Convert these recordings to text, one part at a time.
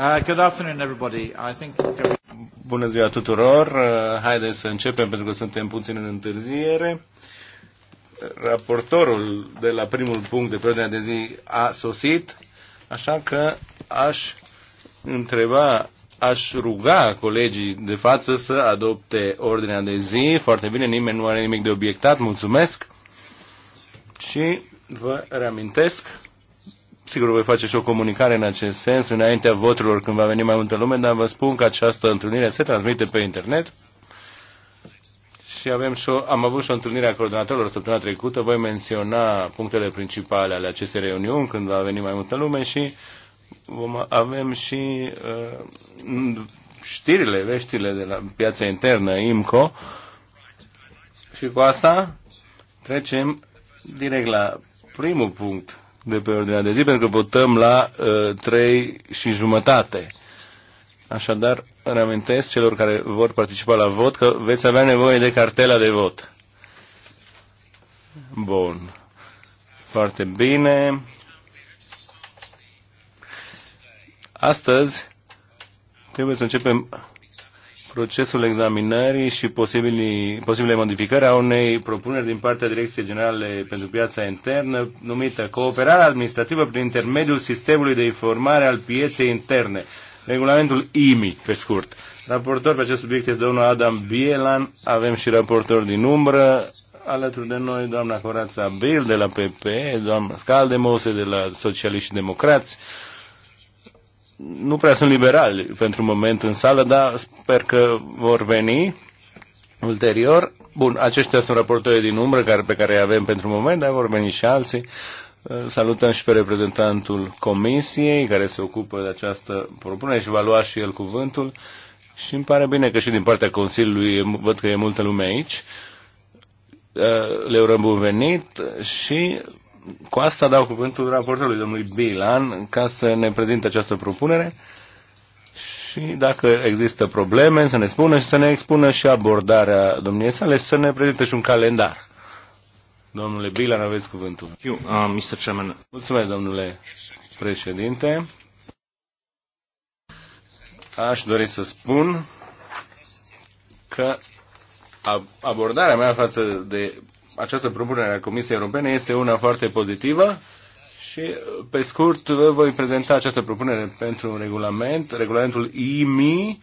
Uh, good afternoon, everybody. I think... Bună ziua tuturor! Uh, haideți să începem pentru că suntem puțin în întârziere. Raportorul de la primul punct de ordine de zi a sosit, așa că aș întreba, aș ruga colegii de față să adopte ordinea de zi. Foarte bine, nimeni nu are nimic de obiectat, mulțumesc. Și vă reamintesc Sigur, voi face și o comunicare în acest sens înaintea voturilor când va veni mai multă lume, dar vă spun că această întâlnire se transmite pe internet și avem și o, am avut și o întâlnire a coordonatorilor săptămâna trecută. Voi menționa punctele principale ale acestei reuniuni când va veni mai multă lume și vom, avem și uh, știrile, veștile de la piața internă, IMCO. Și cu asta trecem direct la primul punct de pe ordinea de zi, pentru că votăm la uh, 3 și jumătate. Așadar, reamintesc celor care vor participa la vot că veți avea nevoie de cartela de vot. Bun. Foarte bine. Astăzi trebuie să începem procesul examinării și posibile modificări a unei propuneri din partea Direcției Generale pentru Piața Internă, numită Cooperarea Administrativă prin intermediul Sistemului de Informare al Pieței Interne, regulamentul IMI, pe scurt. Raportor pe acest subiect este domnul Adam Bielan, avem și raportor din umbră, alături de noi doamna Corața Bil de la PP, doamna Scaldemose de la Socialiști și Democrați, nu prea sunt liberali pentru moment în sală, dar sper că vor veni ulterior. Bun, aceștia sunt raportorii din umbră care, pe care îi avem pentru moment, dar vor veni și alții. Salutăm și pe reprezentantul comisiei care se ocupă de această propunere și va lua și el cuvântul. Și îmi pare bine că și din partea Consiliului văd că e multă lume aici. Le urăm bun venit și cu asta dau cuvântul raportului domnului Bilan ca să ne prezinte această propunere și dacă există probleme să ne spună și să ne expună și abordarea domniei sale, să ne prezinte și un calendar. Domnule Bilan, aveți cuvântul. You, uh, Mr. Chairman. Mulțumesc, domnule președinte. Aș dori să spun că abordarea mea față de această propunere a Comisiei Europene este una foarte pozitivă și, pe scurt, vă voi prezenta această propunere pentru un regulament, regulamentul IMI,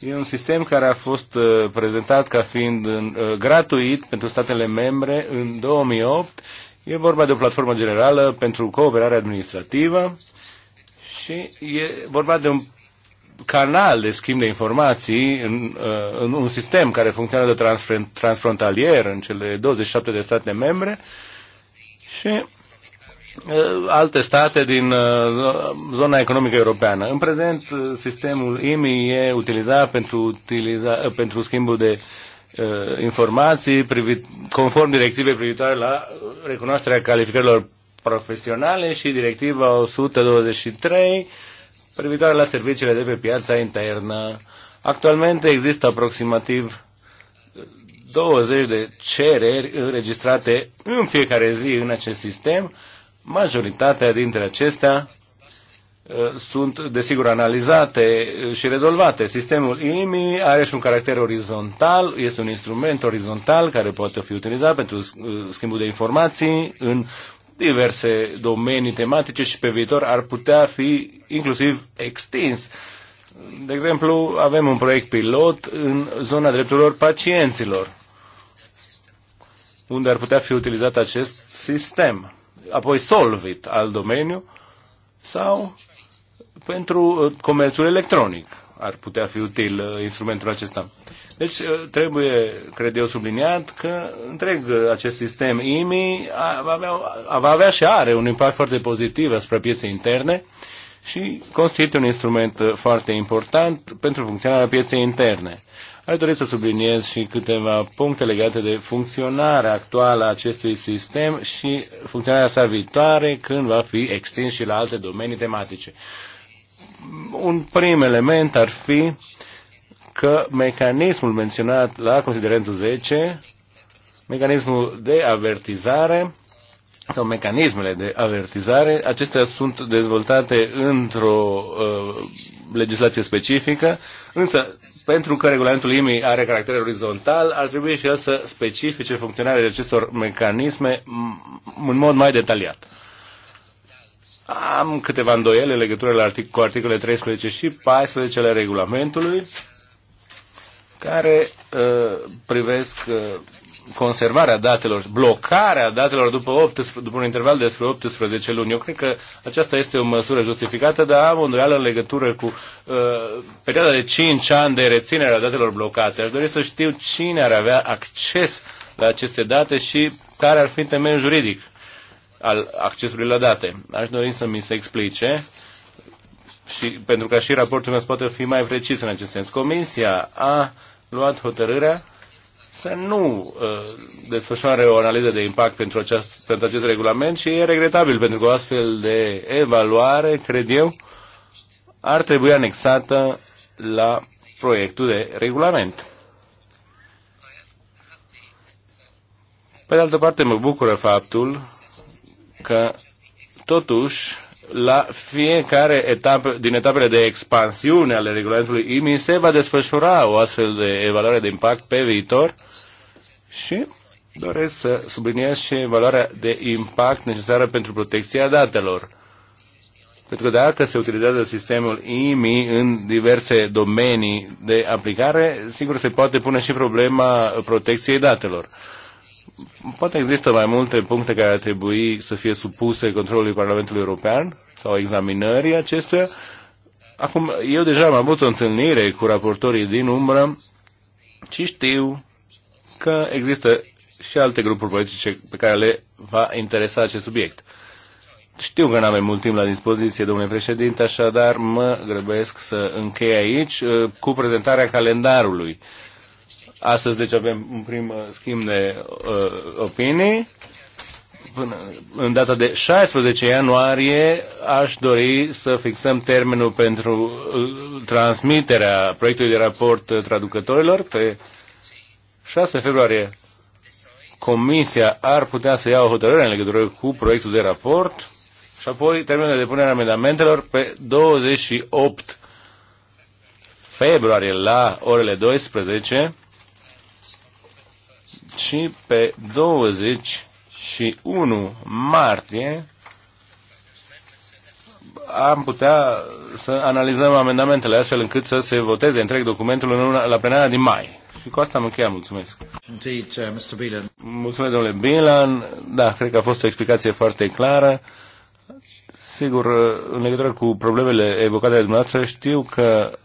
E un sistem care a fost uh, prezentat ca fiind uh, gratuit pentru statele membre în 2008. E vorba de o platformă generală pentru cooperare administrativă și e vorba de un canal de schimb de informații în, uh, în un sistem care funcționează transfr transfrontalier în cele 27 de state membre și uh, alte state din uh, zona economică europeană. În prezent, sistemul IMI e utilizat pentru, utiliza, pentru schimbul de uh, informații privit, conform directivei privitoare la recunoașterea calificărilor profesionale și directiva 123 privitoare la serviciile de pe piața internă. Actualmente există aproximativ 20 de cereri înregistrate în fiecare zi în acest sistem. Majoritatea dintre acestea uh, sunt, desigur, analizate și rezolvate. Sistemul IMI are și un caracter orizontal, este un instrument orizontal care poate fi utilizat pentru uh, schimbul de informații în diverse domenii tematice și pe viitor ar putea fi inclusiv extins. De exemplu, avem un proiect pilot în zona drepturilor pacienților, unde ar putea fi utilizat acest sistem. Apoi Solvit, al domeniu, sau pentru uh, comerțul electronic ar putea fi util uh, instrumentul acesta. Deci uh, trebuie, cred eu, subliniat că întreg uh, acest sistem IMI va avea, va avea și are un impact foarte pozitiv asupra pieței interne și constituie un instrument uh, foarte important pentru funcționarea pieței interne. Aș dori să subliniez și câteva puncte legate de funcționarea actuală a acestui sistem și funcționarea sa viitoare când va fi extins și la alte domenii tematice. Un prim element ar fi că mecanismul menționat la considerentul 10, mecanismul de avertizare, sau mecanismele de avertizare, acestea sunt dezvoltate într-o uh, legislație specifică, însă pentru că regulamentul IMI are caracter orizontal, ar trebui și el să specifice funcționarea acestor mecanisme în mod mai detaliat. Am câteva îndoiele legătură la artic- cu articolele 13 și 14 ale regulamentului care uh, privesc uh, conservarea datelor, blocarea datelor după, 18, după un interval de 18 luni. Eu cred că aceasta este o măsură justificată, dar am o îndoială în legătură cu uh, perioada de 5 ani de reținere a datelor blocate. Aș dori să știu cine ar avea acces la aceste date și care ar fi temeiul juridic al accesului la date. Aș dori să mi se explice și pentru ca și raportul meu poate fi mai precis în acest sens. Comisia a luat hotărârea să nu uh, desfășoare o analiză de impact pentru, aceast, pentru acest regulament și e regretabil pentru că o astfel de evaluare, cred eu, ar trebui anexată la proiectul de regulament. Pe de altă parte, mă bucură faptul că, totuși, la fiecare etapă, din etapele de expansiune ale regulamentului IMI se va desfășura o astfel de evaluare de impact pe viitor și doresc să subliniez și evaluarea de impact necesară pentru protecția datelor. Pentru că dacă se utilizează sistemul IMI în diverse domenii de aplicare, sigur se poate pune și problema protecției datelor poate există mai multe puncte care ar trebui să fie supuse controlului Parlamentului European sau examinării acestuia. Acum, eu deja am avut o întâlnire cu raportorii din umbră și știu că există și alte grupuri politice pe care le va interesa acest subiect. Știu că n-am mai mult timp la dispoziție, domnule președinte, așadar mă grăbesc să închei aici uh, cu prezentarea calendarului. Astăzi, deci, avem un prim uh, schimb de uh, opinii. Până în data de 16 ianuarie aș dori să fixăm termenul pentru uh, transmiterea proiectului de raport uh, traducătorilor. Pe 6 februarie Comisia ar putea să ia o hotărâre în legătură cu proiectul de raport și apoi termenul de depunere a amendamentelor pe 28 februarie la orele 12 și pe 21 martie am putea să analizăm amendamentele astfel încât să se voteze întreg documentul în una, la plenarea din mai. Și cu asta am încheiat, mulțumesc. Indeed, uh, Mr. Mulțumesc, domnule Bilan. Da, cred că a fost o explicație foarte clară. Sigur, uh, în legătură cu problemele evocate de dumneavoastră, știu că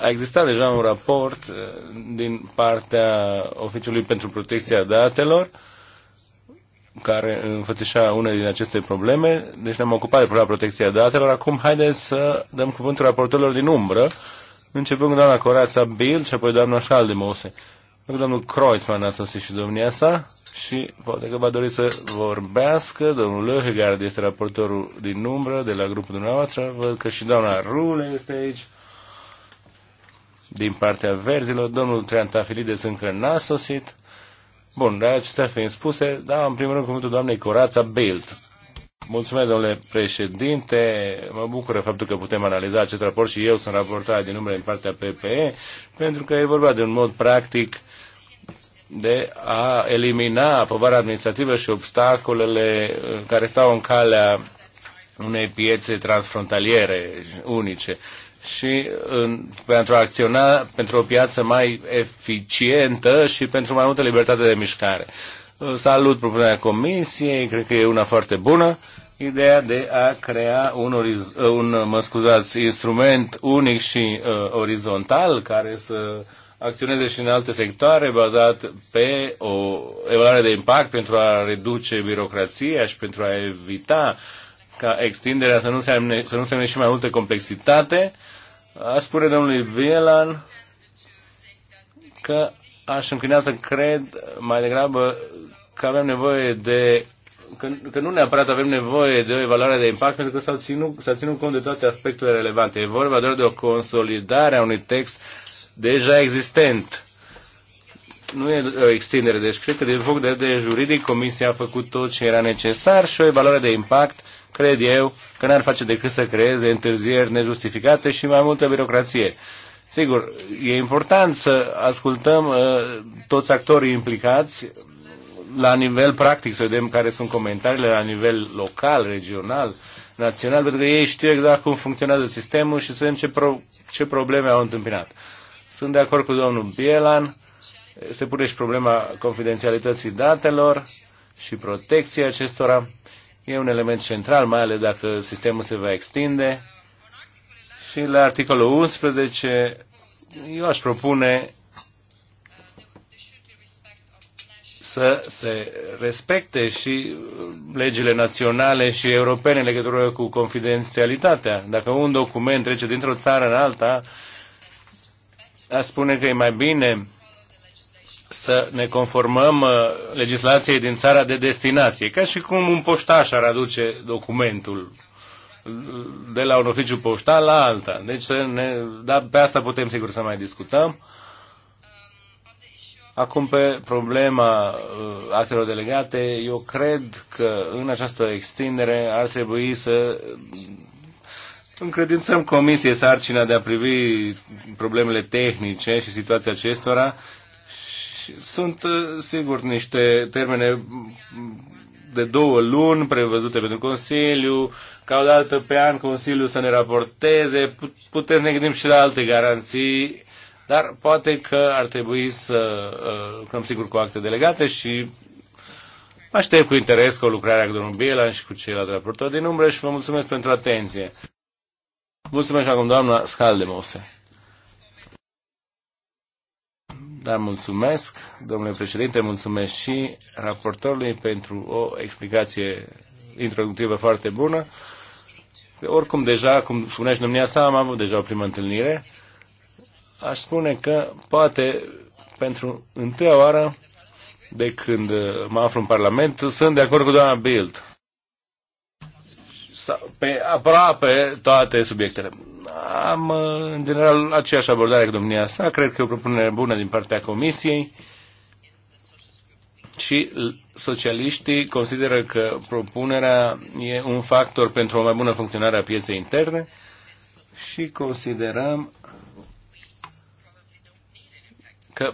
a existat deja un raport uh, din partea Oficiului pentru Protecția Datelor care înfățișa una din aceste probleme, deci ne-am ocupat de problema protecția datelor. Acum haideți să dăm cuvântul raportorilor din umbră, începând cu doamna Corața Bill și apoi doamna Șaldemose. Domnul Kreuzmann a sosit și domnia sa și poate că va dori să vorbească. Domnul Löhegard este raportorul din umbră de la grupul dumneavoastră. Văd că și doamna Rule este aici din partea verzilor. Domnul Triantafilides încă n-a sosit. Bun, dar acestea fiind spuse, da, în primul rând cuvântul doamnei Corața Bild. Mulțumesc, domnule președinte. Mă bucură faptul că putem analiza acest raport și eu sunt raportat din numele în partea PPE, pentru că e vorba de un mod practic de a elimina povara administrativă și obstacolele care stau în calea unei piețe transfrontaliere unice și în, pentru a acționa pentru o piață mai eficientă și pentru mai multă libertate de mișcare. Salut propunerea Comisiei, cred că e una foarte bună ideea de a crea un, un mă scuzați, instrument unic și uh, orizontal care să acționeze și în alte sectoare bazat pe o evaluare de impact pentru a reduce birocrația și pentru a evita ca extinderea să nu amne, să nu amne și mai multă complexitate, A spune domnului Vielan că aș înclina să cred mai degrabă că avem nevoie de că, că nu neapărat avem nevoie de o evaluare de impact pentru că s-a ținut, s-a ținut cont de toate aspectele relevante. E vorba doar de o consolidare a unui text deja existent. Nu e o extindere, deci cred că din punct de vedere juridic Comisia a făcut tot ce era necesar și o evaluare de impact cred eu că n-ar face decât să creeze întârzieri nejustificate și mai multă birocrație. Sigur, e important să ascultăm uh, toți actorii implicați la nivel practic, să vedem care sunt comentariile la nivel local, regional, național, pentru că ei știu exact cum funcționează sistemul și să vedem ce, pro- ce probleme au întâmpinat. Sunt de acord cu domnul Bielan, se pune și problema confidențialității datelor și protecției acestora. E un element central, mai ales dacă sistemul se va extinde. Și la articolul 11 eu aș propune să se respecte și legile naționale și europene în legătură cu confidențialitatea. Dacă un document trece dintr-o țară în alta, a spune că e mai bine să ne conformăm uh, legislației din țara de destinație, ca și cum un poștaș ar aduce documentul uh, de la un oficiu poștal la alta. Deci să ne, da, pe asta putem sigur să mai discutăm. Acum, pe problema uh, actelor delegate, eu cred că în această extindere ar trebui să încredințăm Comisiei sarcina de a privi problemele tehnice și situația acestora sunt, uh, sigur, niște termene de două luni prevăzute pentru Consiliu, ca o dată pe an Consiliu să ne raporteze, putem ne gândim și la alte garanții, dar poate că ar trebui să uh, lucrăm sigur cu acte delegate și aștept cu interes cu lucrarea cu domnul Bielan și cu ceilalți raportori din umbră și vă mulțumesc pentru atenție. Mulțumesc acum doamna Scaldemose. Da, mulțumesc, domnule președinte, mulțumesc și raportorului pentru o explicație introductivă foarte bună. Oricum, deja, cum spunea și domnia sa, am avut deja o primă întâlnire. Aș spune că poate pentru întâia oară de când uh, mă aflu în Parlament, sunt de acord cu doamna Bild. Pe aproape toate subiectele. Am, uh, în general, aceeași abordare cu domnia sa. Cred că e o propunere bună din partea Comisiei și socialiștii consideră că propunerea e un factor pentru o mai bună funcționare a pieței interne și considerăm că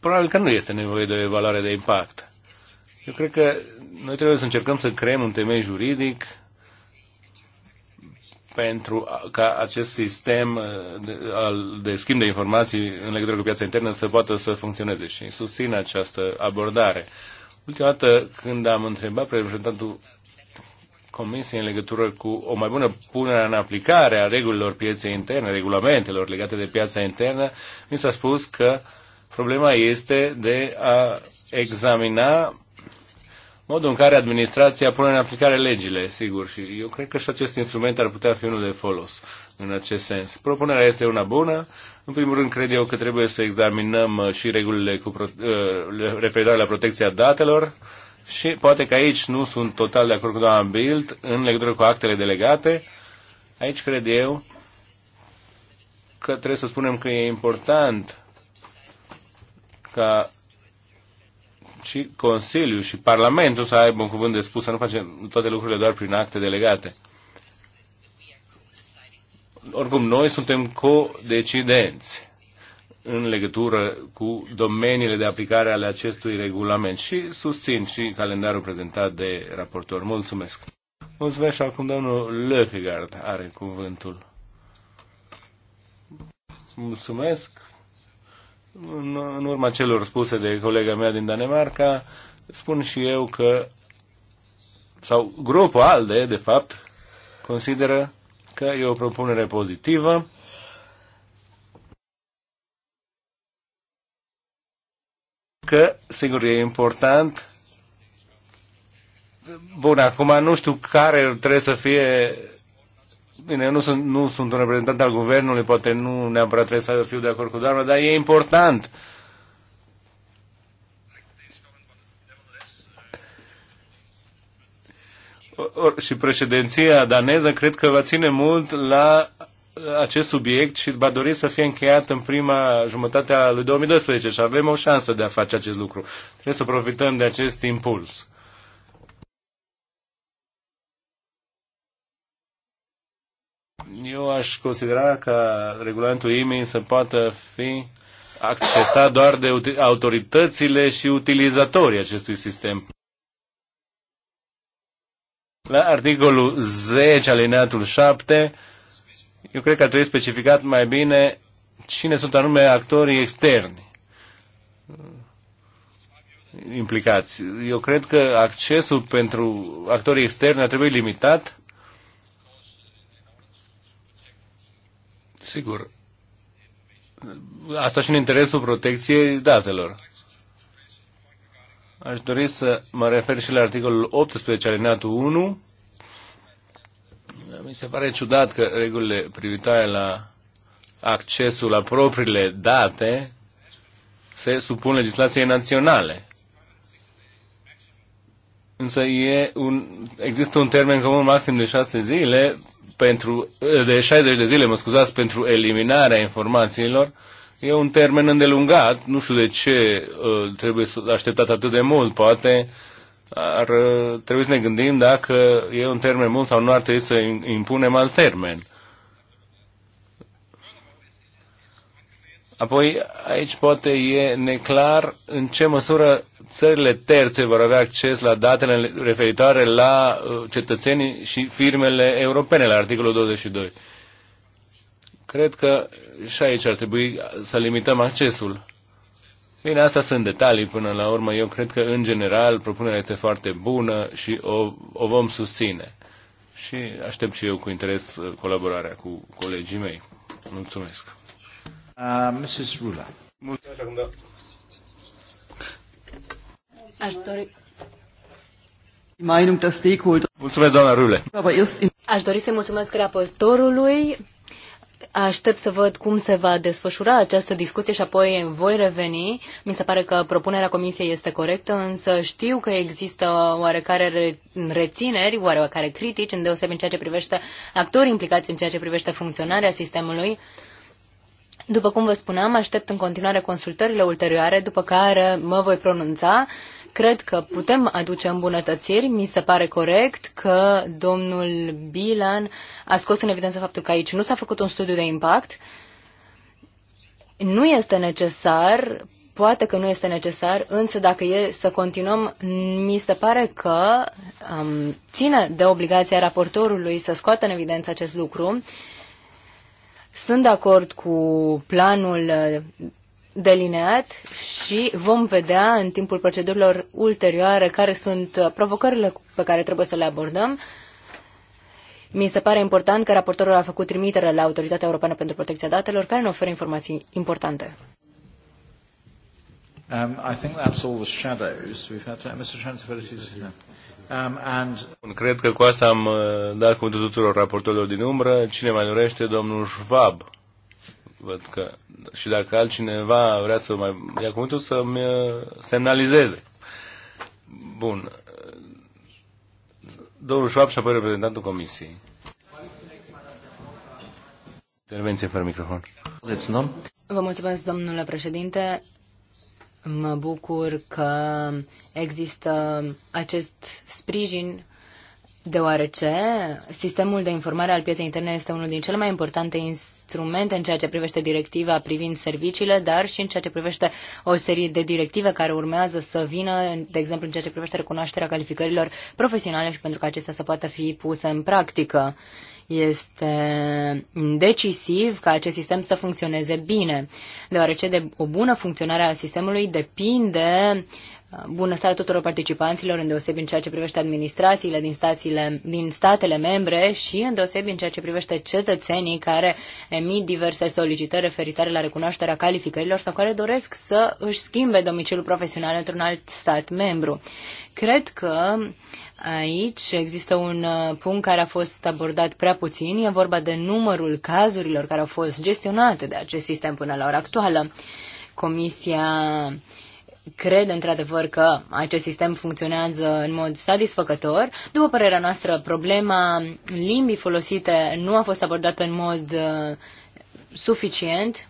probabil că nu este nevoie de o evaluare de impact. Eu cred că noi trebuie să încercăm să creăm un temei juridic pentru ca acest sistem uh, de schimb de informații în legătură cu piața internă să poată să funcționeze și susțin această abordare. Ultima dată când am întrebat pe reprezentantul Comisiei în legătură cu o mai bună punere în aplicare a regulilor pieței interne, regulamentelor legate de piața internă, mi s-a spus că problema este de a examina modul în care administrația pune în aplicare legile, sigur, și eu cred că și acest instrument ar putea fi unul de folos în acest sens. Propunerea este una bună. În primul rând, cred eu că trebuie să examinăm uh, și regulile cu pro... Uh, referitoare la protecția datelor și poate că aici nu sunt total de acord cu doamna Bild în legătură cu actele delegate. Aici cred eu că trebuie să spunem că e important ca și Consiliul și Parlamentul să aibă un cuvânt de spus, să nu facem toate lucrurile doar prin acte delegate. Oricum, noi suntem co-decidenți în legătură cu domeniile de aplicare ale acestui regulament și susțin și calendarul prezentat de raportor. Mulțumesc! Mulțumesc și acum domnul Lökegaard are cuvântul. Mulțumesc! în, în urma celor spuse de colega mea din Danemarca, spun și eu că, sau grupul ALDE, de fapt, consideră că e o propunere pozitivă, că, sigur, e important. Bun, acum nu știu care trebuie să fie Bine, eu nu sunt, nu sunt un reprezentant al guvernului, poate nu neapărat trebuie să fiu de acord cu doamna, dar e important. Or, și președinția daneză cred că va ține mult la uh, acest subiect și va dori să fie încheiat în prima jumătate a lui 2012 și avem o șansă de a face acest lucru. Trebuie să profităm de acest impuls. eu aș considera că regulamentul IMI să poată fi accesat doar de autoritățile și utilizatorii acestui sistem. La articolul 10, alineatul 7, eu cred că ar trebui specificat mai bine cine sunt anume actorii externi implicați. Eu cred că accesul pentru actorii externi ar trebui limitat Sigur, asta și în interesul protecției datelor. Aș dori să mă refer și la articolul 18, alineatul 1. Mi se pare ciudat că regulile privitoare la accesul la propriile date se supun legislației naționale. Însă e un, există un termen comun maxim de șase zile pentru, de 60 de zile, mă scuzați, pentru eliminarea informațiilor, e un termen îndelungat, nu știu de ce uh, trebuie să așteptat atât de mult, poate ar uh, trebui să ne gândim dacă e un termen mult sau nu ar trebui să impunem alt termen. Apoi, aici poate e neclar în ce măsură țările terțe vor avea acces la datele referitoare la uh, cetățenii și firmele europene, la articolul 22. Cred că și aici ar trebui să limităm accesul. Bine, asta sunt detalii până la urmă. Eu cred că, în general, propunerea este foarte bună și o, o vom susține. Și aștept și eu cu interes uh, colaborarea cu colegii mei. Mulțumesc. Uh, Mrs. Rula. Mulțumesc, da. Aș dori... Mulțumesc, doamna Rule. Aș dori să mulțumesc raportorului. Aștept să văd cum se va desfășura această discuție și apoi voi reveni. Mi se pare că propunerea comisiei este corectă, însă știu că există oarecare rețineri, oarecare critici, îndeosebi în ceea ce privește actorii implicați în ceea ce privește funcționarea sistemului. După cum vă spuneam, aștept în continuare consultările ulterioare, după care mă voi pronunța Cred că putem aduce îmbunătățiri. Mi se pare corect că domnul Bilan a scos în evidență faptul că aici nu s-a făcut un studiu de impact. Nu este necesar, poate că nu este necesar, însă dacă e să continuăm, mi se pare că um, ține de obligația raportorului să scoată în evidență acest lucru. Sunt de acord cu planul delineat și vom vedea în timpul procedurilor ulterioare care sunt uh, provocările pe care trebuie să le abordăm. Mi se pare important că raportorul a făcut trimitere la Autoritatea Europeană pentru Protecția Datelor, care ne oferă informații importante. Um, I think that's all the shadows we've had. Mr. Um, and... Cred că cu asta am uh, dat cuvântul tuturor raportorilor din umbră. Cine mai dorește? Domnul Schwab văd că și dacă altcineva vrea să mai ia cuvântul, să-mi uh, semnalizeze. Bun. Domnul Șoap și apoi reprezentantul Comisiei. Intervenție fără microfon. Vă mulțumesc, domnule președinte. Mă bucur că există acest sprijin deoarece sistemul de informare al pieței interne este unul din cele mai importante instrumente în ceea ce privește directiva privind serviciile, dar și în ceea ce privește o serie de directive care urmează să vină, de exemplu, în ceea ce privește recunoașterea calificărilor profesionale și pentru că acestea să poată fi puse în practică. Este decisiv ca acest sistem să funcționeze bine, deoarece de o bună funcționare a sistemului depinde bunăstarea tuturor participanților, îndeosebi în ceea ce privește administrațiile din, stațiile, din statele membre și îndeosebi în ceea ce privește cetățenii care emit diverse solicitări referitoare la recunoașterea calificărilor sau care doresc să își schimbe domiciliul profesional într-un alt stat membru. Cred că aici există un uh, punct care a fost abordat prea puțin, e vorba de numărul cazurilor care au fost gestionate de acest sistem până la ora actuală. Comisia cred într-adevăr că acest sistem funcționează în mod satisfăcător. După părerea noastră, problema limbii folosite nu a fost abordată în mod uh, suficient,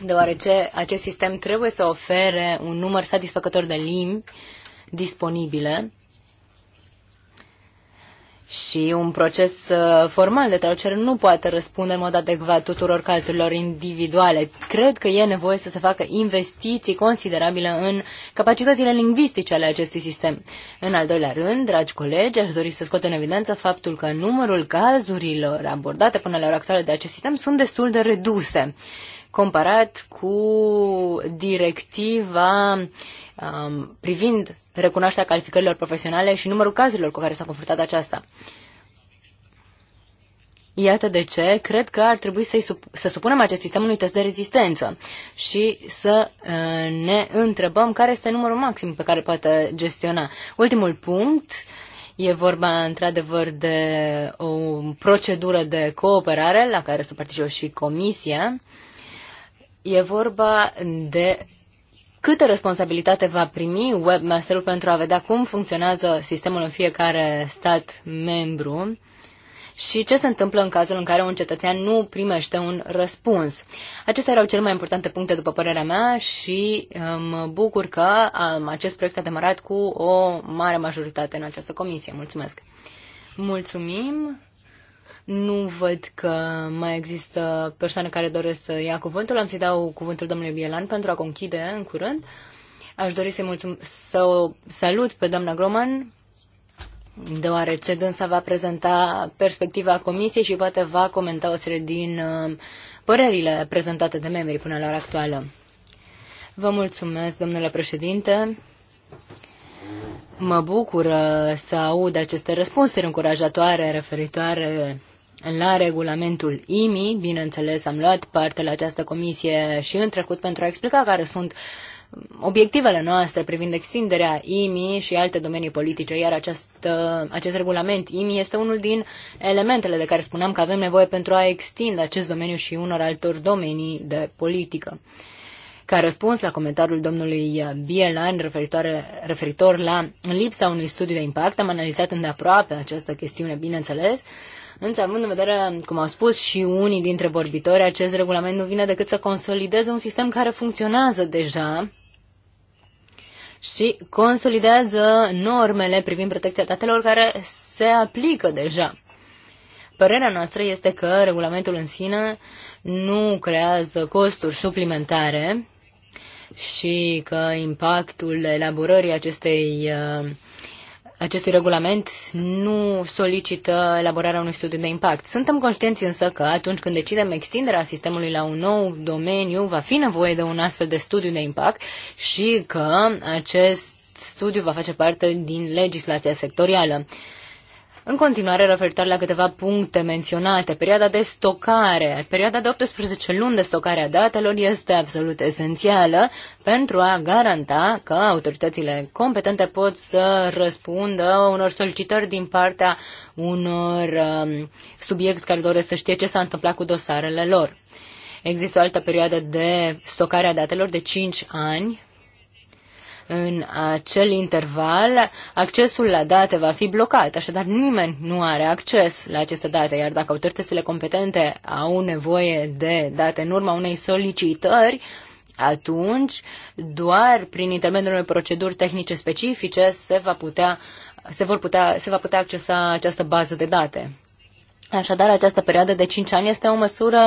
deoarece acest sistem trebuie să ofere un număr satisfăcător de limbi disponibile și un proces uh, formal de traducere nu poate răspunde în mod adecvat tuturor cazurilor individuale. Cred că e nevoie să se facă investiții considerabile în capacitățile lingvistice ale acestui sistem. În al doilea rând, dragi colegi, aș dori să scot în evidență faptul că numărul cazurilor abordate până la ora actuală de acest sistem sunt destul de reduse comparat cu directiva uh, um, privind recunoașterea calificărilor profesionale și numărul cazurilor cu care s-a confruntat aceasta. Iată de ce cred că ar trebui să sup- să supunem acest sistem unui test de rezistență și să uh, ne întrebăm care este numărul maxim pe care poate gestiona. Ultimul punct E vorba, într-adevăr, de o procedură de cooperare la care să participe și Comisia. E vorba de câtă responsabilitate va primi webmasterul pentru a vedea cum funcționează sistemul în fiecare stat membru și ce se întâmplă în cazul în care un cetățean nu primește un răspuns. Acestea erau cele mai importante puncte, după părerea mea, și uh, mă bucur că um, acest proiect a demarat cu o mare majoritate în această comisie. Mulțumesc! Mulțumim! Nu văd că mai există persoane care doresc să ia cuvântul. Am să-i dau cuvântul domnului Bielan pentru a conchide în curând. Aș dori să-i mulțum- să o salut pe doamna Groman, deoarece dânsa va prezenta perspectiva comisiei și poate va comenta o serie din uh, părerile prezentate de membrii până la ora actuală. Vă mulțumesc, domnule președinte. Mă bucură uh, să aud aceste răspunsuri încurajatoare referitoare la regulamentul IMI. Bineînțeles, am luat parte la această comisie și în trecut pentru a explica care sunt obiectivele noastre privind extinderea IMI și alte domenii politice, iar acest, acest regulament IMI este unul din elementele de care spuneam că avem nevoie pentru a extinde acest domeniu și unor altor domenii de politică. Ca răspuns la comentariul domnului Bielan referitor la lipsa unui studiu de impact, am analizat îndeaproape această chestiune, bineînțeles, însă având în vedere, cum au spus și unii dintre vorbitori, acest regulament nu vine decât să consolideze un sistem care funcționează deja, și consolidează normele privind protecția datelor care se aplică deja. Părerea noastră este că regulamentul în sine nu creează costuri suplimentare și că impactul elaborării acestei, uh, acestui regulament nu solicită elaborarea unui studiu de impact. Suntem conștienți însă că atunci când decidem extinderea sistemului la un nou domeniu, va fi nevoie de un astfel de studiu de impact și că acest studiu va face parte din legislația sectorială. În continuare, referitor la câteva puncte menționate, perioada de stocare, perioada de 18 luni de stocare a datelor este absolut esențială pentru a garanta că autoritățile competente pot să răspundă unor solicitări din partea unor um, subiecti care doresc să știe ce s-a întâmplat cu dosarele lor. Există o altă perioadă de stocare a datelor de 5 ani în acel interval, accesul la date va fi blocat, așadar nimeni nu are acces la aceste date, iar dacă autoritățile competente au nevoie de date în urma unei solicitări, atunci doar prin intermediul unei proceduri tehnice specifice se va putea se, vor putea, se va putea accesa această bază de date. Așadar, această perioadă de 5 ani este o măsură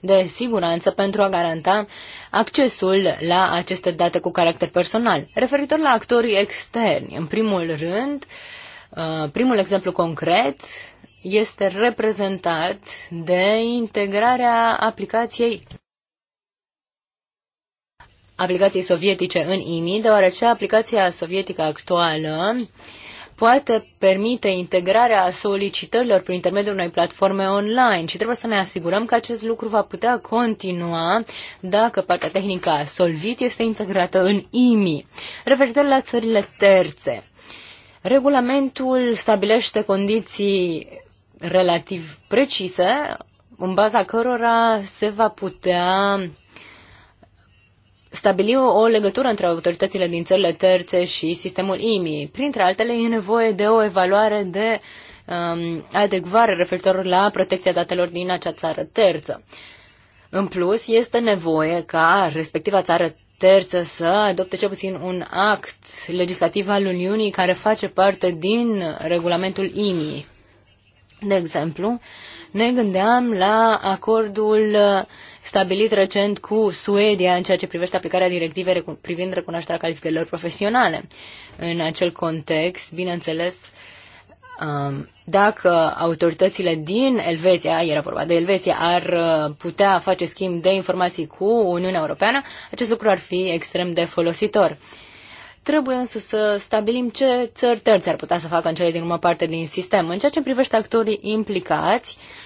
de siguranță pentru a garanta accesul la aceste date cu caracter personal. Referitor la actorii externi, în primul rând, uh, primul exemplu concret este reprezentat de integrarea aplicației aplicației sovietice în IMI, deoarece aplicația sovietică actuală uh, poate permite integrarea solicitărilor prin intermediul unei platforme online și trebuie să ne asigurăm că acest lucru va putea continua dacă partea tehnică a Solvit este integrată în IMI. Referitor la țările terțe, regulamentul stabilește condiții relativ precise în baza cărora se va putea stabili o legătură între autoritățile din țările terțe și sistemul IMI. Printre altele, e nevoie de o evaluare de um, adecvare referitor la protecția datelor din acea țară terță. În plus, este nevoie ca respectiva țară terță să adopte cel puțin un act legislativ al Uniunii care face parte din regulamentul IMI. De exemplu, ne gândeam la acordul uh, stabilit recent cu Suedia în ceea ce privește aplicarea directivei privind recunoașterea calificărilor profesionale. În acel context, bineînțeles, um, dacă autoritățile din Elveția, era vorba de Elveția, ar uh, putea face schimb de informații cu Uniunea Europeană, acest lucru ar fi extrem de folositor. Trebuie însă să stabilim ce țări terți ar putea să facă în cele din urmă parte din sistem. În ceea ce privește actorii implicați, uh,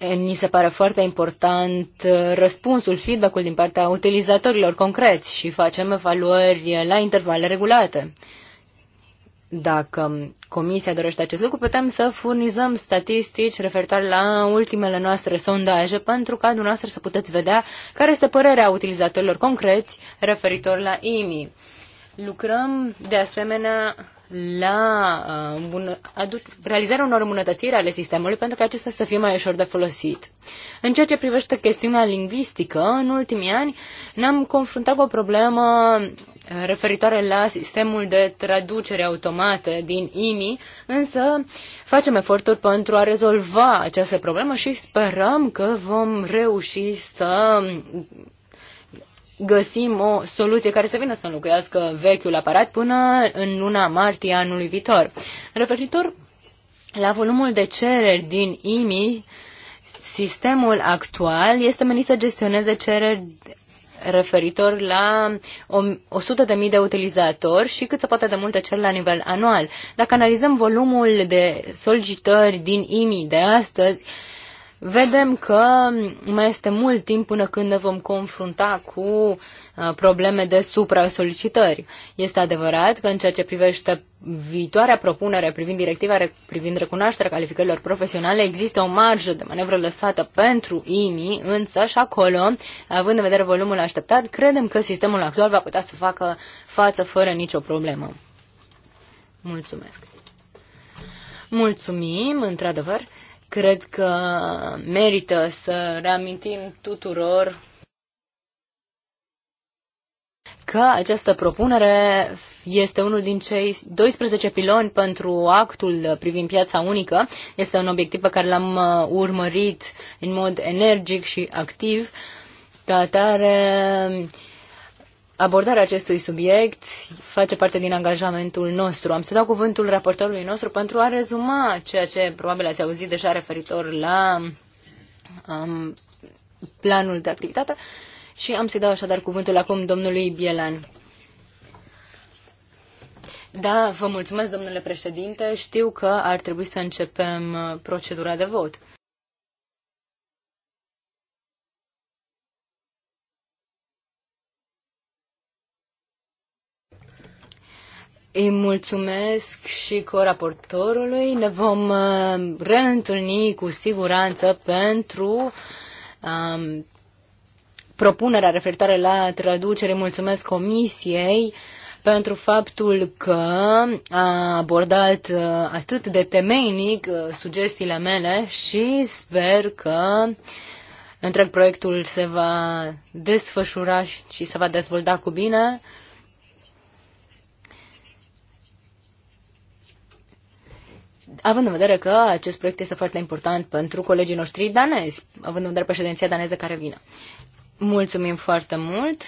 Ni se pare foarte important uh, răspunsul, feedback-ul din partea utilizatorilor concreți și facem evaluări la intervale regulate. Dacă comisia dorește acest lucru, putem să furnizăm statistici referitoare la ultimele noastre sondaje pentru ca dumneavoastră să puteți vedea care este părerea utilizatorilor concreți referitor la IMI. Lucrăm de asemenea la uh, adu- realizarea unor îmbunătățiri ale sistemului pentru că acesta să fie mai ușor de folosit. În ceea ce privește chestiunea lingvistică, în ultimii ani ne-am confruntat cu o problemă uh, referitoare la sistemul de traducere automată din IMI, însă facem eforturi pentru a rezolva această problemă și sperăm că vom reuși să găsim o soluție care să vină să înlocuiască vechiul aparat până în luna martie anului viitor. Referitor la volumul de cereri din IMI, sistemul actual este menit să gestioneze cereri referitor la 100.000 de utilizatori și cât se poate de multe cer la nivel anual. Dacă analizăm volumul de solicitări din IMI de astăzi, vedem că mai este mult timp până când ne vom confrunta cu uh, probleme de supra-solicitări. Este adevărat că în ceea ce privește viitoarea propunere privind directiva privind recunoașterea calificărilor profesionale, există o marjă de manevră lăsată pentru IMI, însă și acolo, având în vedere volumul așteptat, credem că sistemul actual va putea să facă față fără nicio problemă. Mulțumesc! Mulțumim, într-adevăr. Cred că merită să reamintim tuturor că această propunere este unul din cei 12 piloni pentru actul privind piața unică. Este un obiectiv pe care l-am uh, urmărit în mod energic și activ. Ca atare, abordarea acestui subiect face parte din angajamentul nostru. Am să dau cuvântul raportorului nostru pentru a rezuma ceea ce probabil ați auzit deja referitor la um, planul de activitate și am să-i dau așadar cuvântul acum domnului Bielan. Da, vă mulțumesc, domnule președinte. Știu că ar trebui să începem uh, procedura de vot. Îi mulțumesc și coraportorului. Ne vom uh, reîntâlni cu siguranță pentru um, propunerea referitoare la traducere. Mulțumesc comisiei pentru faptul că a abordat uh, atât de temeinic uh, sugestiile mele și sper că întreg proiectul se va desfășura și se va dezvolta cu bine. având în vedere că acest proiect este foarte important pentru colegii noștri danezi, având în vedere președinția daneză care vine. Mulțumim foarte mult!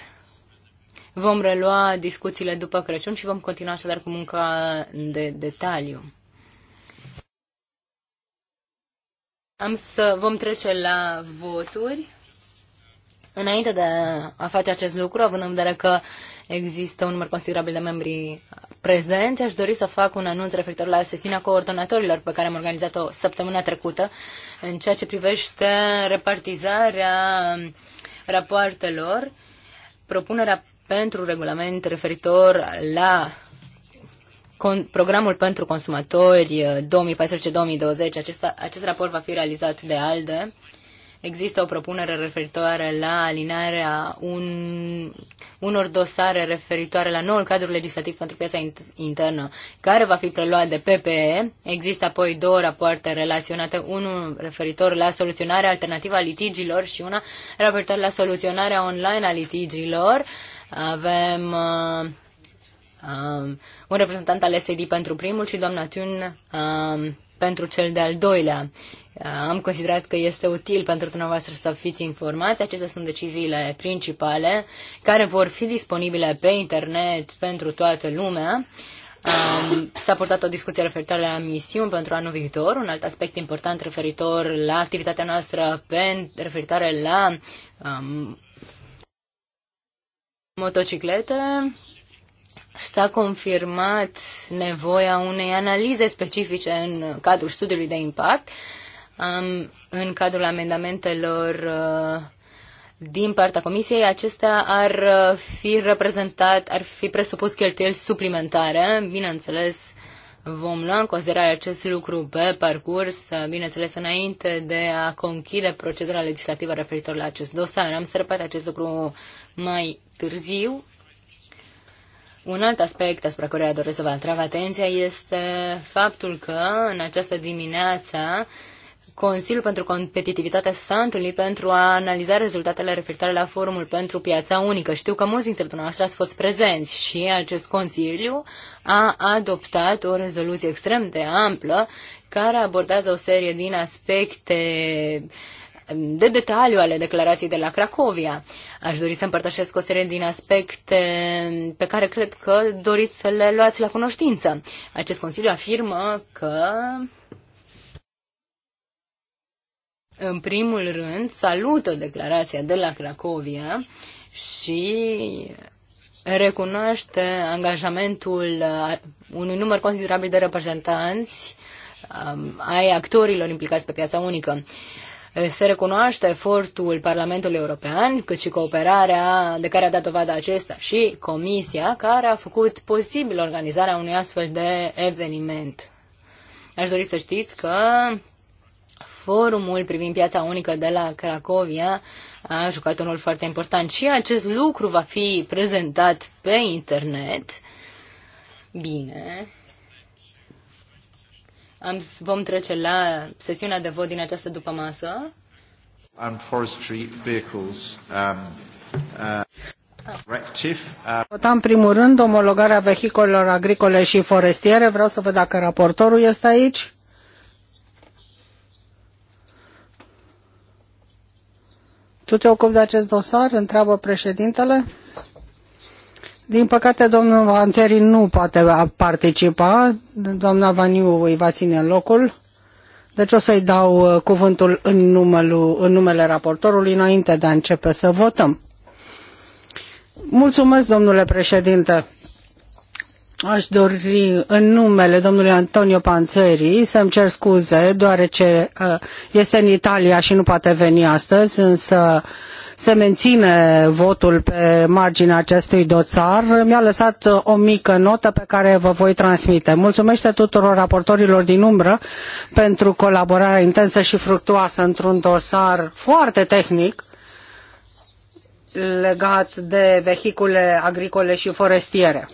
Vom relua discuțiile după Crăciun și vom continua așadar cu munca de detaliu. Am să vom trece la voturi. Înainte de a face acest lucru, având în vedere că există un număr considerabil de membri prezenți, aș dori să fac un anunț referitor la sesiunea coordonatorilor pe care am organizat-o săptămâna trecută, în ceea ce privește repartizarea rapoartelor, propunerea pentru regulament referitor la programul pentru consumatori 2014-2020. Eh, acest, acest raport va fi realizat de ALDE Există o propunere referitoare la alinarea un, unor dosare referitoare la noul cadru legislativ pentru piața internă, care va fi preluat de PPE. Există apoi două rapoarte relaționate, unul referitor la soluționarea alternativă a litigilor și una referitor la soluționarea online a litigilor. Avem uh, uh, un reprezentant al SED pentru primul și doamna Thun uh, pentru cel de-al doilea. Uh, am considerat că este util pentru dumneavoastră să fiți informați. Acestea sunt deciziile principale care vor fi disponibile pe internet pentru toată lumea. Um, s-a purtat o discuție referitoare la misiuni pentru anul viitor, un alt aspect important referitor la activitatea noastră pe, referitoare la um, motociclete. S-a confirmat nevoia unei analize specifice în cadrul studiului de impact. Uh, Um, în cadrul amendamentelor uh, din partea comisiei, acestea ar uh, fi reprezentat, ar fi presupus cheltuieli suplimentare. Bineînțeles, vom lua în considerare acest lucru pe parcurs, uh, bineînțeles, înainte de a conchide procedura legislativă referitor la acest dosar. Am să repet acest lucru mai târziu. Un alt aspect asupra căruia doresc să vă atrag atenția este faptul că în această dimineață Consiliul pentru Competitivitate s-a întâlnit pentru a analiza rezultatele referitoare la forumul pentru piața unică. Știu că mulți dintre dumneavoastră ați fost prezenți și acest Consiliu a adoptat o rezoluție extrem de amplă care abordează o serie din aspecte um, de detaliu ale declarației de la Cracovia. Aș dori să împărtășesc o serie din aspecte um, pe care cred că doriți să le luați la cunoștință. Acest Consiliu afirmă că în primul rând, salută declarația de la Cracovia și recunoaște angajamentul uh, unui număr considerabil de reprezentanți um, ai actorilor implicați pe piața unică. Se recunoaște efortul Parlamentului European, cât și cooperarea de care a dat dovadă acesta și Comisia, care a făcut posibil organizarea unui astfel de eveniment. Aș dori să știți că forumul privind piața unică de la Cracovia a jucat un rol foarte important și acest lucru va fi prezentat pe internet. Bine. Am, vom trece la sesiunea de vot din această după masă. And forestry vehicles, um, uh... uh Votam în primul rând omologarea vehiculelor agricole și forestiere. Vreau să văd dacă raportorul este aici. Tu te ocupi de acest dosar? Întreabă președintele. Din păcate, domnul Vanțeri nu poate participa. Doamna Vaniu îi va ține locul. Deci o să-i dau uh, cuvântul în, numele, în numele raportorului înainte de a începe să votăm. Mulțumesc, domnule președinte. Aș dori în numele domnului Antonio Panzeri să-mi cer scuze, deoarece uh, este în Italia și nu poate veni astăzi, însă se menține votul pe marginea acestui dosar. Mi-a lăsat o mică notă pe care vă voi transmite. Mulțumește tuturor raportorilor din umbră pentru colaborarea intensă și fructuoasă într-un dosar foarte tehnic legat de vehicule agricole și forestiere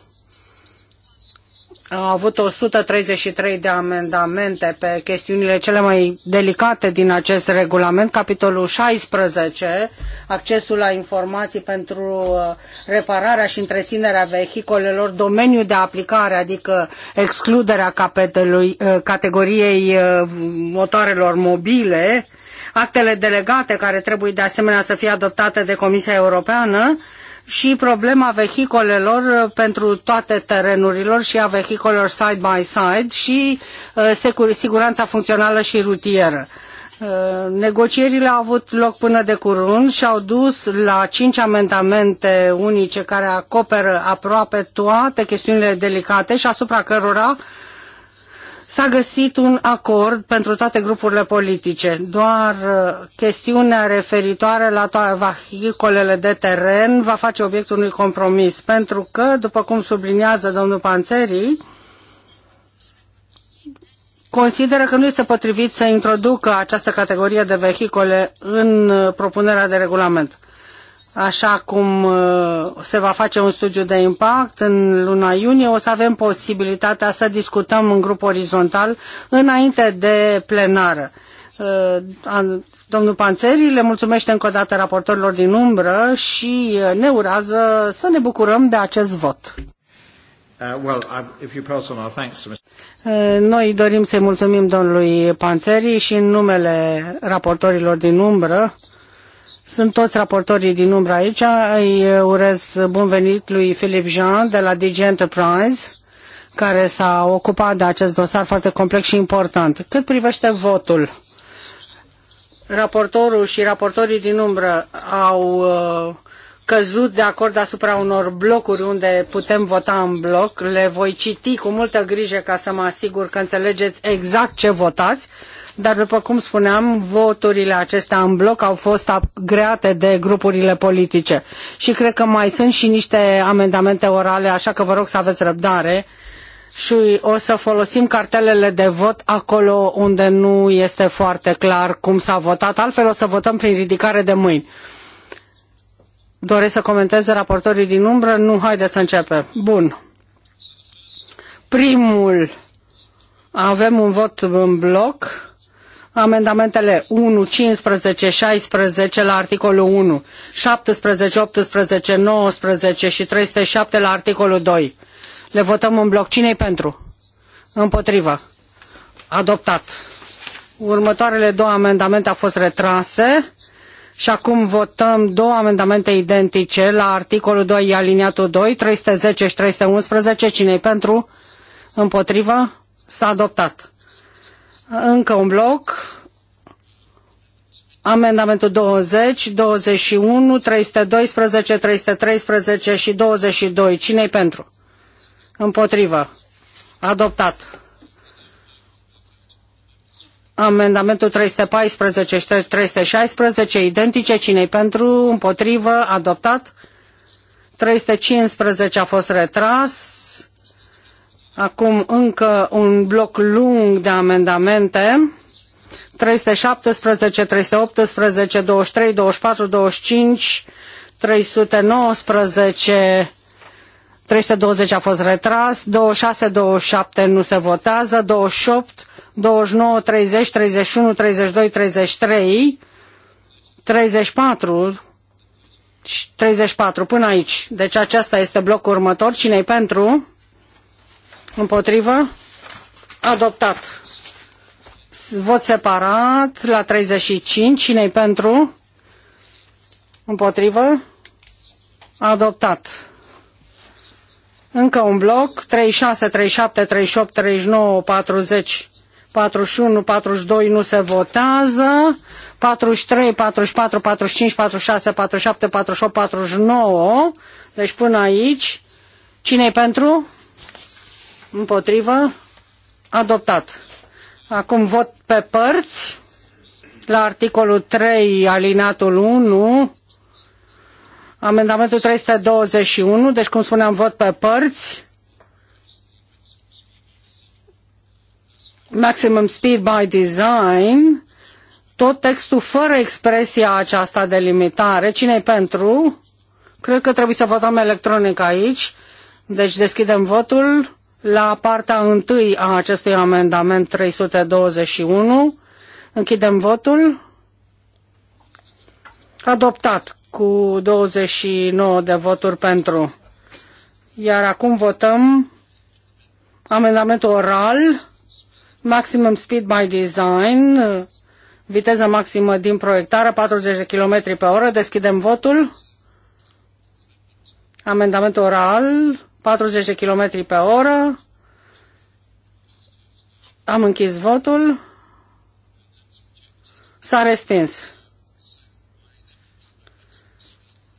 am avut 133 de amendamente pe chestiunile cele mai delicate din acest regulament, capitolul 16, accesul la informații pentru uh, repararea și întreținerea vehicolelor, domeniul de aplicare, adică excluderea capetelui, uh, categoriei uh, motoarelor mobile, actele delegate care trebuie de asemenea să fie adoptate de Comisia Europeană, și problema vehicolelor uh, pentru toate terenurilor și a vehicolelor side-by-side și uh, secur- siguranța funcțională și rutieră. Uh, negocierile au avut loc până de curând și au dus la cinci amendamente unice care acoperă aproape toate chestiunile delicate și asupra cărora uh, S-a găsit un acord pentru toate grupurile politice, doar uh, chestiunea referitoare la vehiculele de teren va face obiectul unui compromis, pentru că, după cum subliniază domnul Panțerii, consideră că nu este potrivit să introducă această categorie de vehicule în uh, propunerea de regulament așa cum uh, se va face un studiu de impact în luna iunie, o să avem posibilitatea să discutăm în grup orizontal înainte de plenară. Uh, domnul Panțeri le mulțumește încă o dată raportorilor din umbră și uh, ne urează să ne bucurăm de acest vot. Noi dorim să-i mulțumim domnului Panțeri și în numele raportorilor din umbră sunt toți raportorii din umbră aici. Îi urez bun venit lui Philippe Jean de la DG Enterprise, care s-a ocupat de acest dosar foarte complex și important. Cât privește votul, raportorul și raportorii din umbră au uh, căzut de acord asupra unor blocuri unde putem vota în bloc. Le voi citi cu multă grijă ca să mă asigur că înțelegeți exact ce votați, dar după cum spuneam, voturile acestea în bloc au fost greate de grupurile politice. Și cred că mai sunt și niște amendamente orale, așa că vă rog să aveți răbdare și o să folosim cartelele de vot acolo unde nu este foarte clar cum s-a votat. Altfel o să votăm prin ridicare de mâini doresc să comenteze raportorii din umbră? Nu, haideți să începem. Bun. Primul, avem un vot în bloc, amendamentele 1, 15, 16 la articolul 1, 17, 18, 19 și 307 la articolul 2. Le votăm în bloc. cine pentru? Împotrivă. Adoptat. Următoarele două amendamente au fost retrase. Și acum votăm două amendamente identice la articolul 2, aliniatul 2, 310 și 311. Cine-i pentru? Împotrivă? S-a adoptat. Încă un bloc. Amendamentul 20, 21, 312, 313 și 22. Cine-i pentru? Împotrivă. Adoptat. Amendamentul 314 și 316, identice, cine pentru, împotrivă, adoptat. 315 a fost retras. Acum încă un bloc lung de amendamente. 317, 318, 23, 24, 25, 319, 320 a fost retras, 26, 27 nu se votează, 28, 29, 30, 31, 32, 33, 34, 34 până aici. Deci acesta este blocul următor. cine pentru? Împotrivă? Adoptat. Vot separat la 35. cine pentru? Împotrivă? Adoptat. Încă un bloc. 36, 37, 38, 39, 40. 41, 42 nu se votează, 43, 44, 45, 46, 47, 48, 49, deci până aici. Cine-i pentru? Împotrivă? Adoptat. Acum vot pe părți la articolul 3, alinatul 1, amendamentul 321, deci cum spuneam, vot pe părți. maximum speed by design, tot textul fără expresia aceasta de limitare. Cine-i pentru? Cred că trebuie să votăm electronic aici. Deci deschidem votul la partea întâi a acestui amendament 321. Închidem votul. Adoptat cu 29 de voturi pentru. Iar acum votăm amendamentul oral Maximum Speed by Design, Viteza maximă din proiectare, 40 de km pe oră. Deschidem votul. Amendament oral, 40 de km pe oră. Am închis votul. S-a respins.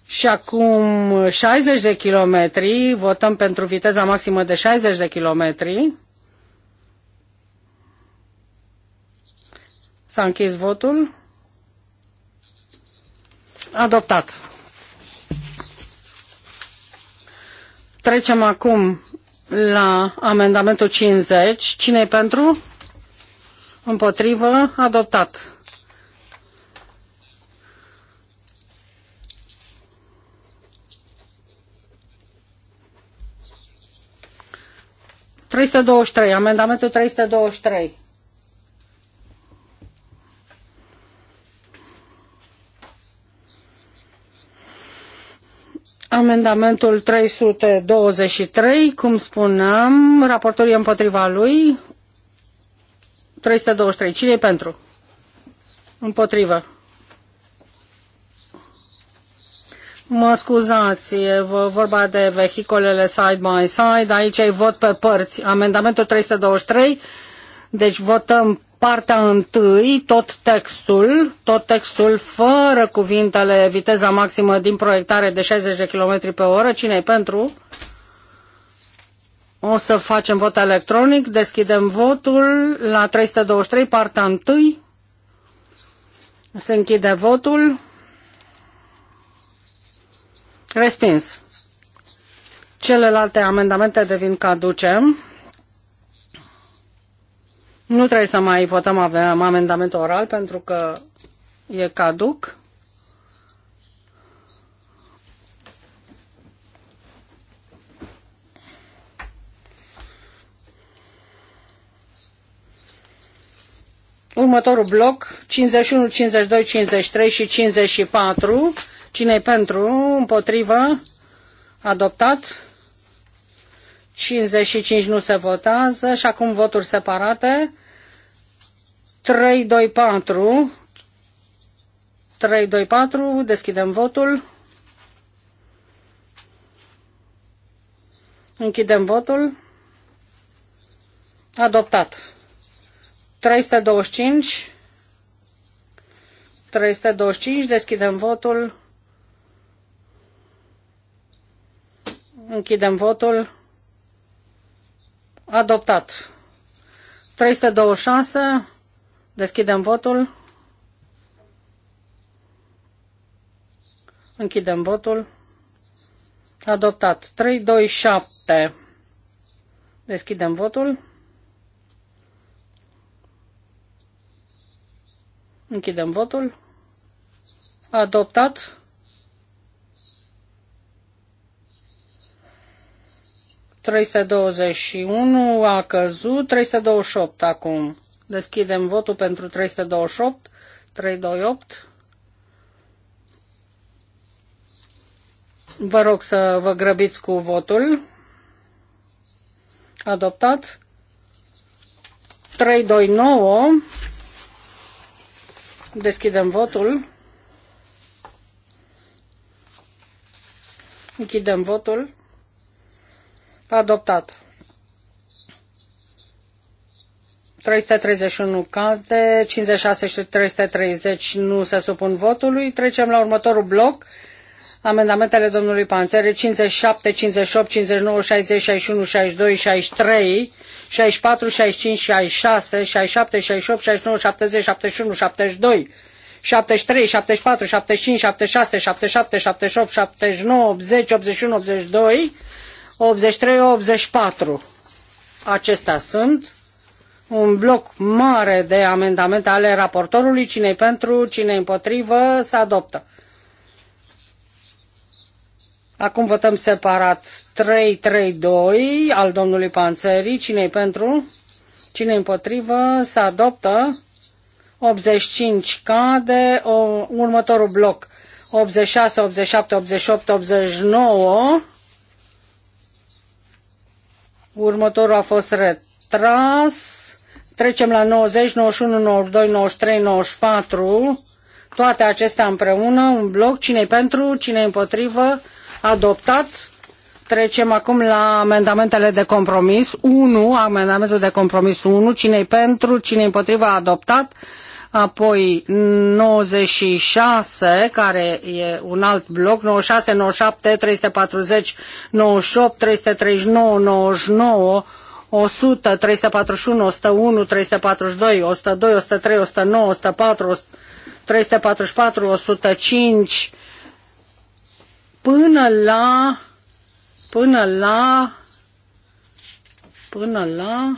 Și acum 60 de kilometri, votăm pentru viteza maximă de 60 de kilometri. S-a închis votul. Adoptat. Trecem acum la amendamentul 50. Cine e pentru? Împotrivă? Adoptat. amendamentul 323. Amendamentul 323, cum spuneam, raportul e împotriva lui. 323, cine e pentru? Împotrivă. Mă scuzați, e vorba de vehicolele side-by-side, side. aici e vot pe părți. Amendamentul 323, deci votăm partea întâi, tot textul, tot textul fără cuvintele viteza maximă din proiectare de 60 de km pe oră, cine pentru? O să facem vot electronic, deschidem votul la 323, partea întâi. Se închide votul. Respins. Celelalte amendamente devin caduce. Nu trebuie să mai votăm avem amendamentul oral pentru că e caduc. Următorul bloc, 51, 52, 53 și 54. Cine-i pentru? Împotrivă? Adoptat. 55 nu se votează și acum voturi separate. 3, 2, 4. 3, 2, 4. Deschidem votul. Închidem votul. Adoptat. 325. 325. Deschidem votul. Închidem votul. Adoptat. 326. Deschidem votul. Închidem votul. Adoptat. 327. Deschidem votul. Închidem votul. Adoptat. 321 a căzut, 328 acum. Deschidem votul pentru 328, 328. Vă rog să vă grăbiți cu votul. Adoptat. 329. Deschidem votul. Închidem votul. Adoptat. 331 cade, 56 și 330 nu se supun votului. Trecem la următorul bloc. Amendamentele domnului Panțere 57, 58, 59, 60, 61, 62, 63, 64, 65, 66, 67, 68, 69, 70, 71, 72, 73, 74, 75, 76, 77, 78, 79, 80, 81, 82, 83-84. Acestea sunt un bloc mare de amendamente ale raportorului, cine pentru, cine împotrivă, se adoptă. Acum votăm separat 3-3-2 al domnului Panțării, cine pentru, cine împotrivă, se adoptă. 85 cade, o, următorul bloc 86, 87, 88, 89, Următorul a fost retras. Trecem la 90, 91, 92, 93, 94. Toate acestea împreună, un bloc, cine pentru, cine împotrivă, adoptat. Trecem acum la amendamentele de compromis. 1, amendamentul de compromis 1, cine pentru, cine împotrivă, adoptat apoi 96, care e un alt bloc, 96, 97, 340, 98, 339, 99, 100, 341, 101, 342, 102, 103, 109, 104, 344, 105, până la, până la, până la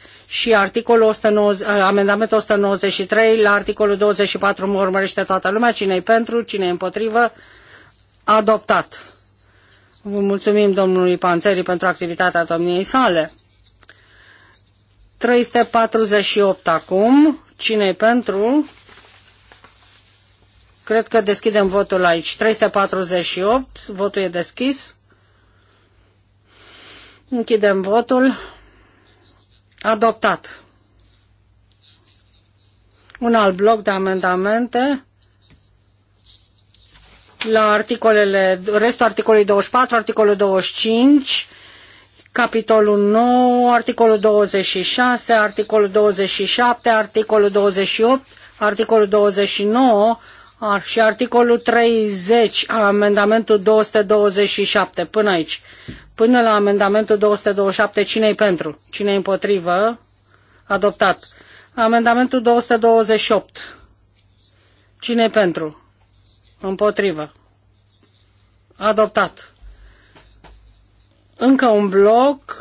și articolul 190, eh, amendamentul 193 la articolul 24 mă urmărește toată lumea, cine e pentru, cine e împotrivă, adoptat. Vă mulțumim domnului Panțeri pentru activitatea domniei sale. 348 acum, cine e pentru? Cred că deschidem votul aici. 348, votul e deschis. Închidem votul. Adoptat. Un alt bloc de amendamente la articolele, restul articolului 24, articolul 25, capitolul 9, articolul 26, articolul 27, articolul 28, articolul 29, Ah, și articolul 30, amendamentul 227, până aici. Până la amendamentul 227, cine-i pentru? Cine-i împotrivă? Adoptat. Amendamentul 228. Cine pentru? Împotrivă. Adoptat. Încă un bloc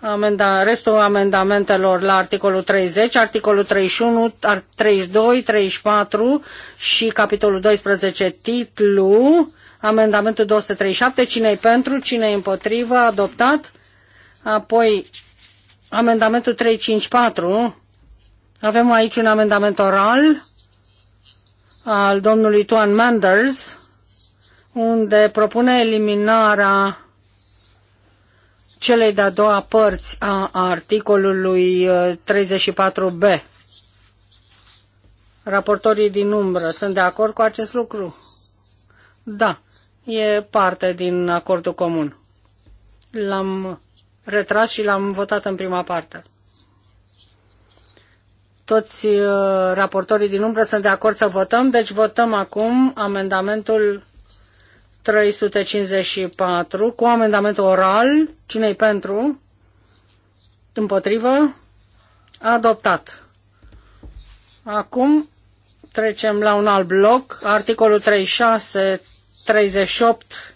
amenda, restul amendamentelor la articolul 30, articolul 31, 32, 34 și capitolul 12, titlu, amendamentul 237, cine e pentru, cine e împotrivă, adoptat, apoi amendamentul 354, avem aici un amendament oral al domnului Tuan Manders, unde propune eliminarea celei de-a doua părți a articolului 34b. Uh, raportorii din umbră sunt de acord cu acest lucru? Da, e parte din acordul comun. L-am retras și l-am votat în prima parte. Toți uh, raportorii din umbră sunt de acord să votăm, deci votăm acum amendamentul 354 cu amendament oral. Cine-i pentru? Împotrivă? Adoptat. Acum trecem la un alt bloc, articolul 36, 38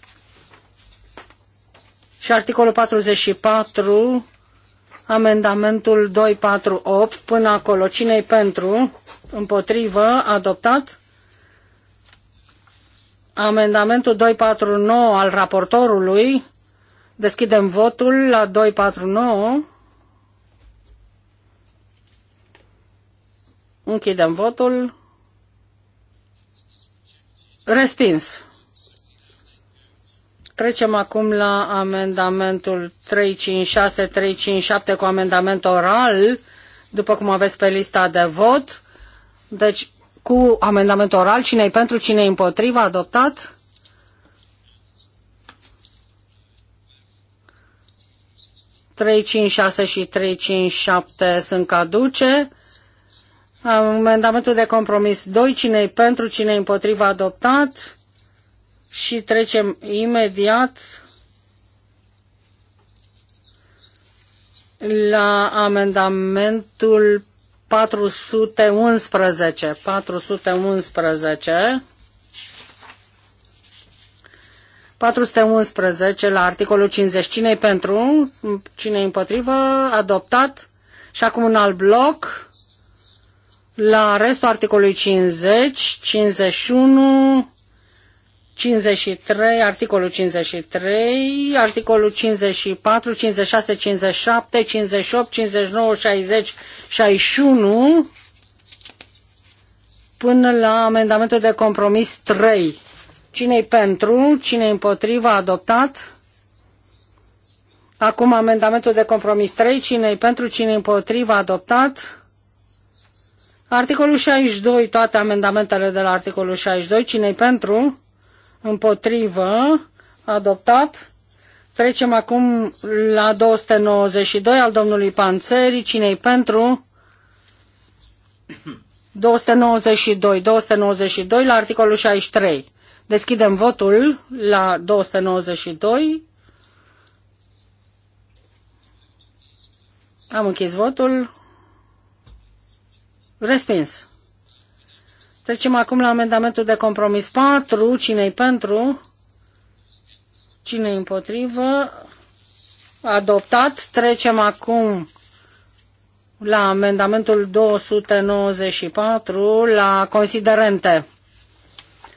și articolul 44, amendamentul 248, până acolo. Cine-i pentru? Împotrivă? Adoptat? Amendamentul 249 al raportorului. Deschidem votul la 249. Închidem votul. Respins. Trecem acum la amendamentul 356, 357 cu amendament oral, după cum aveți pe lista de vot. Deci cu amendament oral, cine-i pentru, cine-i împotriva, adoptat. Trei, cinci, șase și trei, cinci, șapte sunt caduce. Amendamentul de compromis 2, cine e pentru, cine e împotriva, adoptat. Și trecem imediat la amendamentul 411, 411, 411 la articolul 50. cine pentru? cine împotrivă? Adoptat. Și acum un alt bloc. La restul articolului 50, 51, 53, articolul 53, articolul 54, 56, 57, 58, 59, 60, 61 până la amendamentul de compromis 3. Cine-i pentru? Cine-i împotriva? Adoptat? Acum amendamentul de compromis 3. Cine-i pentru? Cine-i împotriva? Adoptat? Articolul 62, toate amendamentele de la articolul 62. Cine-i pentru? împotrivă, adoptat. Trecem acum la 292 al domnului Panțeri, cine pentru? 292, 292 la articolul 63. Deschidem votul la 292. Am închis votul. Respins. Trecem acum la amendamentul de compromis 4. Cine-i pentru? cine împotrivă? Adoptat. Trecem acum la amendamentul 294, la considerente.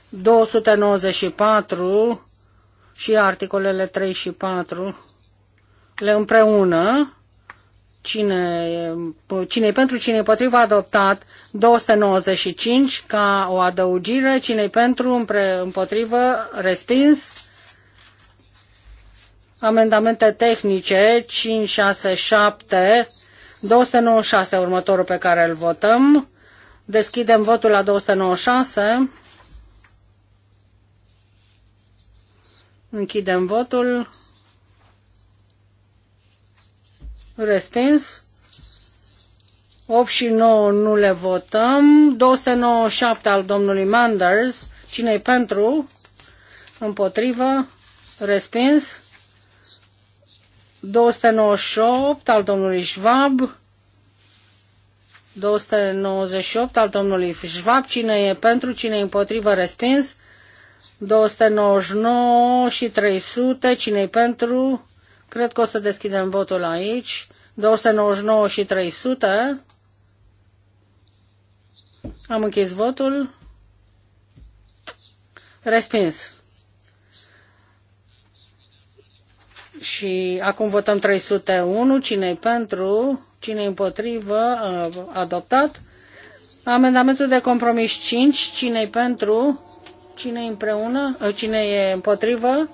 294 și articolele 3 și 4 le împreună cine, cine e pentru, cine e împotriva adoptat 295 ca o adăugire, cine e pentru, împre, împotrivă, respins. Amendamente tehnice 5, 6, 7, 296 următorul pe care îl votăm. Deschidem votul la 296. Închidem votul. Respins. 8 și 9 nu le votăm. 297 al domnului Manders. cine e pentru? Împotrivă. Respins. 298 al domnului Schwab. 298 al domnului Schwab. Cine e pentru, cine e împotrivă, respins. 299 și 300. Cine e pentru, Cred că o să deschidem votul aici. 299 și 300. Am închis votul. Respins. Și acum votăm 301. Cine-i pentru? cine împotrivă? Uh, adoptat. Amendamentul de compromis 5. Cine-i pentru? Cine împreună? Uh, cine e împotrivă?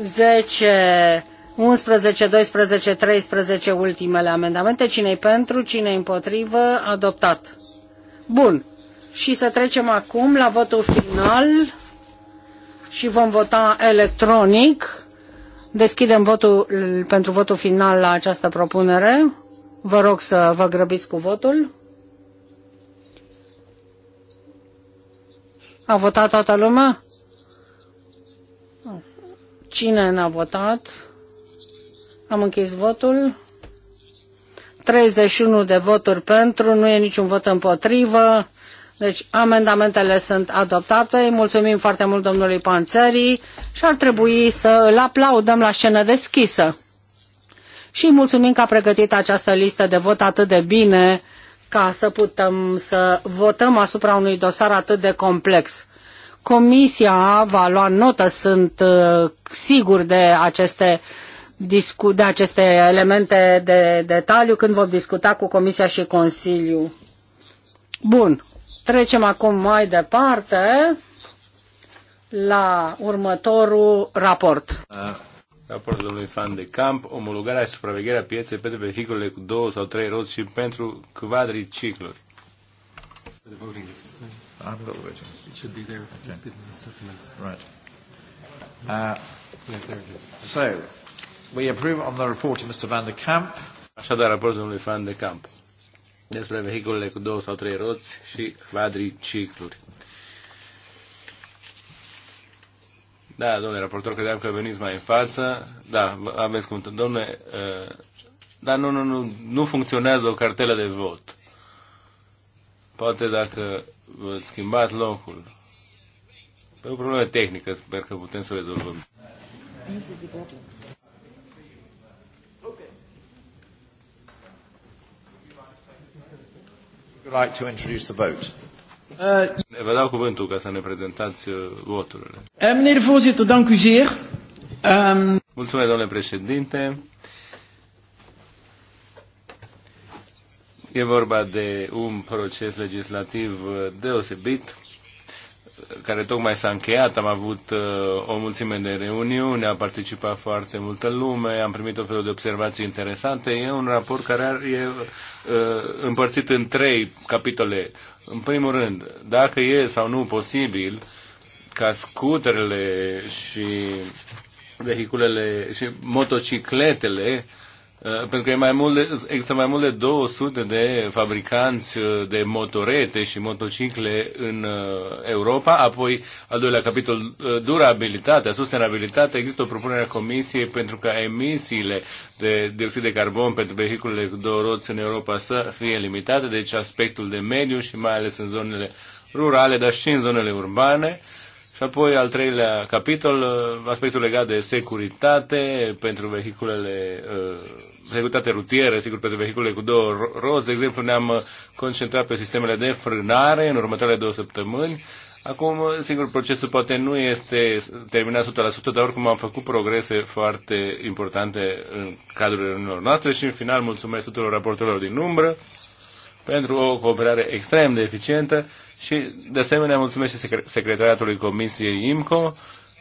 10, 11, 12, 13 ultimele amendamente. Cine-i pentru, cine-i împotrivă, adoptat. Bun. Și să trecem acum la votul final și vom vota electronic. Deschidem votul pentru votul final la această propunere. Vă rog să vă grăbiți cu votul. A votat toată lumea? Cine n-a votat? Am închis votul. 31 de voturi pentru, nu e niciun vot împotrivă. Deci amendamentele sunt adoptate. mulțumim foarte mult domnului Panțării și ar trebui să îl aplaudăm la scenă deschisă. Și mulțumim că a pregătit această listă de vot atât de bine ca să putem să votăm asupra unui dosar atât de complex. Comisia va lua notă, sunt uh, sigur de aceste de aceste elemente de detaliu când vom discuta cu Comisia și Consiliu. Bun, trecem acum mai departe la următorul raport. Raportul domnului Fan de Camp, omologarea și supravegherea pieței pentru vehicule cu două sau trei roți și pentru quadricicluri. cicluri. I haven't got the originals. It should be there okay. business documents. Right. Uh, yes, there it is. Uh, so, we approve on the report of Mr. Van de Kamp. Așadar, raportul domnului Van de Camp despre vehiculele cu două sau trei roți și quadricicluri. Da, domnule raportor, credeam că veniți mai în față. Da, aveți cum. Domnule, uh, dar nu, nu, nu, nu funcționează o cartelă de vot. Poate dacă schimbați locul. Pe o problemă tehnică, sper că putem să o rezolvăm. Like to introduce the vote. Uh, Vă dau cuvântul ca să ne prezentați uh, voturile. Meneer de voorzitter, dank u zeer. Um... Mulțumesc, domnule președinte. E vorba de un proces legislativ uh, deosebit care tocmai s-a încheiat, am avut uh, o mulțime de reuniuni, a participat foarte multă lume, am primit o felul de observații interesante. E un raport care are, e uh, împărțit în trei capitole. În primul rând, dacă e sau nu posibil ca scuterele și vehiculele și motocicletele uh, Uh, pentru că e mai mult de, există mai mult de 200 de fabricanți uh, de motorete și motocicle în uh, Europa, apoi al doilea capitol, durabilitatea, sustenabilitatea, există o propunere a Comisiei pentru ca emisiile de dioxid de carbon pentru vehiculele cu două roți în Europa să fie limitate, deci aspectul de mediu și mai ales în zonele rurale, dar și în zonele urbane. Și apoi al treilea capitol, aspectul legat de securitate pentru vehiculele uh, securitate rutieră, sigur, pentru vehicule cu două roți. De exemplu, ne-am uh, concentrat pe sistemele de frânare în următoarele două săptămâni. Acum, uh, sigur, procesul poate nu este terminat 100%, dar oricum am făcut progrese foarte importante în cadrul reuniunilor noastre și, în final, mulțumesc tuturor raportorilor din umbră pentru o cooperare extrem de eficientă și, de asemenea, mulțumesc și secretariatului Comisiei IMCO,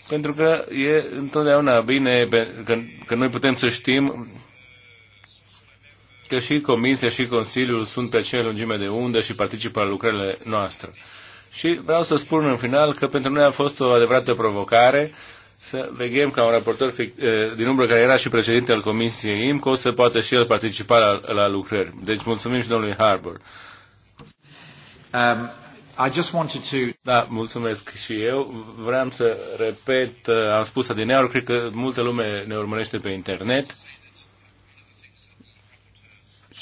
pentru că e întotdeauna bine că, că noi putem să știm că și Comisia și Consiliul sunt pe cei lungime de undă și participă la lucrările noastre. Și vreau să spun în final că pentru noi a fost o adevărată provocare să veghem ca un raportor eh, din umbră care era și președinte al Comisiei IMCO să poată și el participa la, la lucrări. Deci mulțumim și domnului Harbour. Um, I just wanted to... Da, mulțumesc și eu. Vreau să repet, eh, am spus adineaur, cred că multă lume ne urmărește pe internet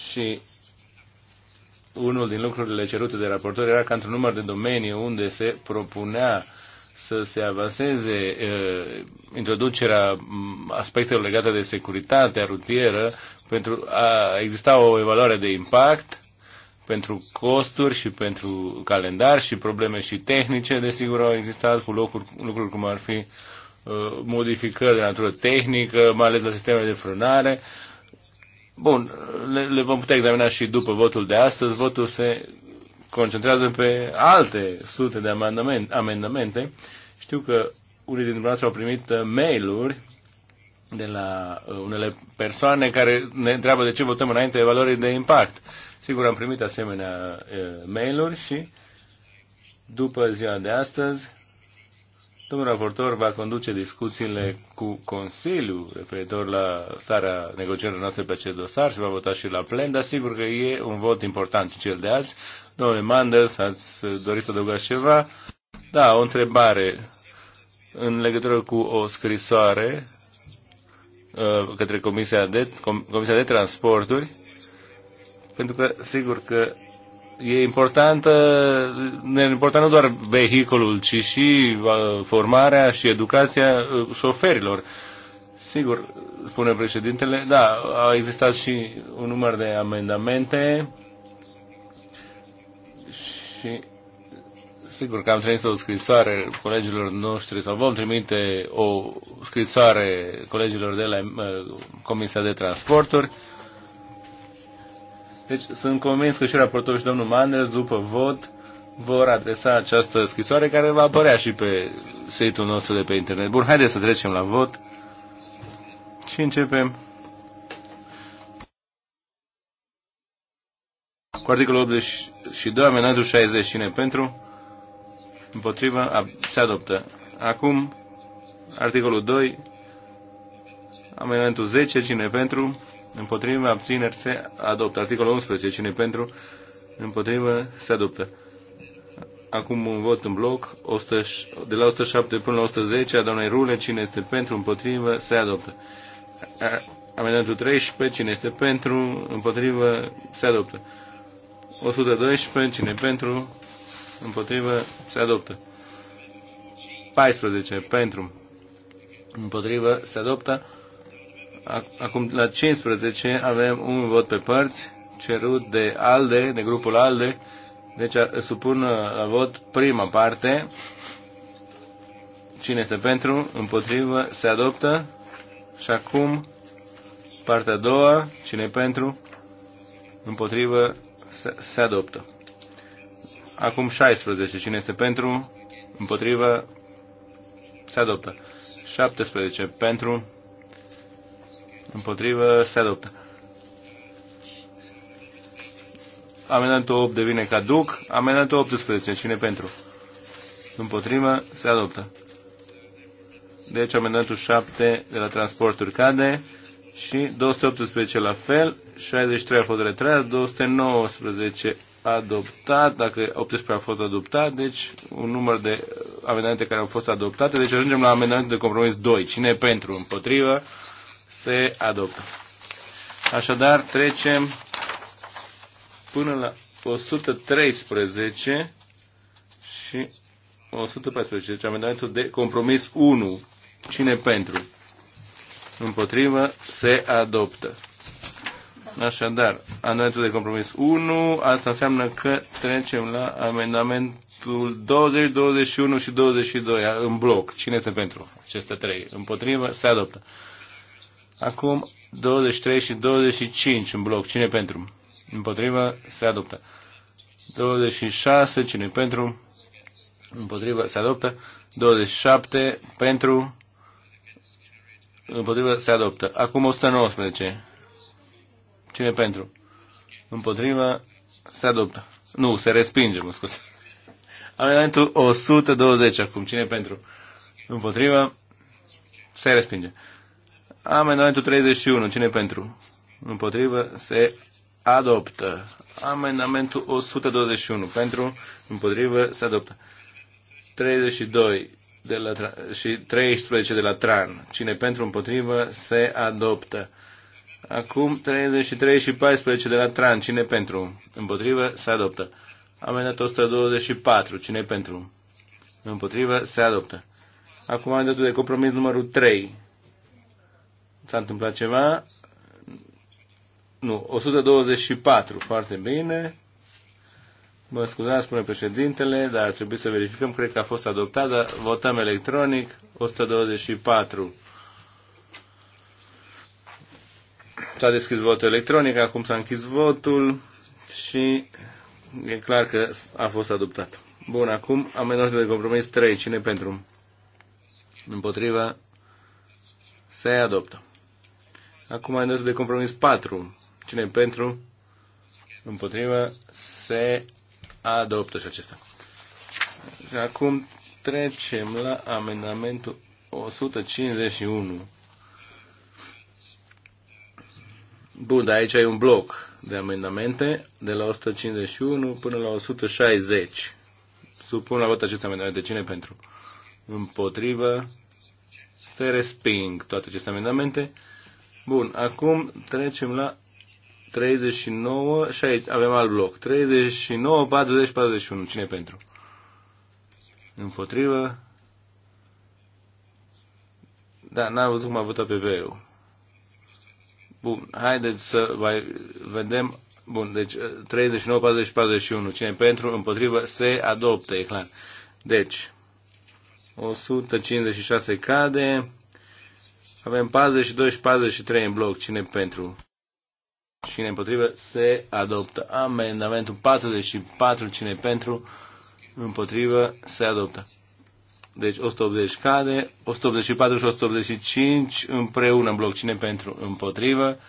și unul din lucrurile cerute de raportor era că într-un număr de domenii unde se propunea să se avanseze uh, introducerea mm, aspectelor legate de securitatea rutieră pentru a exista o evaluare de impact pentru costuri și pentru calendar și probleme și tehnice, desigur, au existat cu locuri, lucruri cum ar fi uh, modificări de natură tehnică, mai ales la sisteme de frânare, uh, Bun, le, le vom putea examina și după votul de astăzi. Votul se concentrează pe alte sute de amendamente. amendamente. Știu că unii dintre noi au primit uh, mail-uri de la uh, unele persoane care ne întreabă de ce votăm înainte valorii de impact. Sigur, am primit asemenea uh, mail-uri și după ziua de astăzi Domnul raportor va conduce discuțiile cu Consiliul referitor la starea negocierilor noastre pe acest dosar și va vota și la plen, dar sigur că e un vot important cel de azi. Domnule Manders, ați dorit să adăugați ceva? Da, o întrebare în legătură cu o scrisoare uh, către Comisia de, Comisia de Transporturi, pentru că sigur că e important, e important nu doar vehiculul, ci și uh, formarea și educația uh, șoferilor. Sigur, spune președintele, da, a existat și un număr de amendamente și sigur că am trimis o scrisoare colegilor noștri sau vom trimite o scrisoare colegilor de la uh, Comisia de Transporturi deci sunt convins că și raportorul și domnul Manders, după vot, vor adresa această scrisoare care va apărea și pe site-ul nostru de pe internet. Bun, haideți să trecem la vot și începem cu articolul 82, amenajul 60, cine pentru, împotriva, se adoptă. Acum, articolul 2, amenajul 10, cine pentru, împotriva abțineri se adoptă. Articolul 11, cine pentru, împotriva se adoptă. Acum un vot în bloc, 100, de la 107 până la 110, a doamnei Rule, cine este pentru, împotriva se adoptă. Amendamentul 13, cine este pentru, împotriva se adoptă. 112, cine pentru, împotriva se adoptă. 14, pentru, împotriva se adoptă. Acum, la 15, avem un vot pe părți cerut de ALDE, de grupul ALDE. Deci, supun uh, la vot prima parte. Cine este pentru? Împotrivă? Se adoptă? Și acum, partea a doua. Cine e pentru? Împotrivă? Se, se adoptă. Acum 16. Cine este pentru? Împotrivă? Se adoptă. 17. Pentru? Împotrivă se adoptă. Amendamentul 8 devine caduc. Amendamentul 18. Cine pentru? Împotrivă se adoptă. Deci amendamentul 7 de la transporturi cade și 218 la fel, 63 a fost retras, 219 adoptat, dacă 18 a fost adoptat, deci un număr de amendamente care au fost adoptate, deci ajungem la amendamentul de compromis 2. Cine e pentru? Împotrivă? se adoptă. Așadar, trecem până la 113 și 114, deci amendamentul de compromis 1. Cine pentru? Împotrivă se adoptă. Așadar, amendamentul de compromis 1, asta înseamnă că trecem la amendamentul 20, 21 și 22 în bloc. Cine este pentru aceste trei? Împotrivă se adoptă. Acum 23 și 25 în bloc. Cine pentru? Împotrivă se adoptă. 26, cine pentru? Împotrivă se adoptă. 27 pentru. Împotrivă se adoptă. Acum 119. Cine pentru? Împotrivă se adoptă. Nu, se respinge, mă scuze. Amendamentul 120 acum. Cine pentru? Împotrivă se respinge. Amendamentul 31. Cine pentru? Împotrivă. Se adoptă. Amendamentul 121. Pentru. Împotrivă. Se adoptă. 32 de la, și 13 de la Tran. Cine pentru împotrivă se adoptă. Acum 33 și 14 de la Tran. Cine pentru împotrivă se adoptă. Amendamentul 124. Cine pentru împotrivă se adoptă. Acum amendamentul de compromis numărul 3. S-a întâmplat ceva? Nu, 124, foarte bine. Mă scuzați, spune președintele, dar ar trebui să verificăm. Cred că a fost adoptat, dar votăm electronic. 124. S-a deschis votul electronic, acum s-a închis votul și e clar că a fost adoptat. Bun, acum amendamentul de compromis 3. Cine pentru? Împotriva? Se adoptă. Acum amendamentul de compromis 4. Cine pentru? Împotrivă se adoptă și acesta. Și acum trecem la amendamentul 151. Bun, dar aici ai un bloc de amendamente de la 151 până la 160. Supun la vot aceste amendamente. Cine pentru? Împotrivă. Se resping toate aceste amendamente. Bun, acum trecem la 39 și aici avem alt bloc. 39, 40, 41. Cine pentru? Împotrivă. Da, n-am văzut cum a votat PPE-ul. Bun, haideți să mai vedem. Bun, deci 39, 40, 41. Cine pentru, împotrivă, se adoptă, e clar. Deci, 156 cade, avem 42 și 43 în bloc. Cine pentru? Cine împotrivă? Se adoptă. Amendamentul 44. Cine pentru? Împotrivă? Se adoptă. Deci 180 cade, 184 și 185 împreună în bloc. Cine pentru? Împotrivă?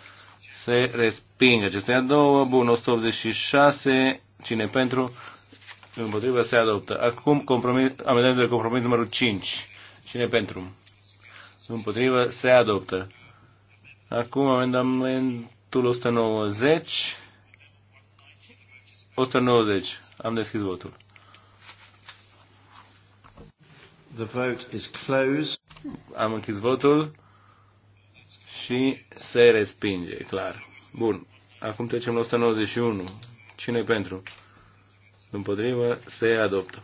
Se respinge. Acestea două. Bun, 186. Cine pentru? Împotrivă se adoptă. Acum compromis, amendamentul de compromis numărul 5. Cine pentru? împotrivă, se adoptă. Acum amendamentul 190. 190. Am deschis votul. The vote is closed. Am închis votul și se respinge, clar. Bun. Acum trecem la 191. Cine pentru? Împotrivă, se adoptă.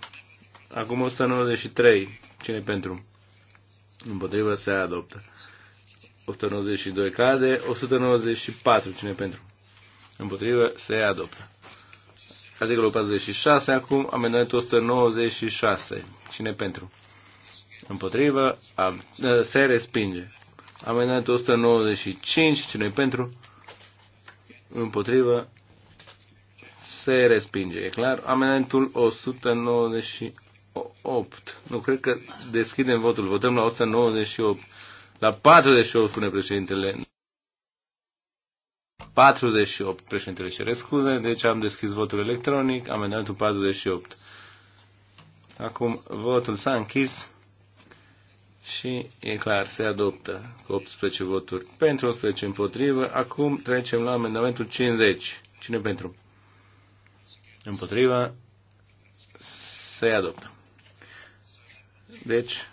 Acum 193. Cine pentru? Împotrivă se adoptă. 192 cade. 194 cine pentru? Împotrivă se adoptă. Articolul 46 acum. Amendamentul 196. Cine pentru? Împotrivă ă, se respinge. Amendamentul 195. Cine pentru? Împotrivă se respinge, e clar. Amendamentul 198. 8. Nu, cred că deschidem votul. Votăm la 198. La 48, spune președintele. 48, președintele cere scuze, deci am deschis votul electronic, amendamentul 48. Acum votul s-a închis și e clar, se adoptă cu 18 voturi pentru, 18 împotrivă. Acum trecem la amendamentul 50. Cine pentru? Împotrivă. se adoptă. Deci,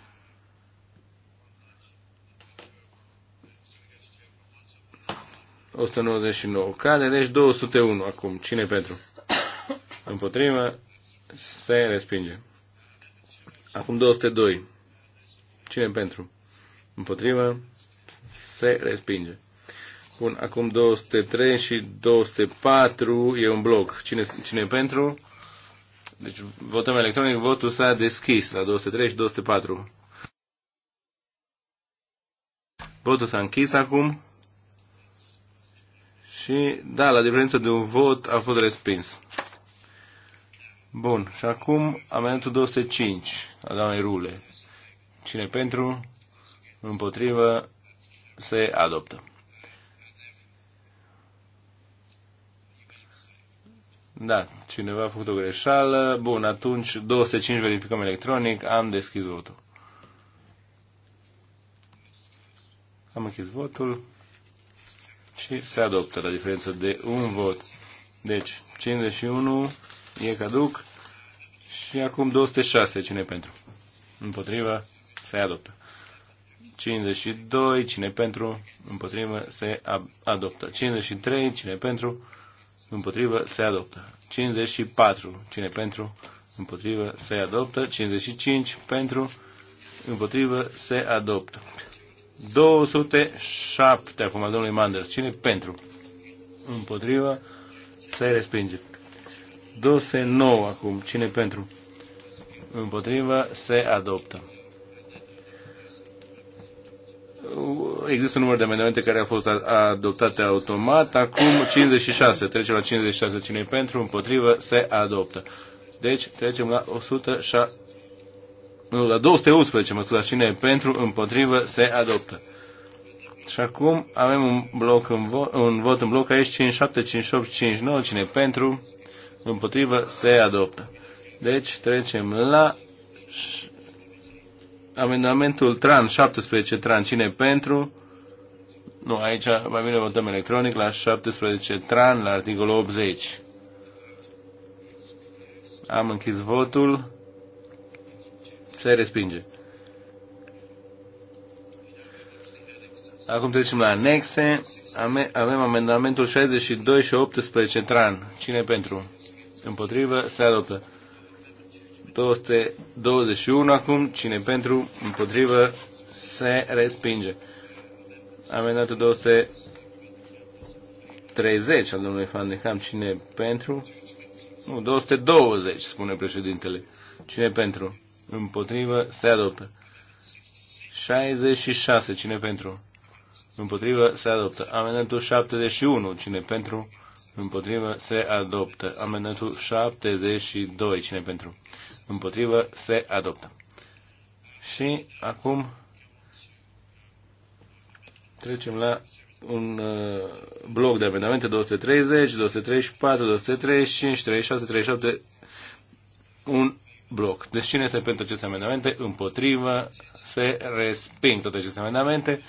...199 care deci 201 acum. Cine pentru? Împotrivă, se respinge. Acum 202. Cine pentru? Împotrivă, se respinge. Bun, acum 203 și 204 e un bloc. Cine, cine pentru? Deci votăm electronic, votul s-a deschis la 203 și 204. Votul s-a închis acum. Și, da, la diferență de un vot a fost respins. Bun, și acum amendamentul 205 a doamnei Rule. Cine pentru, împotrivă, se adoptă. Da, cineva a făcut o greșeală. Bun, atunci 205 verificăm electronic. Am deschis votul. Am închis votul și se adoptă la diferență de un vot. Deci, 51 e caduc și acum 206. Cine pentru? Împotrivă, se adoptă. 52, cine pentru, împotrivă, se adoptă. 53, cine pentru, împotrivă, se adoptă. 54, cine pentru, împotrivă, se adoptă. 55, pentru, împotrivă, se adoptă. 207, acum al domnului Manders, cine pentru, împotrivă, se respinge. 209, acum, cine pentru, împotrivă, se adoptă există un număr de amendamente care au fost adoptate automat. Acum 56. Trece la 56. Cine pentru, împotrivă, se adoptă. Deci trecem la 106. Nu, la 211, mă scuzați, cine pentru, împotrivă, se adoptă. Și acum avem un, bloc în vo- un vot în bloc aici, 57, 58, 59, cine pentru, împotrivă, se adoptă. Deci trecem la Amendamentul TRAN 17 TRAN, cine pentru? Nu, aici mai bine votăm electronic la 17 TRAN, la articolul 80. Am închis votul. Se respinge. Acum trecem la anexe. Avem amendamentul 62 și 18 TRAN. Cine pentru? Împotrivă? Se adoptă. 221 acum, cine pentru, împotrivă, se respinge. Amendatul 230 al domnului Van de Ham, cine pentru? Nu, 220, spune președintele. Cine pentru? Împotrivă, se adoptă. 66, cine pentru? Împotrivă, se adoptă. Amendatul 71, cine pentru? Împotrivă se adoptă. Amendamentul 72. Cine pentru? Împotrivă se adoptă. Și acum trecem la un uh, bloc de amendamente 230, 234, 235, 36, 37, un bloc. Deci cine este pentru aceste amendamente? Împotrivă se resping toate aceste amendamente.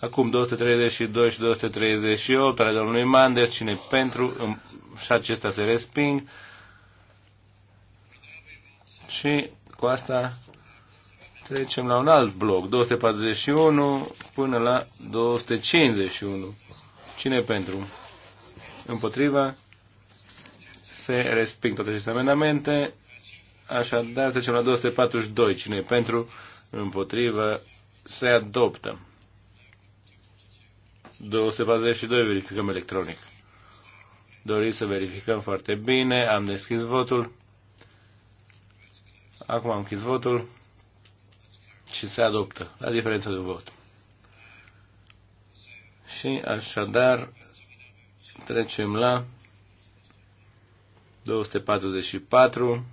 Acum 232 și 238 ale domnului Mander, cine pentru și acesta se resping. Și cu asta trecem la un alt bloc, 241 până la 251. Cine pentru? Împotriva? Se resping toate aceste amendamente. Așadar, trecem la 242. Cine pentru? Împotriva Se adoptă. 242 verificăm electronic. Doriți să verificăm foarte bine. Am deschis votul. Acum am închis votul și se adoptă, la diferență de vot. Și așadar trecem la 244.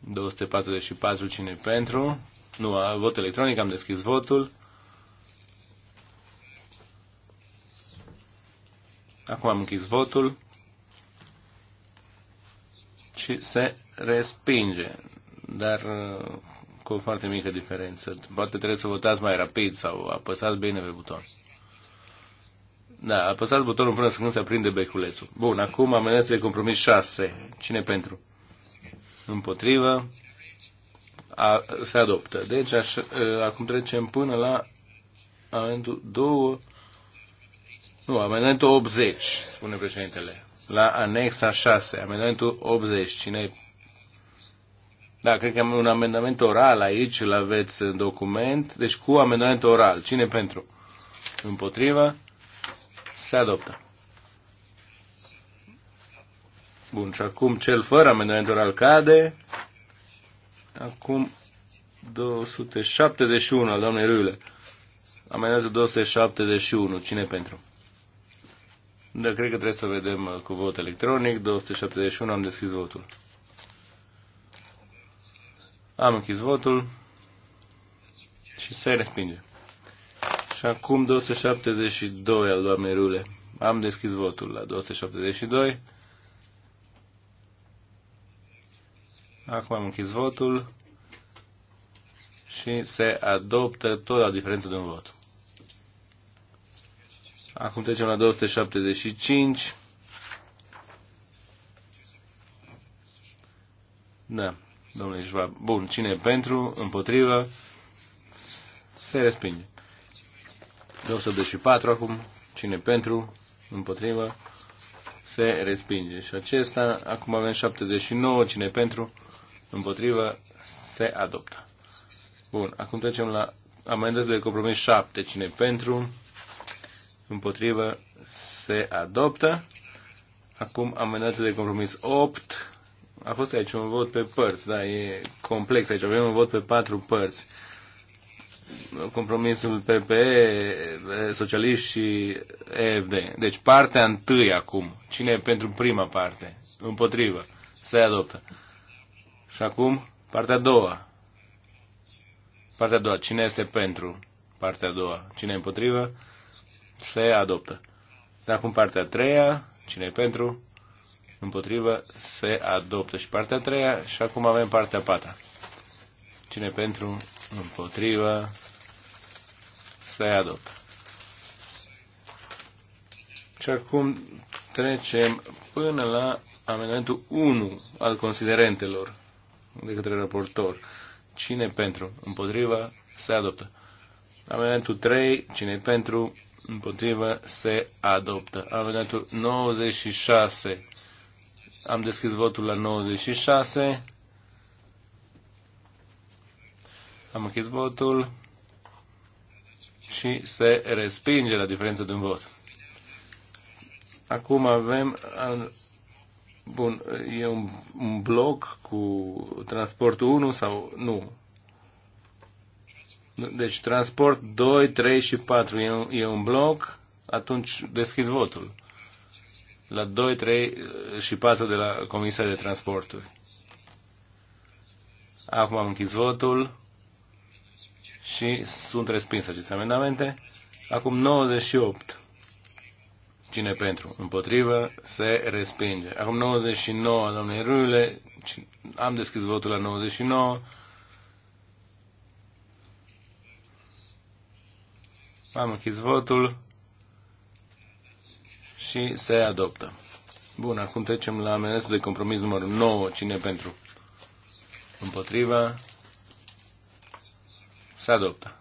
244 cine pentru? Nu, vot electronic, am deschis votul. Acum am închis votul și se respinge, dar uh, cu o foarte mică diferență. Poate trebuie să votați mai rapid sau apăsați bine pe buton. Da, apăsați butonul până să când se aprinde beculețul. Bun, acum am de compromis 6. Cine pentru? Împotrivă. A, se adoptă. Deci aș, uh, acum trecem până la amendul 2 nu, amendamentul 80, spune președintele. La anexa 6, amendamentul 80. cine Da, cred că am un amendament oral aici, îl aveți în document. Deci cu amendament oral. Cine pentru? Împotriva? Se adoptă. Bun, și acum cel fără amendament oral cade. Acum 271 al doamnei Râule. Amendamentul 271. Cine pentru? Da, cred că trebuie să vedem uh, cu vot electronic. 271 am deschis votul. Am închis votul și se respinge. Și acum 272 al doamnei Rule. Am deschis votul la 272. Acum am închis votul și se adoptă tot la diferență de un vot. Acum trecem la 275. Da, domnule Schwab. Bun, cine e pentru, împotrivă, se respinge. 284 acum, cine pentru, împotrivă, se respinge. Și acesta, acum avem 79, cine pentru, împotrivă, se adoptă. Bun, acum trecem la amendatul de compromis 7, cine pentru, împotrivă, se adoptă. Acum amendatul de compromis 8. A fost aici un vot pe părți, da, e complex aici. Avem un vot pe patru părți. Compromisul PPE, socialiști și EFD. Deci partea întâi acum. Cine e pentru prima parte? Împotrivă. Se adoptă. Și acum partea a doua. Partea a doua. Cine este pentru? Partea a doua. Cine e împotrivă? se adoptă. acum partea a treia, cine e pentru, împotrivă, se adoptă. Și partea a treia, și acum avem partea a patra. Cine e pentru, împotrivă, se adoptă. Și acum trecem până la amendamentul 1 al considerentelor de către raportor. Cine pentru? Împotriva? Se adoptă. Amendamentul 3. Cine pentru? împotrivă, se adoptă. Amendamentul 96. Am deschis votul la 96. Am închis votul și se respinge la diferență de un vot. Acum avem Bun, e un, un bloc cu transportul 1 sau nu? Deci transport 2, 3 și 4 e un, e un bloc, atunci deschid votul. La 2, 3 uh, și 4 de la Comisia de Transporturi. Acum am închis votul și sunt respinse aceste amendamente. Acum 98. Cine pentru? Împotrivă? Se respinge. Acum 99, domnule Râle. Am deschis votul la 99. Am închis votul și se adoptă. Bun, acum trecem la amendamentul de compromis numărul 9. Cine pentru? Împotriva? Se adoptă.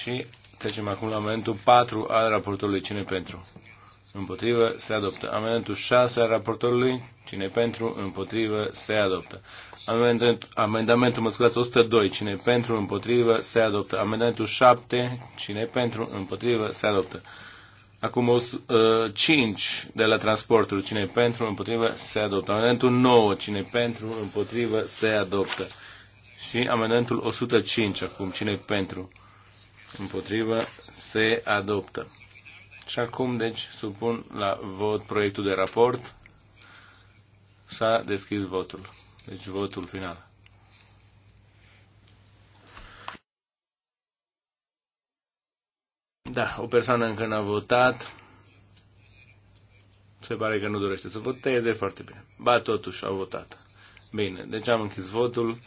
Și trecem acum la amendamentul 4 al raportului. Cine pentru? Împotrivă se adoptă. Amendamentul 6 al raportorului. Cine pentru? Împotrivă se adoptă. Amendamentul, amendamentul mă scuzați, 102. Cine pentru? Împotrivă se adoptă. Amendamentul 7. Cine pentru? Împotrivă se adoptă. Acum o, uh, 5 de la transportul. Cine pentru? Împotrivă se adoptă. Amendamentul 9. Cine pentru? Împotrivă se adoptă. Și amendamentul 105 acum. Cine pentru? Împotrivă se adoptă. Și acum, deci, supun la vot proiectul de raport. S-a deschis votul. Deci votul final. Da, o persoană încă n-a votat. Se pare că nu dorește să voteze, foarte bine. Ba, totuși, au votat. Bine, deci am închis votul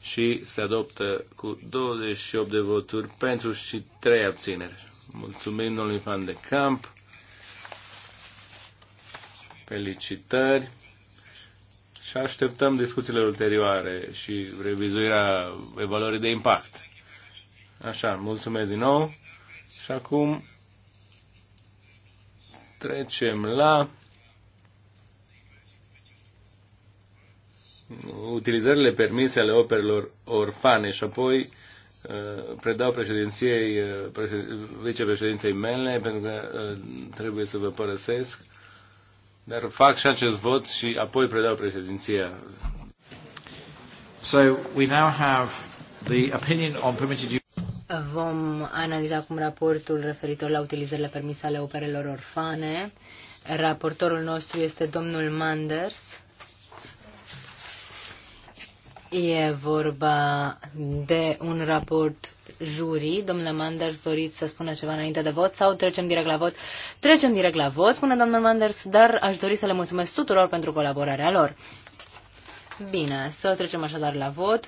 și se adoptă cu 28 de voturi pentru și 3 abțineri. Mulțumim domnului Van de Camp. Felicitări. Și așteptăm discuțiile ulterioare și revizuirea evaluării de impact. Așa, mulțumesc din nou. Și acum trecem la utilizările permise ale operelor orfane și apoi Eh, predau președinției, eh, vicepreședintei mele, pentru că eh, trebuie să vă părăsesc, dar fac și acest vot și apoi predau președinția. So we now have the opinion on permitted use. Vom analiza acum raportul referitor la utilizările permise ale operelor orfane. Raportorul nostru este domnul Manders. E vorba de un raport juri. Domnule Manders, doriți să spună ceva înainte de vot sau trecem direct la vot? Trecem direct la vot, spune domnul Manders, dar aș dori să le mulțumesc tuturor pentru colaborarea lor. Bine, să trecem așadar la vot.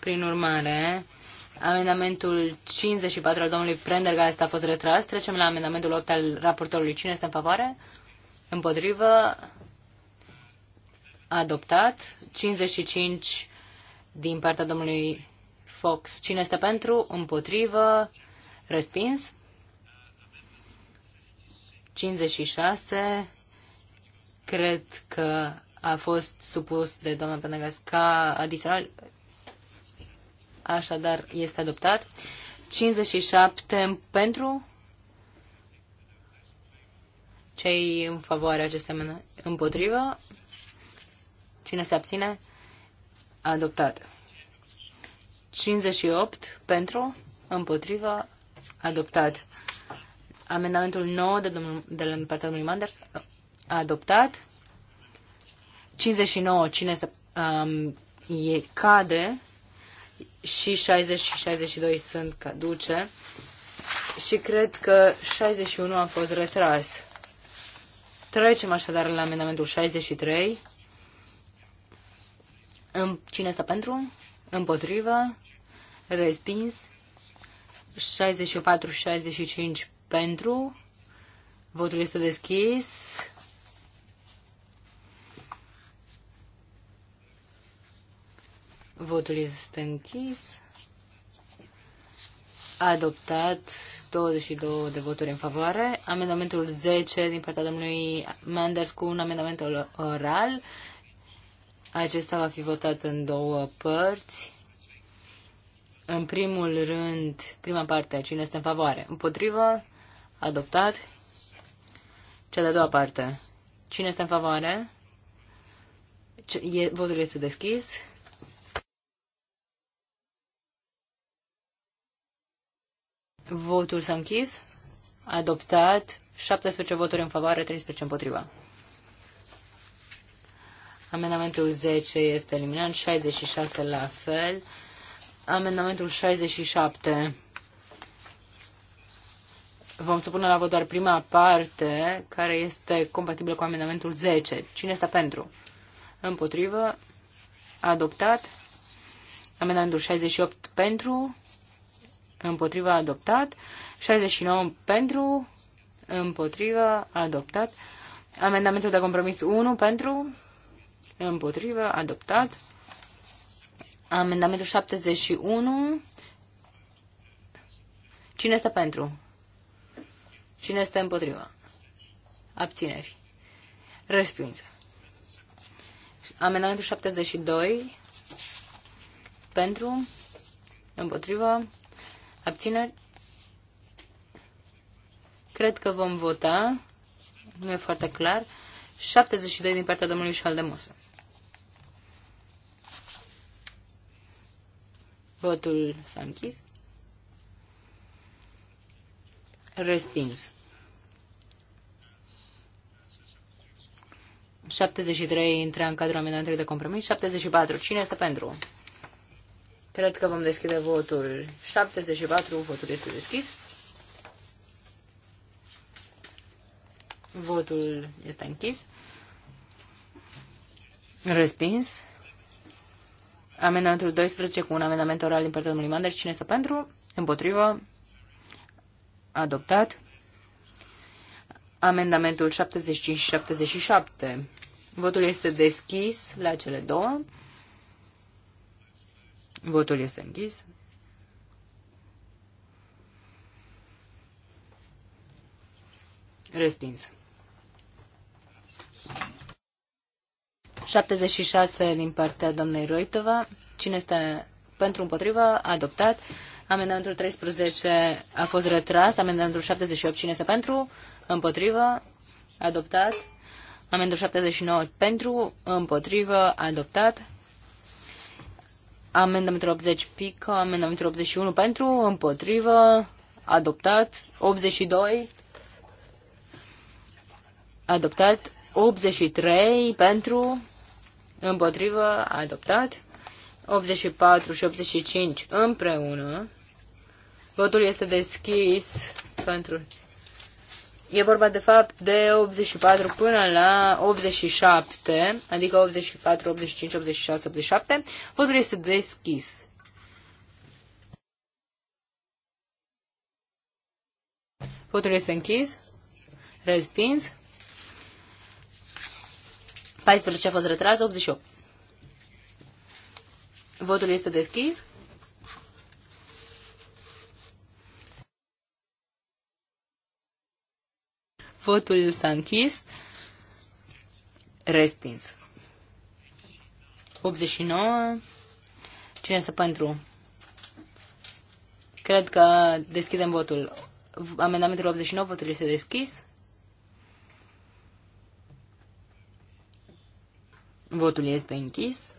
Prin urmare, Amendamentul 54 al domnului Prendergast a fost retras. Trecem la amendamentul 8 al raportorului. Cine este în favoare? Împotrivă? Adoptat. 55 din partea domnului Fox. Cine este pentru? Împotrivă? Respins. 56. Cred că a fost supus de doamna Prendergast ca adițional așadar este adoptat. 57 pentru cei în favoarea acestei mână împotrivă. Cine se abține? Adoptat. 58 pentru împotrivă. Adoptat. Amendamentul 9 de, de la partea domnului Manders uh, adoptat. 59 cine se, um, e, cade și 60 și 62 sunt caduce și cred că 61 a fost retras. Trecem așadar la amendamentul 63. Cine stă pentru? Împotrivă? Respins? 64-65 pentru? Votul este deschis. Votul este închis. A adoptat 22 de voturi în favoare. Amendamentul 10 din partea domnului Manders cu un amendament oral. Acesta va fi votat în două părți. În primul rând, prima parte, cine este în favoare? Împotrivă? Adoptat? Cea de-a doua parte, cine este în favoare? votul este deschis. Votul s-a închis. Adoptat. 17 voturi în favoare, 13 împotriva. Amendamentul 10 este eliminat, 66 la fel. Amendamentul 67. Vom supune la vot doar prima parte, care este compatibilă cu amendamentul 10. Cine este pentru? Împotrivă. Adoptat. Amendamentul 68 pentru împotriva adoptat, 69 pentru, împotriva adoptat, amendamentul de compromis 1 pentru, împotriva adoptat, amendamentul 71, cine este pentru? Cine este împotriva? Abțineri. Respinsă. Amendamentul 72 pentru, împotriva, Abțineri? Cred că vom vota. Nu e foarte clar. 72 din partea domnului Șaldemosă. Votul s-a închis. Respins. 73 intră în cadrul amendamentului de compromis. 74. Cine este pentru? Cred că vom deschide votul 74. Votul este deschis. Votul este închis. Respins. Amendamentul 12 cu un amendament oral din partea domnului Mander. Cine este pentru? Împotrivă. Adoptat. Amendamentul 75 și 77. Votul este deschis la cele două. Votul este închis. Respins. 76 din partea doamnei Roitova. Cine este pentru împotrivă? Adoptat. Amendamentul 13 a fost retras. Amendamentul 78. Cine este pentru? Împotrivă. Adoptat. Amendamentul 79 pentru, împotrivă, adoptat. Amendamentul 80 pic, amendamentul 81 pentru, împotrivă, adoptat, 82 adoptat, 83 pentru, împotrivă, adoptat, 84 și 85 împreună. Votul este deschis pentru E vorba de fapt de 84 până la 87, adică 84, 85, 86, 87. Votul este deschis. Votul este închis. Respins. 14 a fost retras, 88. Votul este deschis. Votul s-a închis. Respins. 89. Cine să pentru? Cred că deschidem votul. Amendamentul 89, votul este deschis. Votul este închis.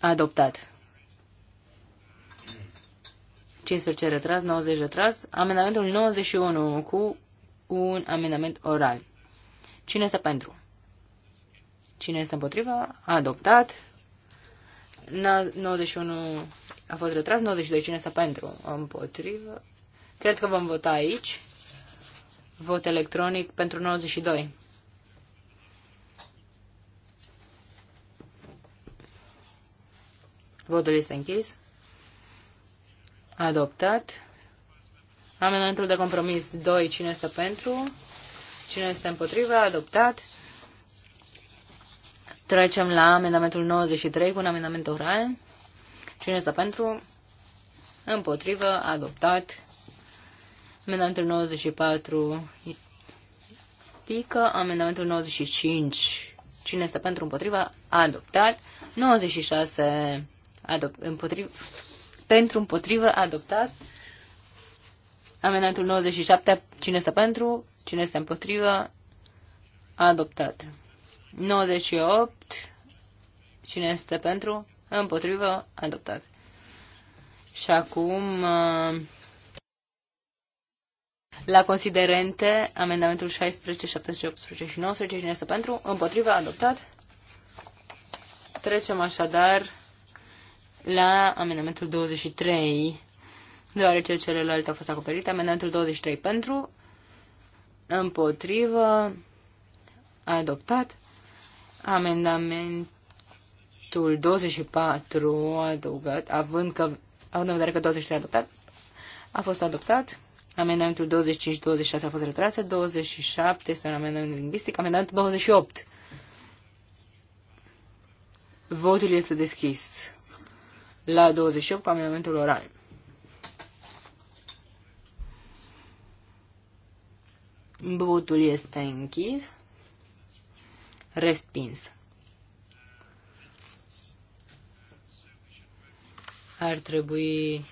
Adoptat. 15 retras, 90 retras. Amendamentul 91 cu un amendament oral. Cine este pentru? Cine este împotriva? Adoptat. 91 a fost retras, 92 cine este pentru? Împotrivă. Cred că vom vota aici. Vot electronic pentru 92. Votul este închis. Adoptat. Amendamentul de compromis 2. Cine este pentru? Cine este împotriva? Adoptat. Trecem la amendamentul 93 cu un amendament oral. Cine este pentru? Împotrivă. Adoptat. Amendamentul 94 pică. Amendamentul 95. Cine este pentru? Împotriva? Adoptat. 96 adop- împotriv- pentru împotrivă adoptat. Amendamentul 97, cine este pentru, cine este împotrivă, adoptat. 98, cine este pentru, împotrivă, adoptat. Și acum, uh, la considerente, amendamentul 16, 17, 18 și 19, cine este pentru, împotrivă, adoptat. Trecem așadar la amendamentul 23, deoarece celelalte au fost acoperite. Amendamentul 23 pentru, împotrivă, adoptat. Amendamentul 24 adăugat, având că, având în vedere că 23 a adoptat, a fost adoptat. Amendamentul 25-26 a fost retrase, 27 este un amendament lingvistic, amendamentul 28. Votul este deschis la 28 cu amendamentul oral. Votul este închis. Respins. Ar trebui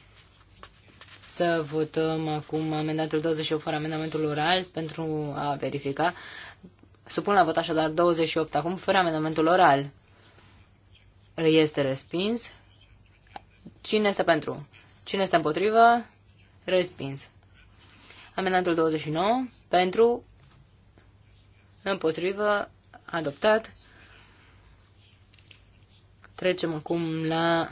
să votăm acum amendatul 28 fără amendamentul oral pentru a verifica. Supun la vot așadar 28 acum fără amendamentul oral. Este respins. Cine este pentru? Cine este împotrivă? Respins. Amendamentul 29 pentru, împotrivă, adoptat. Trecem acum la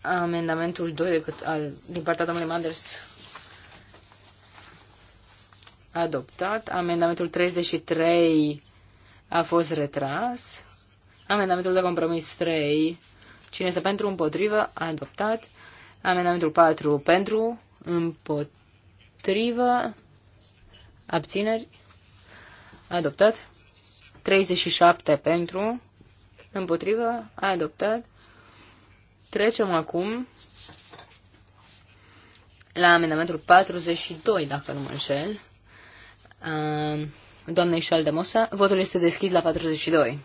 amendamentul 2 decât al, din partea domnului Manders adoptat. Amendamentul 33 a fost retras. Amendamentul de compromis 3, cine este pentru împotrivă, adoptat. Amendamentul 4 pentru, împotrivă, abțineri, adoptat. 37 pentru, împotrivă, adoptat. Trecem acum la amendamentul 42, dacă nu mă înșel. Doamnei Mosa, votul este deschis la 42.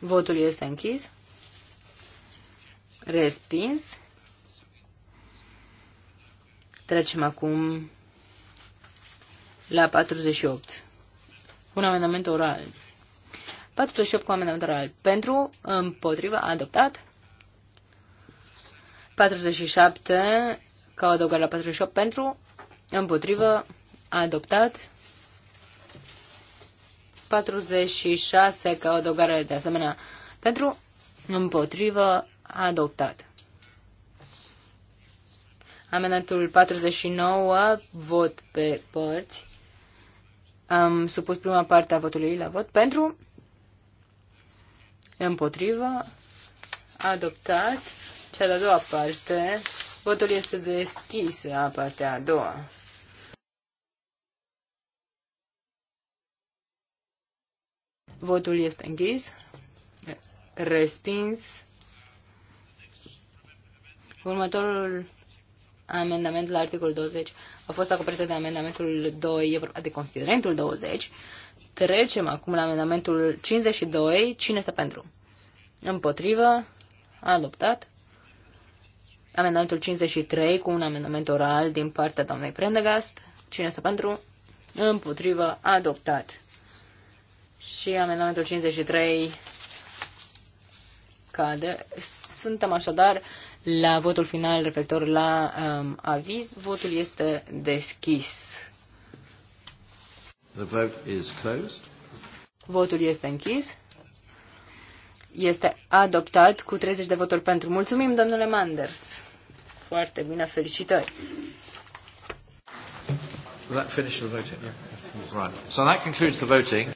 Votul este închis. Respins. Trecem acum la 48. Un amendament oral. 48 cu amendament oral. Pentru, împotriva, adoptat. 47 ca o adăugare la 48 pentru, împotrivă, adoptat. 46 ca o adăugare de asemenea pentru, împotrivă, adoptat. Amendamentul 49, vot pe părți. Am supus prima parte a votului la vot pentru, împotrivă, adoptat. Cea de-a doua parte, votul este deschis la partea a doua. Votul este închis, respins Următorul amendament la articolul 20 a fost acoperită de amendamentul 2, e vorba de considerentul 20. Trecem acum la amendamentul 52. Cine este pentru? Împotrivă. Adoptat. Amendamentul 53 cu un amendament oral din partea doamnei Prendegast. Cine este pentru? Împotrivă. Adoptat. Și amendamentul 53 cade. Suntem așadar la votul final referitor la um, aviz. Votul este deschis. The vote is closed. Votul este închis. Este adoptat cu 30 de voturi pentru. Mulțumim, domnule Manders. Foarte bine, felicitări. So that concludes the voting.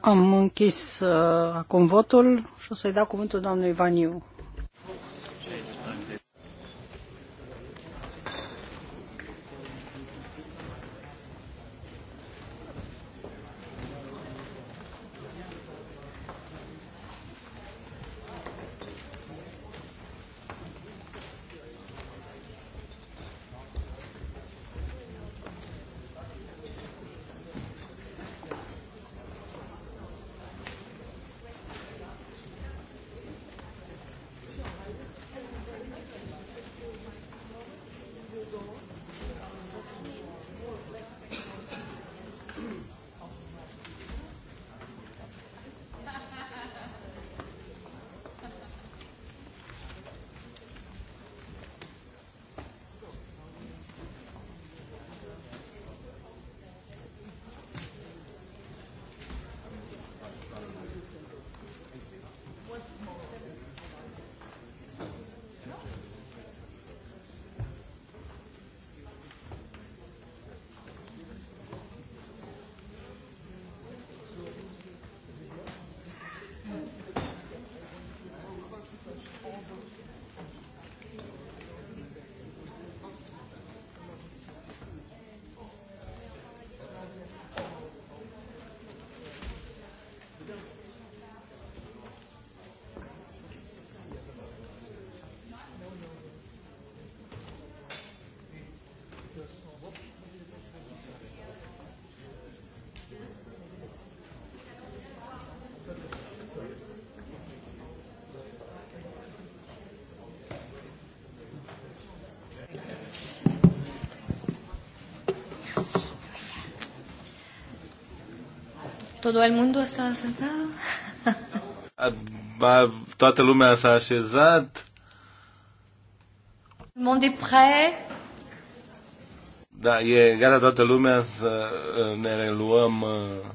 Am închis uh, acum votul și o să-i dau cuvântul doamnei Vaniu. Todo el mundo está sentado? Toată lumea s-a așezat. Le monde prêt? Da, e gata toată lumea să uh, ne reluăm uh,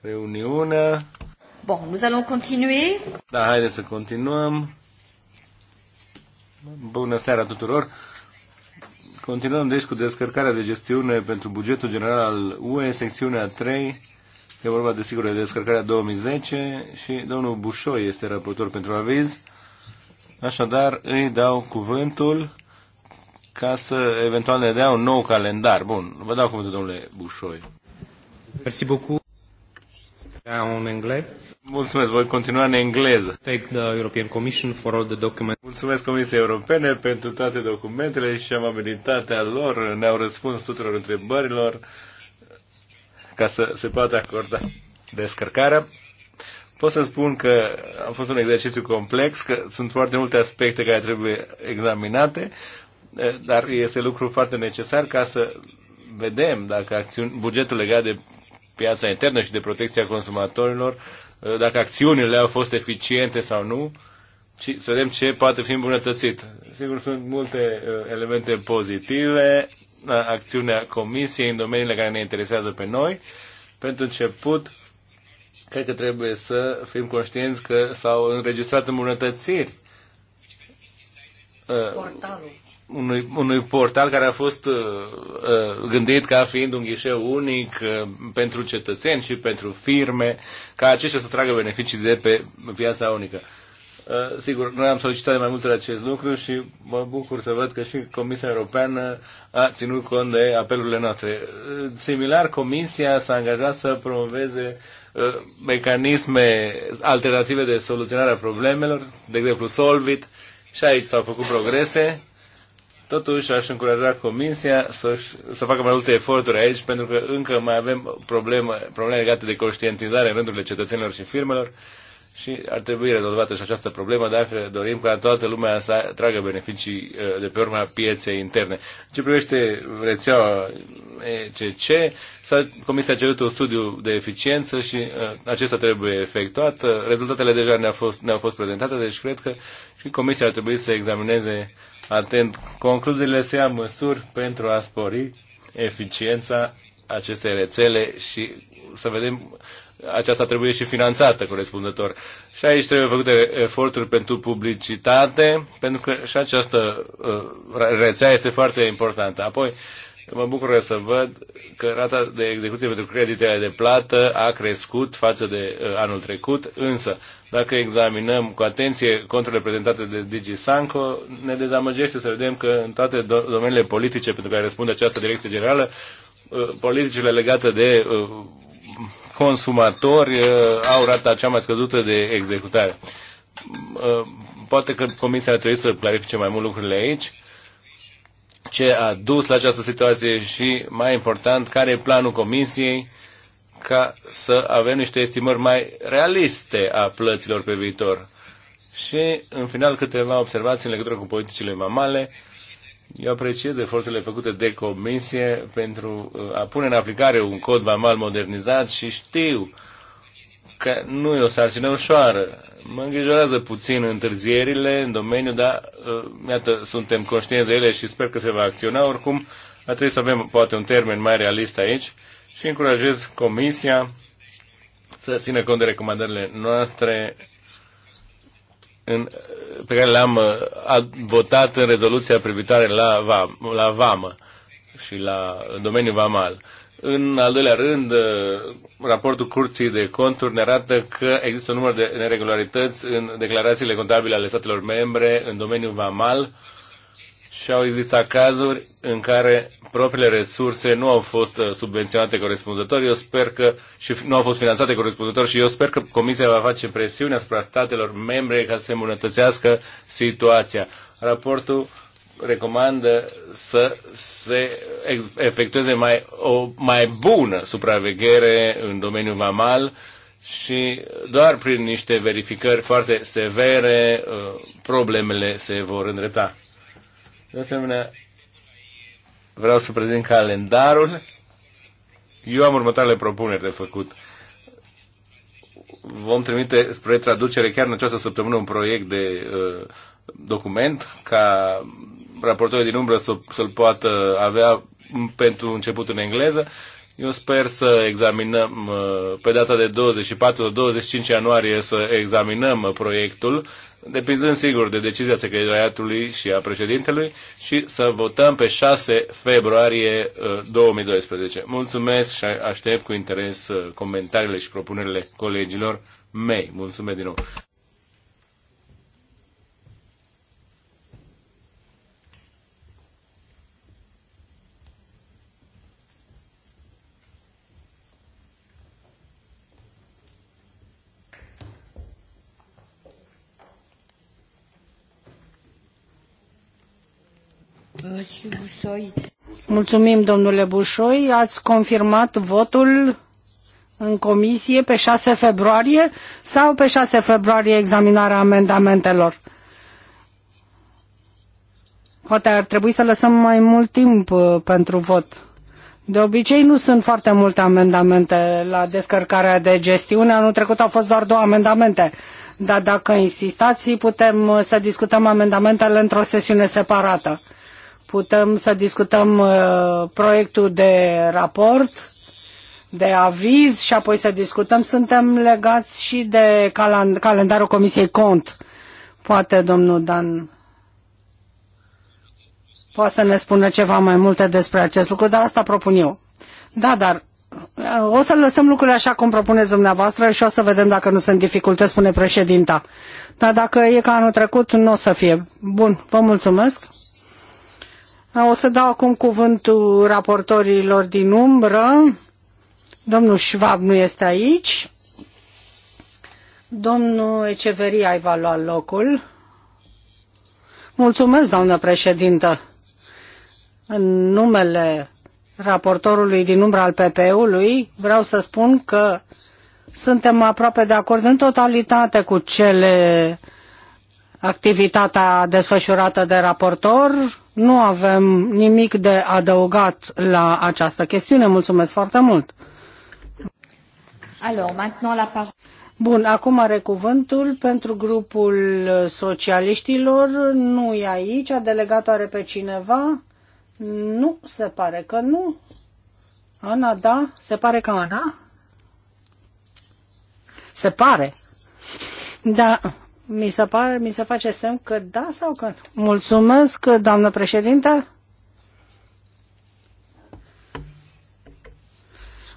reuniunea. Bun, nous allons continuer. Da, haideți să continuăm. Bună seara tuturor. Continuăm deci cu descărcarea de gestiune pentru bugetul general al UE, secțiunea 3 E vorba, desigur, de descărcarea 2010 și domnul Bușoi este raportor pentru aviz. Așadar, îi dau cuvântul ca să eventual ne dea un nou calendar. Bun, vă dau cuvântul, domnule Bușoi. Mersi beaucoup. Da, în engleză. Mulțumesc, voi continua în engleză. Take the European Commission for all the documents. Mulțumesc Comisiei Europene pentru toate documentele și amabilitatea lor. Ne-au răspuns tuturor întrebărilor ca să se poată acorda descărcarea. Pot să spun că a fost un exercițiu complex, că sunt foarte multe aspecte care trebuie examinate, dar este lucru foarte necesar ca să vedem dacă acțiuni, bugetul legat de piața internă și de protecția consumatorilor, dacă acțiunile au fost eficiente sau nu și să vedem ce poate fi îmbunătățit. Sigur, sunt multe elemente pozitive, acțiunea Comisiei în domeniile care ne interesează pe noi. Pentru început, cred că trebuie să fim conștienți că s-au înregistrat îmbunătățiri uh, Unui, unui portal care a fost uh, uh, gândit ca fiind un ghișeu unic pentru cetățeni și pentru firme, ca aceștia să tragă beneficii de pe piața unică. Uh, sigur, noi am solicitat de mai multe acest lucru și mă bucur să văd că și Comisia Europeană a ținut cont de apelurile noastre. Uh, similar, Comisia s-a angajat să promoveze uh, mecanisme alternative de soluționare a problemelor, de exemplu Solvit, și aici s-au făcut progrese. Totuși, aș încuraja Comisia să, să facă mai multe eforturi aici, pentru că încă mai avem probleme, probleme legate de conștientizare în rândurile cetățenilor și firmelor și ar trebui rezolvată și această problemă dacă dorim ca toată lumea să tragă beneficii uh, de pe urma pieței interne. În ce privește rețeaua ECC, Comisia a cerut un studiu de eficiență și uh, acesta trebuie efectuat. Uh, rezultatele deja ne-au fost, ne fost prezentate, deci cred că și Comisia ar trebui să examineze atent concluziile, să ia măsuri pentru a spori eficiența acestei rețele și să vedem aceasta trebuie și finanțată corespunzător. Și aici trebuie făcute eforturi pentru publicitate, pentru că și această uh, rețea este foarte importantă. Apoi, mă bucur să văd că rata de execuție pentru creditele de plată a crescut față de uh, anul trecut, însă dacă examinăm cu atenție conturile prezentate de Digi Sanco, ne dezamăgește să vedem că în toate domeniile politice pentru care răspunde această direcție generală, uh, politicile legate de consumatori uh, au rata cea mai scăzută de executare. Uh, poate că Comisia ar trebui să clarifice mai mult lucrurile aici. Ce a dus la această situație și, mai important, care e planul Comisiei ca să avem niște estimări mai realiste a plăților pe viitor. Și, în final, câteva observații în legătură cu politicile mamale eu apreciez eforturile făcute de comisie pentru uh, a pune în aplicare un cod vamal modernizat și știu că nu e o sarcină ușoară. Mă îngrijorează puțin întârzierile în domeniu, dar uh, iată, suntem conștienți de ele și sper că se va acționa. Oricum, ar trebui să avem poate un termen mai realist aici și încurajez comisia să țină cont de recomandările noastre în pe care le-am uh, votat în rezoluția privitoare la, vam, la vamă și la domeniul vamal. În al doilea rând, uh, raportul Curții de Conturi ne arată că există un număr de neregularități în declarațiile contabile ale statelor membre în domeniul vamal, și au existat cazuri în care propriile resurse nu au fost uh, subvenționate corespunzător. Eu sper că și nu au fost finanțate corespunzător și eu sper că Comisia va face presiune asupra statelor membre ca să îmbunătățească situația. Raportul recomandă să se efectueze mai, o mai bună supraveghere în domeniul vamal și doar prin niște verificări foarte severe uh, problemele se vor îndrepta. De asemenea, vreau să prezint calendarul. Eu am următoarele propuneri de făcut. Vom trimite spre traducere chiar în această săptămână un proiect de uh, document ca raportorul din umbră să, să-l poată avea pentru început în engleză eu sper să examinăm uh, pe data de 24-25 ianuarie să examinăm uh, proiectul, depinzând sigur de decizia secretariatului și a președintelui și să votăm pe 6 februarie 2012. Uh, Mulțumesc și aștept cu interes comentariile și propunerile colegilor mei. Mulțumesc din nou! Mulțumim, domnule Bușoi. Ați confirmat votul în comisie pe 6 februarie sau pe 6 februarie examinarea amendamentelor? Poate ar trebui să lăsăm mai mult timp uh, pentru vot. De obicei nu sunt foarte multe amendamente la descărcarea de gestiune. Anul trecut au fost doar două amendamente. Dar dacă insistați, putem uh, să discutăm amendamentele într-o sesiune separată putem să discutăm uh, proiectul de raport, de aviz și apoi să discutăm. Suntem legați și de calendarul Comisiei Cont. Poate domnul Dan poate să ne spună ceva mai multe despre acest lucru, dar asta propun eu. Da, dar uh, o să lăsăm lucrurile așa cum propuneți dumneavoastră și o să vedem dacă nu sunt dificultăți, spune președinta. Dar dacă e ca anul trecut, nu o să fie. Bun, vă mulțumesc. Da, o să dau acum cuvântul raportorilor din umbră. Domnul Schwab nu este aici. Domnul Eceveria ai va lua locul. Mulțumesc, doamnă președintă. În numele raportorului din umbra al ppu ului vreau să spun că suntem aproape de acord în totalitate cu cele activitatea desfășurată de raportor, nu avem nimic de adăugat la această chestiune. Mulțumesc foarte mult! Alors, maintenant la Bun, acum are cuvântul pentru grupul socialiștilor. Nu e aici, a delegat are pe cineva. Nu, se pare că nu. Ana, da? Se pare că Ana? Se pare. Da. Mi se, pare, mi se face semn că da sau că nu. Mulțumesc, doamnă președintă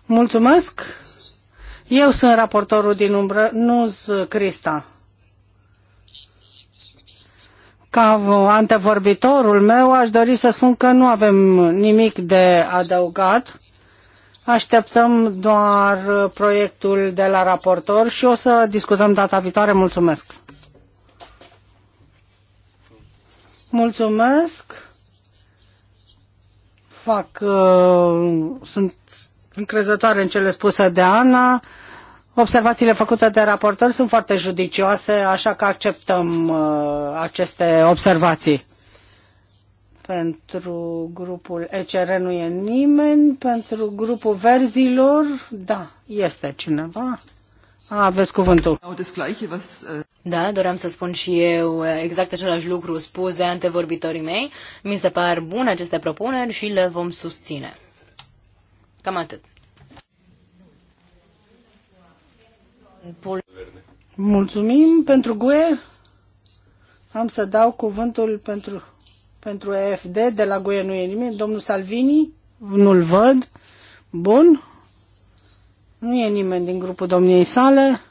Mulțumesc. Eu sunt raportorul din umbră, Nuz Crista. Ca antevorbitorul meu, aș dori să spun că nu avem nimic de adăugat. Așteptăm doar proiectul de la raportor și o să discutăm data viitoare. Mulțumesc! Mulțumesc. Fac, uh, sunt încrezătoare în cele spuse de Ana. Observațiile făcute de raportor sunt foarte judicioase, așa că acceptăm uh, aceste observații. Pentru grupul ECR nu e nimeni, pentru grupul verzilor, da, este cineva. Aveți cuvântul. Uh, da, doream să spun și eu uh, exact același lucru spus de antevorbitorii mei. Mi se par bune aceste propuneri și le vom susține. Cam atât. Mulțumim pentru GUE. Am să dau cuvântul pentru, pentru EFD. De la GUE nu e nimeni. Domnul Salvini, nu-l văd. Bun. Nu e nimeni din grupul domniei sale.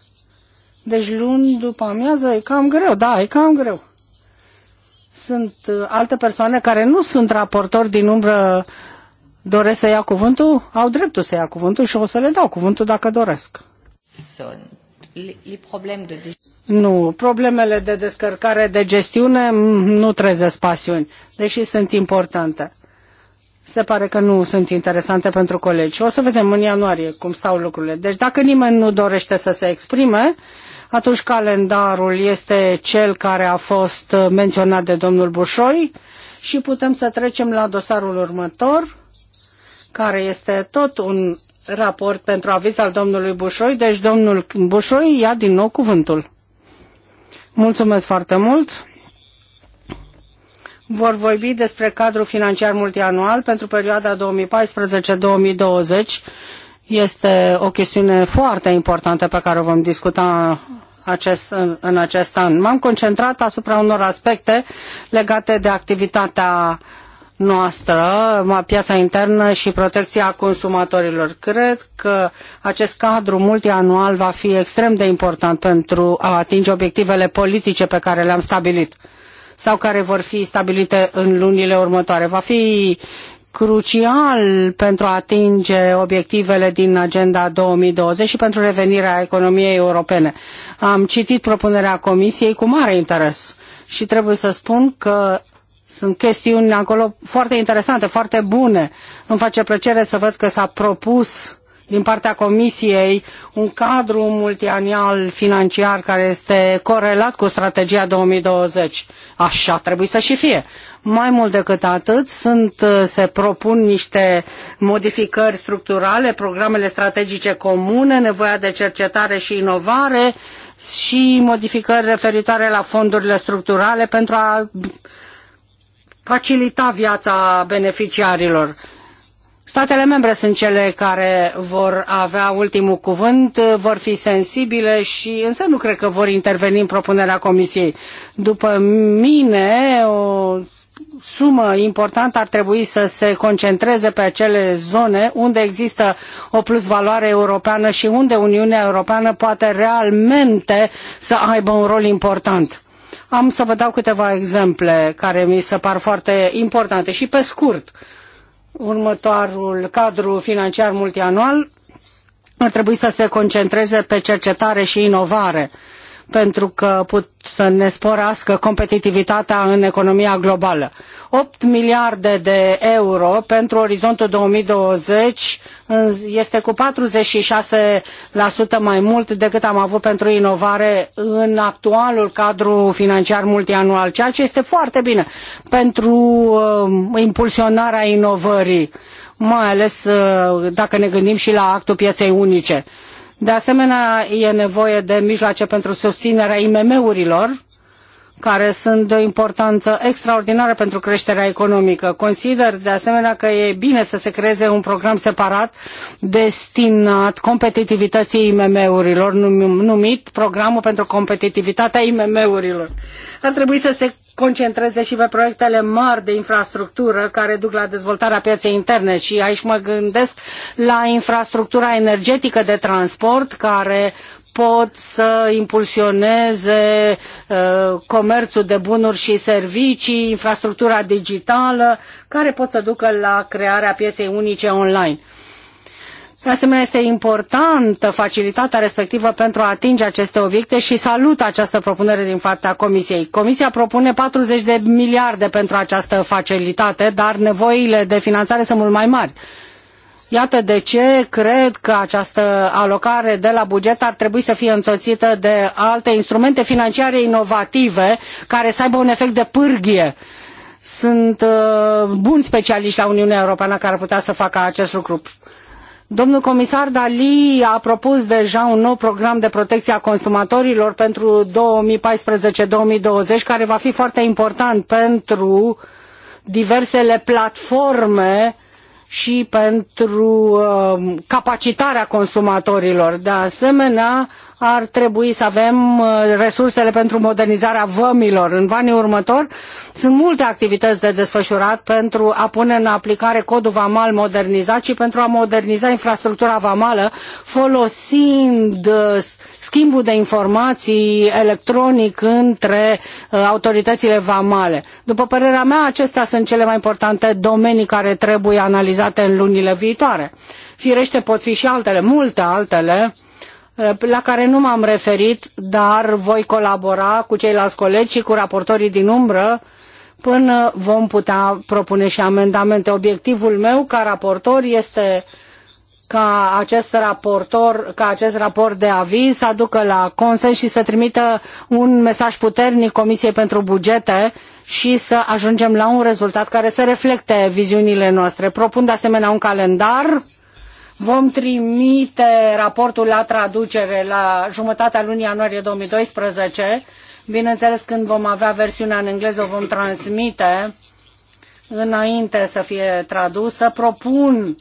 Deci luni după amiază e cam greu, da, e cam greu. Sunt uh, alte persoane care nu sunt raportori din umbră, doresc să ia cuvântul, au dreptul să ia cuvântul și o să le dau cuvântul dacă doresc. Sunt. De... Nu, problemele de descărcare de gestiune mm, nu trezesc pasiuni, deși sunt importante se pare că nu sunt interesante pentru colegi. O să vedem în ianuarie cum stau lucrurile. Deci dacă nimeni nu dorește să se exprime, atunci calendarul este cel care a fost menționat de domnul Bușoi și putem să trecem la dosarul următor, care este tot un raport pentru aviz al domnului Bușoi. Deci domnul Bușoi ia din nou cuvântul. Mulțumesc foarte mult! vor vorbi despre cadrul financiar multianual pentru perioada 2014-2020. Este o chestiune foarte importantă pe care o vom discuta acest, în, în acest an. M-am concentrat asupra unor aspecte legate de activitatea noastră, piața internă și protecția consumatorilor. Cred că acest cadru multianual va fi extrem de important pentru a atinge obiectivele politice pe care le-am stabilit sau care vor fi stabilite în lunile următoare. Va fi crucial pentru a atinge obiectivele din Agenda 2020 și pentru revenirea economiei europene. Am citit propunerea Comisiei cu mare interes și trebuie să spun că sunt chestiuni acolo foarte interesante, foarte bune. Îmi face plăcere să văd că s-a propus din partea Comisiei un cadru multianual financiar care este corelat cu strategia 2020. Așa trebuie să și fie. Mai mult decât atât, sunt, uh, se propun niște modificări structurale, programele strategice comune, nevoia de cercetare și inovare și modificări referitoare la fondurile structurale pentru a facilita viața beneficiarilor Statele membre sunt cele care vor avea ultimul cuvânt, vor fi sensibile și însă nu cred că vor interveni în propunerea Comisiei. După mine, o sumă importantă ar trebui să se concentreze pe acele zone unde există o plusvaloare europeană și unde Uniunea Europeană poate realmente să aibă un rol important. Am să vă dau câteva exemple care mi se par foarte importante și pe scurt. Uh, următorul cadru financiar multianual ar trebui să se concentreze pe cercetare și inovare pentru că pot să ne sporească competitivitatea în economia globală. 8 miliarde de euro pentru orizontul 2020 este cu 46% mai mult decât am avut pentru inovare în actualul cadru financiar multianual, ceea ce este foarte bine pentru uh, impulsionarea inovării, mai ales uh, dacă ne gândim și la actul pieței unice. De asemenea, e nevoie de mijloace pentru susținerea IMM-urilor care sunt de o importanță extraordinară pentru creșterea economică. Consider de asemenea că e bine să se creeze un program separat destinat competitivității IMM-urilor, numit Programul pentru Competitivitatea IMM-urilor. Ar trebui să se concentreze și pe proiectele mari de infrastructură care duc la dezvoltarea pieței interne și aici mă gândesc la infrastructura energetică de transport care pot să impulsioneze uh, comerțul de bunuri și servicii, infrastructura digitală, care pot să ducă la crearea pieței unice online. De asemenea, este importantă facilitatea respectivă pentru a atinge aceste obiecte și salut această propunere din partea Comisiei. Comisia propune 40 de miliarde pentru această facilitate, dar nevoile de finanțare sunt mult mai mari. Iată de ce cred că această alocare de la buget ar trebui să fie însoțită de alte instrumente financiare inovative care să aibă un efect de pârghie sunt uh, buni specialiști la Uniunea Europeană care ar putea să facă acest lucru. Domnul comisar Dali a propus deja un nou program de protecție a consumatorilor pentru 2014-2020, care va fi foarte important pentru diversele platforme și pentru um, capacitarea consumatorilor. De asemenea, ar trebui să avem uh, resursele pentru modernizarea vămilor. În anii următori sunt multe activități de desfășurat pentru a pune în aplicare codul vamal modernizat și pentru a moderniza infrastructura vamală folosind uh, schimbul de informații electronic între uh, autoritățile vamale. După părerea mea, acestea sunt cele mai importante domenii care trebuie analizate în lunile viitoare. Firește, pot fi și altele, multe altele, Eh, la care nu m-am referit, dar voi colabora cu ceilalți colegi și cu raportorii din umbră până vom putea propune și amendamente. Obiectivul meu ca raportor este ca acest, raportor, ca acest raport de aviz să aducă la consens și să trimită un mesaj puternic Comisiei pentru Bugete și să ajungem la un rezultat care să reflecte viziunile noastre. Propun de asemenea un calendar Vom trimite raportul la traducere la jumătatea lunii ianuarie 2012. Bineînțeles, când vom avea versiunea în engleză, o vom transmite înainte să fie tradusă. Propun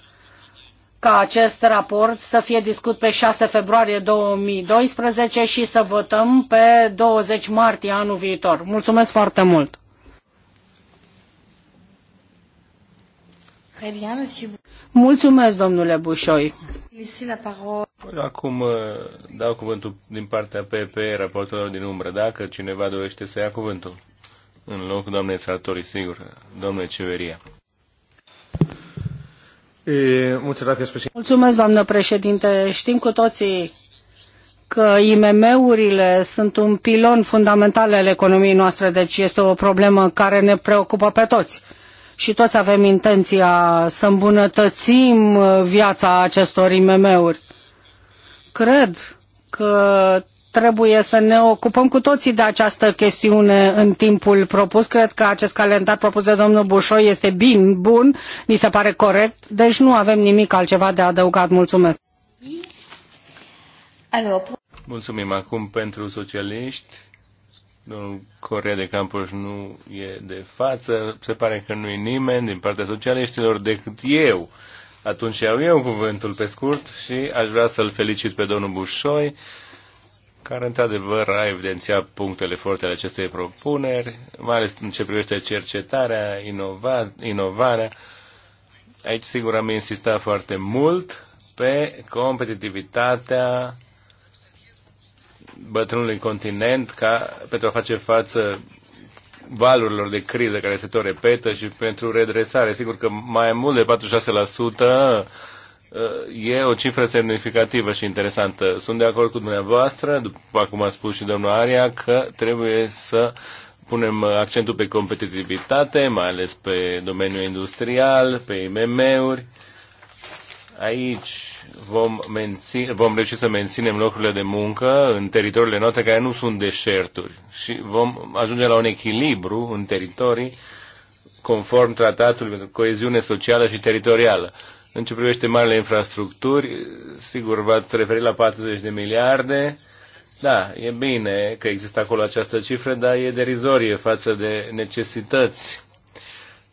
ca acest raport să fie discut pe 6 februarie 2012 și să votăm pe 20 martie anul viitor. Mulțumesc foarte mult! Mulțumesc, domnule Bușoi. Acum uh, dau cuvântul din partea PP, raportorilor din umbră, dacă cineva dorește să ia cuvântul. În loc, doamne Sartori, sigur, domnule Ceveria. Mulțumesc, doamnă președinte. Știm cu toții că IMM-urile sunt un pilon fundamental al economiei noastre, deci este o problemă care ne preocupă pe toți și toți avem intenția să îmbunătățim uh, viața acestor IMM-uri. Cred că trebuie să ne ocupăm cu toții de această chestiune în timpul propus. Cred că acest calendar propus de domnul Bușoi este bine, bun, mi se pare corect, deci nu avem nimic altceva de adăugat. Mulțumesc! Mulțumim acum pentru socialiști. Domnul Corea de Campos nu e de față, se pare că nu e nimeni din partea socialiștilor decât eu. Atunci iau eu cuvântul pe scurt și aș vrea să-l felicit pe domnul Bușoi, care într-adevăr a evidențiat punctele forte ale acestei propuneri, mai ales în ce privește cercetarea, inova, inovarea. Aici sigur am insistat foarte mult pe competitivitatea bătrânului continent ca, pentru a face față valurilor de criză care se tot repetă și pentru redresare. Sigur că mai mult de 46% uh, e o cifră semnificativă și interesantă. Sunt de acord cu dumneavoastră, după cum a spus și domnul Aria, că trebuie să punem accentul pe competitivitate, mai ales pe domeniul industrial, pe IMM-uri, uh, aici vom, menține, vom reuși să menținem locurile de muncă în teritoriile noastre care nu sunt deșerturi și vom ajunge la un echilibru în teritorii conform tratatului pentru coeziune socială și teritorială. În ce privește marile infrastructuri, sigur v-ați referit la 40 de miliarde. Da, e bine că există acolo această cifră, dar e derizorie față de necesități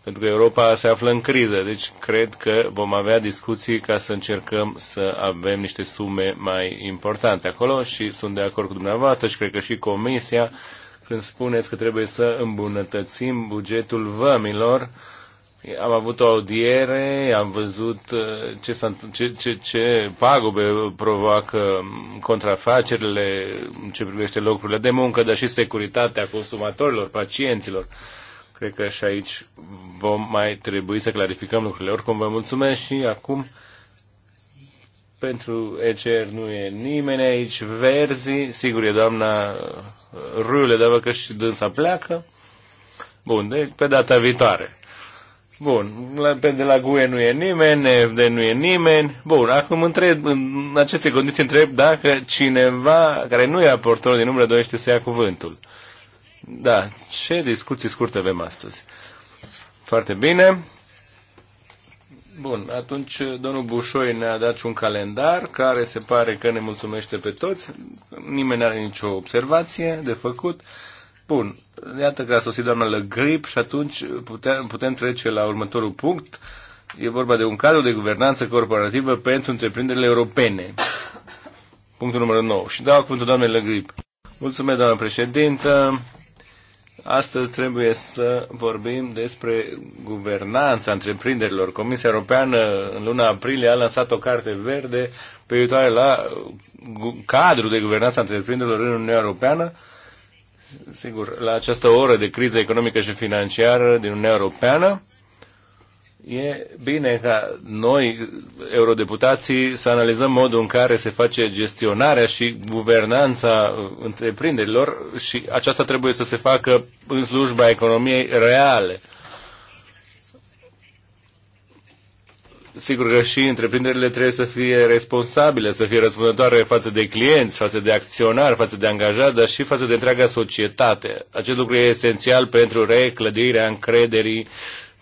pentru că Europa se află în criză, deci cred că vom avea discuții ca să încercăm să avem niște sume mai importante acolo și sunt de acord cu dumneavoastră și cred că și Comisia când spuneți că trebuie să îmbunătățim bugetul vămilor, am avut o audiere, am văzut uh, ce, ce, ce, ce pagube provoacă contrafacerile în ce privește locurile de muncă, dar și securitatea consumatorilor, pacienților. Cred că și aici vom mai trebui să clarificăm lucrurile. Oricum, vă mulțumesc și acum pentru ECR nu e nimeni aici. Verzi, sigur e doamna uh, Rule, dar văd că și dânsa pleacă. Bun, de, pe data viitoare. Bun, la, pe de la GUE nu e nimeni, de nu e nimeni. Bun, acum întreb, în aceste condiții întreb dacă cineva care nu e aportor din umbră este să ia cuvântul. Da, ce discuții scurte avem astăzi. Foarte bine. Bun, atunci domnul Bușoi ne-a dat și un calendar care se pare că ne mulțumește pe toți. Nimeni nu are nicio observație de făcut. Bun, iată că a sosit doamna la Grip și atunci putem, putem trece la următorul punct. E vorba de un cadru de guvernanță corporativă pentru întreprinderile europene. Punctul numărul 9. Și dau cuvântul doamnei Le Grip. Mulțumesc, doamnă președintă. Astăzi trebuie să vorbim despre guvernanța întreprinderilor. Comisia Europeană în luna aprilie a lansat o carte verde privitoare la cadrul de guvernanță a întreprinderilor în Uniunea Europeană. Sigur, la această oră de criză economică și financiară din Uniunea Europeană E bine ca noi, eurodeputații, să analizăm modul în care se face gestionarea și guvernanța întreprinderilor și aceasta trebuie să se facă în slujba economiei reale. Sigur că și întreprinderile trebuie să fie responsabile, să fie răspunzătoare față de clienți, față de acționari, față de angajați, dar și față de întreaga societate. Acest lucru e esențial pentru reclădirea încrederii uh,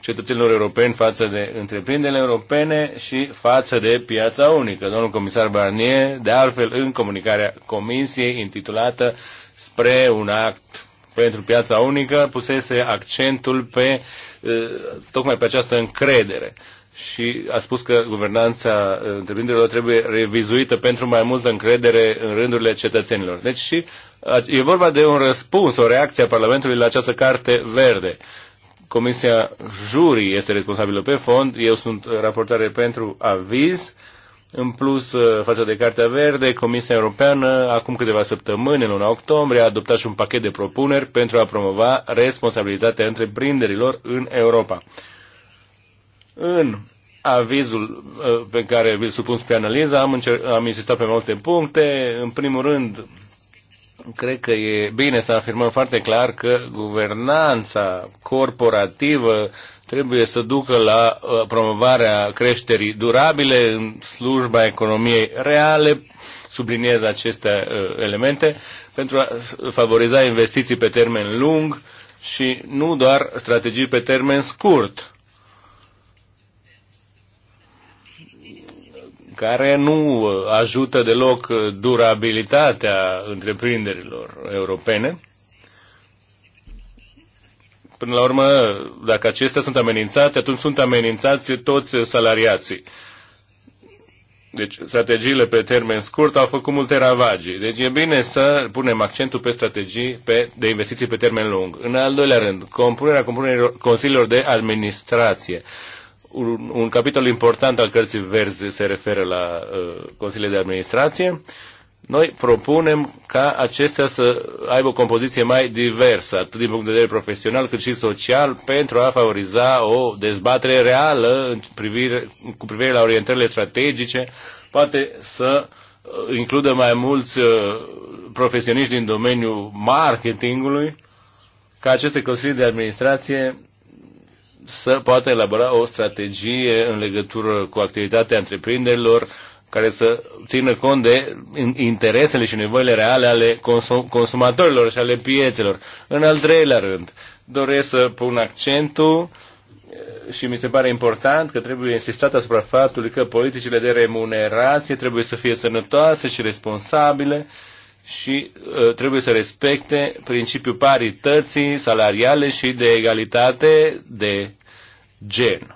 cetățenilor europeni față de întreprinderile europene și față de piața unică. Domnul comisar Barnier, de altfel, în comunicarea comisiei intitulată spre un act pentru piața unică, pusese accentul pe eh, tocmai pe această încredere și a spus că guvernanța eh, întreprinderilor trebuie revizuită pentru mai multă încredere în rândurile cetățenilor. Deci și eh, e vorba de un răspuns, o reacție a Parlamentului la această carte verde. Comisia Juri este responsabilă pe fond, eu sunt raportare pentru aviz, în plus, uh, față de Cartea Verde, Comisia Europeană, acum câteva săptămâni, în luna octombrie, a adoptat și un pachet de propuneri pentru a promova responsabilitatea întreprinderilor în Europa. În avizul uh, pe care vi-l supun spre analiză, am, am insistat pe multe puncte. În primul rând, cred că e bine să afirmăm foarte clar că guvernanța corporativă trebuie să ducă la uh, promovarea creșterii durabile în slujba economiei reale, subliniez aceste uh, elemente, pentru a favoriza investiții pe termen lung și nu doar strategii pe termen scurt care nu uh, ajută deloc uh, durabilitatea întreprinderilor europene. Până la urmă, dacă acestea sunt amenințate, atunci sunt amenințați toți salariații. Deci strategiile pe termen scurt au făcut multe ravagii. Deci e bine să punem accentul pe strategii pe, de investiții pe termen lung. În al doilea rând, compunerea, compunerea consiliilor de administrație. Uh, un, un capitol important al cărții verzi se referă la uh, Consiliul de Administrație. Noi propunem ca acestea să aibă o compoziție mai diversă, atât din punct de vedere profesional cât și social, pentru a favoriza o dezbatere reală în privire, cu privire la orientările strategice, poate să uh, includă mai mulți uh, profesioniști din domeniul marketingului, ca aceste consilii de administrație să poată elabora o strategie în legătură cu activitatea întreprinderilor care să țină cont de interesele și nevoile reale ale consum- consumatorilor și ale piețelor. În al treilea rând, doresc să pun accentul eh, și mi se pare important că trebuie insistat asupra faptului că politicile de remunerație trebuie să fie sănătoase și responsabile și uh, trebuie să respecte principiul parității salariale și de egalitate de gen.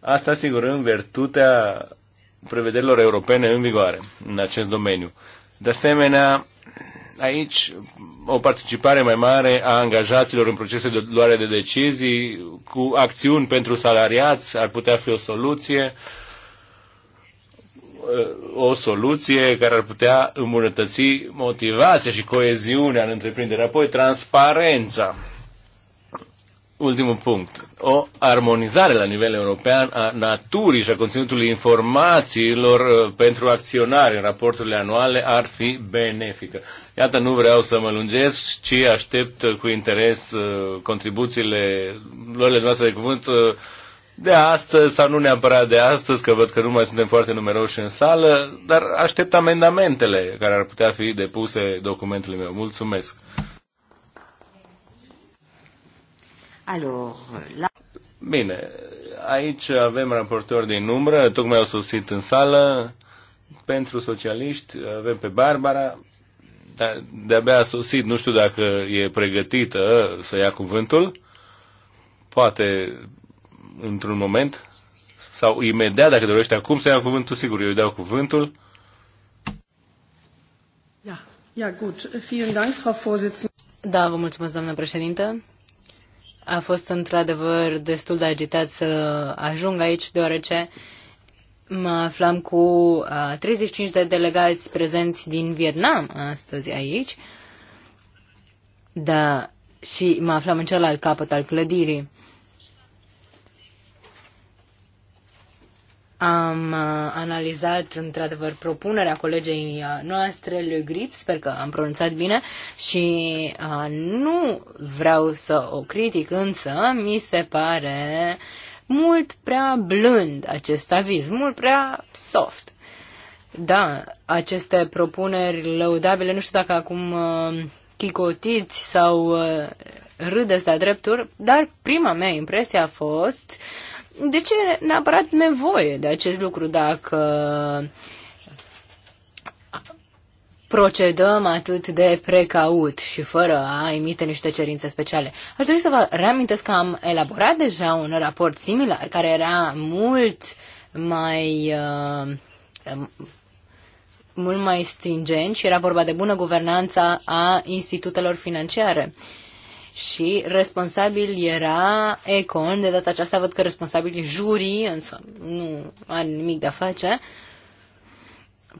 Asta, sigur, în virtutea prevederilor europene în vigoare în acest domeniu. De asemenea, aici o participare mai mare a angajaților în procese de luare de decizii cu acțiuni pentru salariați ar putea fi o soluție o soluție care ar putea îmbunătăți motivația și coeziunea în întreprindere. Apoi, transparența. Ultimul punct. O armonizare la nivel european a naturii și a conținutului informațiilor uh, pentru acționari în raporturile anuale ar fi benefică. Iată, nu vreau să mă lungesc, ci aștept uh, cu interes uh, contribuțiile luările noastre de cuvânt de astăzi sau nu neapărat de astăzi, că văd că nu mai suntem foarte numeroși în sală, dar aștept amendamentele care ar putea fi depuse documentului meu. Mulțumesc! Bine, aici avem raportori din umbră, tocmai au sosit în sală. Pentru socialiști avem pe Barbara, dar de-abia a sosit, nu știu dacă e pregătită să ia cuvântul. Poate într-un moment sau imediat, dacă dorește acum, să ia cuvântul, sigur, eu îi dau cuvântul. Da, ja, gut. Vielen Dank, Frau Vorsitzende. Da, vă mulțumesc, doamnă președintă a fost într-adevăr destul de agitat să ajung aici, deoarece mă aflam cu 35 de delegați prezenți din Vietnam astăzi aici, da, și mă aflam în celălalt capăt al clădirii. Am uh, analizat, într-adevăr, propunerea colegei uh, noastre, Le Grip, sper că am pronunțat bine, și uh, nu vreau să o critic, însă mi se pare mult prea blând acest aviz, mult prea soft. Da, aceste propuneri lăudabile, nu știu dacă acum uh, chicotiți sau uh, râdeți de-a drepturi, dar prima mea impresie a fost de ce neapărat nevoie de acest lucru dacă procedăm atât de precaut și fără a emite niște cerințe speciale. Aș dori să vă reamintesc că am elaborat deja un raport similar care era mult mai uh, um, mult mai stringent și era vorba de bună guvernanța a institutelor financiare. Uh, și responsabil era Econ, de data aceasta văd că responsabil e jurii, însă nu are nimic de a face.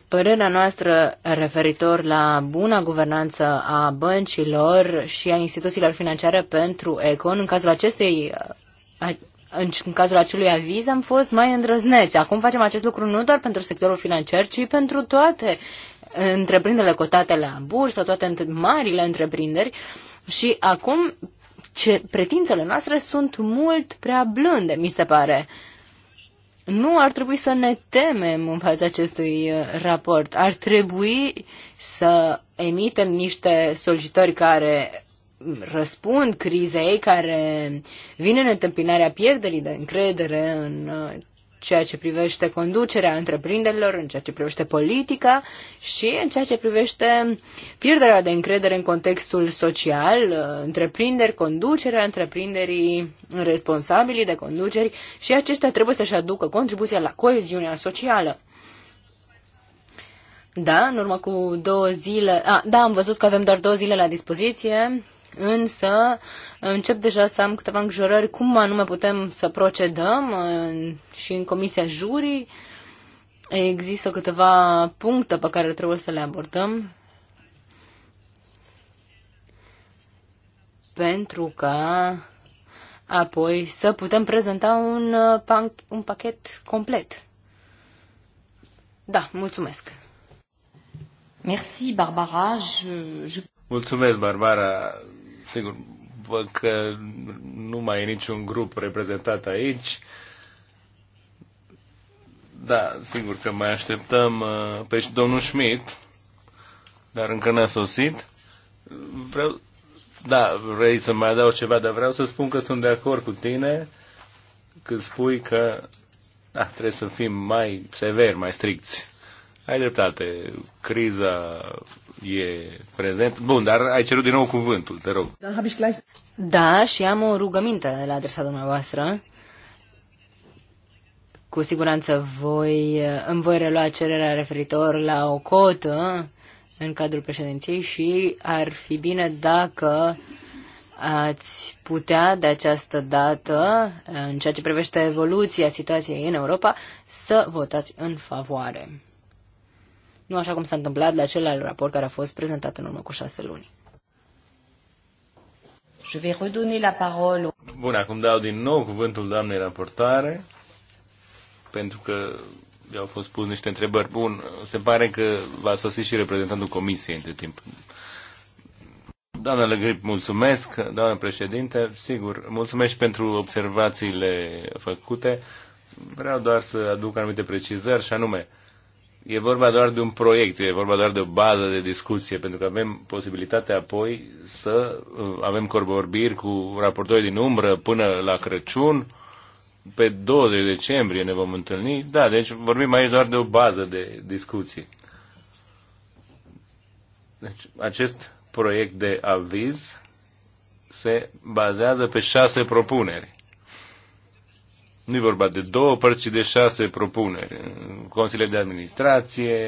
Părerea noastră referitor la buna guvernanță a băncilor și a instituțiilor financiare pentru Econ, în cazul acestei în cazul acelui aviz am fost mai îndrăzneți. Acum facem acest lucru nu doar pentru sectorul financiar, ci pentru toate întreprinderile cotate la bursă, toate marile întreprinderi și acum ce, pretințele noastre sunt mult prea blânde, mi se pare. Nu ar trebui să ne temem în fața acestui uh, raport. Ar trebui să emitem niște solicitări care răspund crizei, care vin în întâmpinarea pierderii de încredere în uh, ceea ce privește conducerea întreprinderilor, în ceea ce privește politica și în ceea ce privește pierderea de încredere în contextul social, uh, întreprinderi, conducerea întreprinderii, responsabilii de conduceri și aceștia trebuie să-și aducă contribuția la coeziunea socială. Da, în urmă cu două zile, a, da, am văzut că avem doar două zile la dispoziție, Însă încep deja să am câteva îngrijorări cum anume putem să procedăm și în comisia jurii. Există câteva puncte pe care trebuie să le abordăm pentru că apoi să putem prezenta un, uh, un pachet complet. Da, mulțumesc. Merci, Barbara. Je, je... Mulțumesc, Barbara. Sigur, văd că nu mai e niciun grup reprezentat aici. Da, sigur că mai așteptăm uh, pe domnul Schmidt, dar încă n-a sosit. Vreau, da, vrei să mai adaug ceva, dar vreau să spun că sunt de acord cu tine când spui că da, trebuie să fim mai severi, mai stricți. Ai dreptate, criza e prezent. Bun, dar ai cerut din nou cuvântul, te rog. Da, și am o rugăminte la adresa dumneavoastră. Cu siguranță voi, îmi voi relua cererea referitor la o cotă în cadrul președinției și ar fi bine dacă ați putea de această dată, în ceea ce privește evoluția situației în Europa, să votați în favoare nu așa cum s-a întâmplat la celălalt raport care a fost prezentat în urmă cu șase luni. Je vais redonner la parole. Bun, acum dau din nou cuvântul doamnei raportare, pentru că i-au fost pus niște întrebări. Bun, se pare că va sosi și reprezentantul comisiei între timp. Doamna Legrip, mulțumesc, doamna președinte, sigur, mulțumesc și pentru observațiile făcute. Vreau doar să aduc anumite precizări și anume, uh, e vorba doar de un proiect, e vorba doar de o bază de discuție, pentru că avem posibilitatea apoi să uh, avem corborbiri cu raportorii din umbră până la Crăciun, pe 20 decembrie ne vom întâlni, da, deci vorbim aici doar de o bază de discuții. Deci acest proiect de aviz se bazează pe șase propuneri nu e vorba de două părți, ci de șase propuneri. Consiliile de administrație,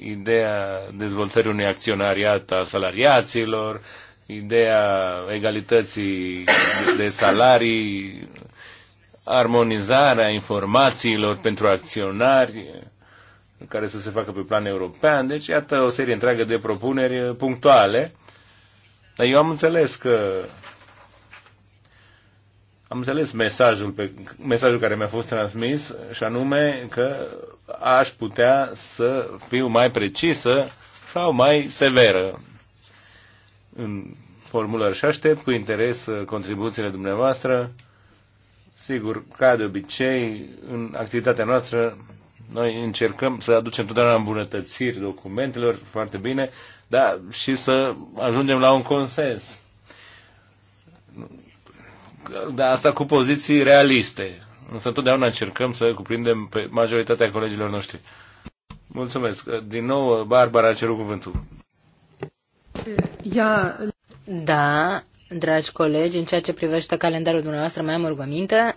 ideea dezvoltării unui acționariat a salariaților, ideea egalității de salarii, armonizarea informațiilor pentru acționari care să se facă pe plan european. Deci, iată o serie întreagă de propuneri punctuale. Dar eu am înțeles că am înțeles mesajul, pe, mesajul care mi-a fost transmis și anume că aș putea să fiu mai precisă sau mai severă în formulări și aștept cu interes contribuțiile dumneavoastră. Sigur, ca de obicei, în activitatea noastră, noi încercăm să aducem totdeauna îmbunătățiri documentelor foarte bine, dar și să ajungem la un consens dar asta cu poziții realiste. Însă întotdeauna încercăm să cuprindem pe majoritatea colegilor noștri. Mulțumesc. Din nou, Barbara a cerut cuvântul. Ia... Da, dragi colegi, în ceea ce privește calendarul dumneavoastră, mai am rugăminte.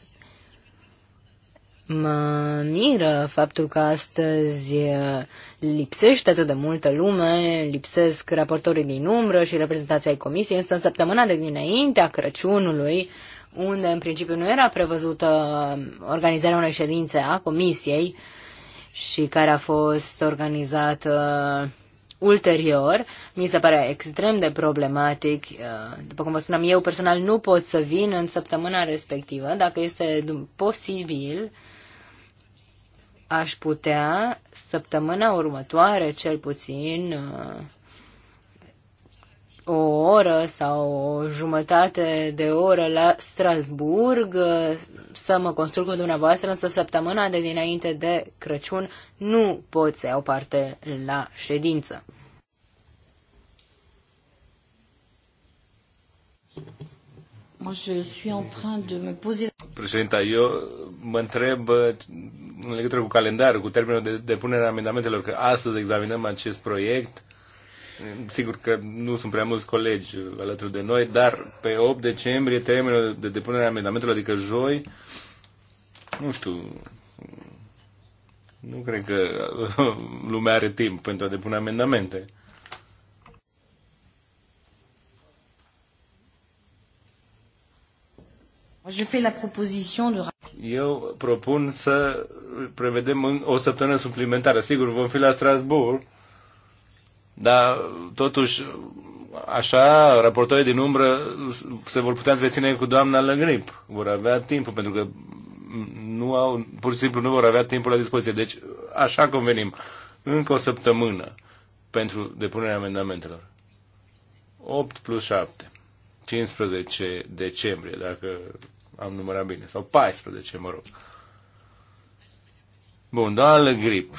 Mă miră faptul că astăzi uh, lipsește atât de multă lume, lipsesc raportorii din umbră și reprezentația ai comisiei, însă în săptămâna de dinainte a Crăciunului, unde în principiu nu era prevăzută organizarea unei ședințe a comisiei și care a fost organizată uh, ulterior, mi se pare extrem de problematic. Uh, după cum vă spuneam, eu personal nu pot să vin în săptămâna respectivă. Dacă este posibil, aș putea săptămâna următoare, cel puțin, uh, o oră sau o jumătate de oră la Strasburg să mă construc cu dumneavoastră, însă săptămâna de dinainte de Crăciun nu pot să iau parte la ședință. Președinta, eu mă întreb uh, în legătură cu calendarul, cu termenul de depunere a amendamentelor, că astăzi examinăm acest proiect Sigur că nu sunt prea mulți colegi alături de noi, dar pe 8 decembrie termenul de depunere a amendamentelor, adică joi, nu știu, nu cred că lumea are timp pentru a depune amendamente. Eu propun să prevedem o săptămână suplimentară. Sigur, vom fi la Strasbourg dar, totuși, așa, raportorii din umbră se vor putea întreține cu doamna Lăgrip. Vor avea timp, pentru că nu au, pur și simplu nu vor avea timpul la dispoziție. Deci, așa convenim. Încă o săptămână pentru depunerea amendamentelor. 8 plus 7. 15 decembrie, dacă am numărat bine. Sau 14, mă rog. Bun, doamna Grip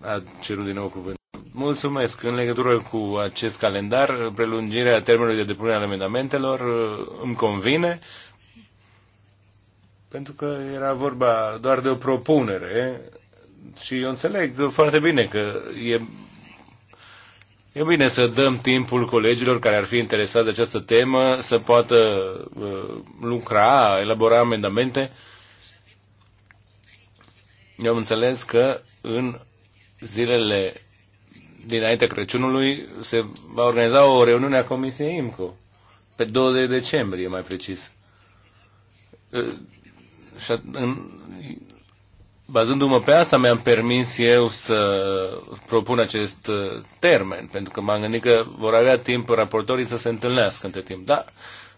a cerut din nou cuvânt. Mulțumesc. În legătură cu acest calendar, prelungirea termenului de depunere al amendamentelor uh, îmi convine, pentru că era vorba doar de o propunere și eu înțeleg foarte bine că e, e bine să dăm timpul colegilor care ar fi interesați de această temă să poată uh, lucra, elabora amendamente. Eu am înțeles că în zilele dinainte Crăciunului se va organiza o reuniune a Comisiei IMCO, pe de decembrie, mai precis. Și în, bazându-mă pe asta, mi-am permis eu să propun acest termen, pentru că m-am gândit că vor avea timp raportorii să se întâlnească între timp. Da,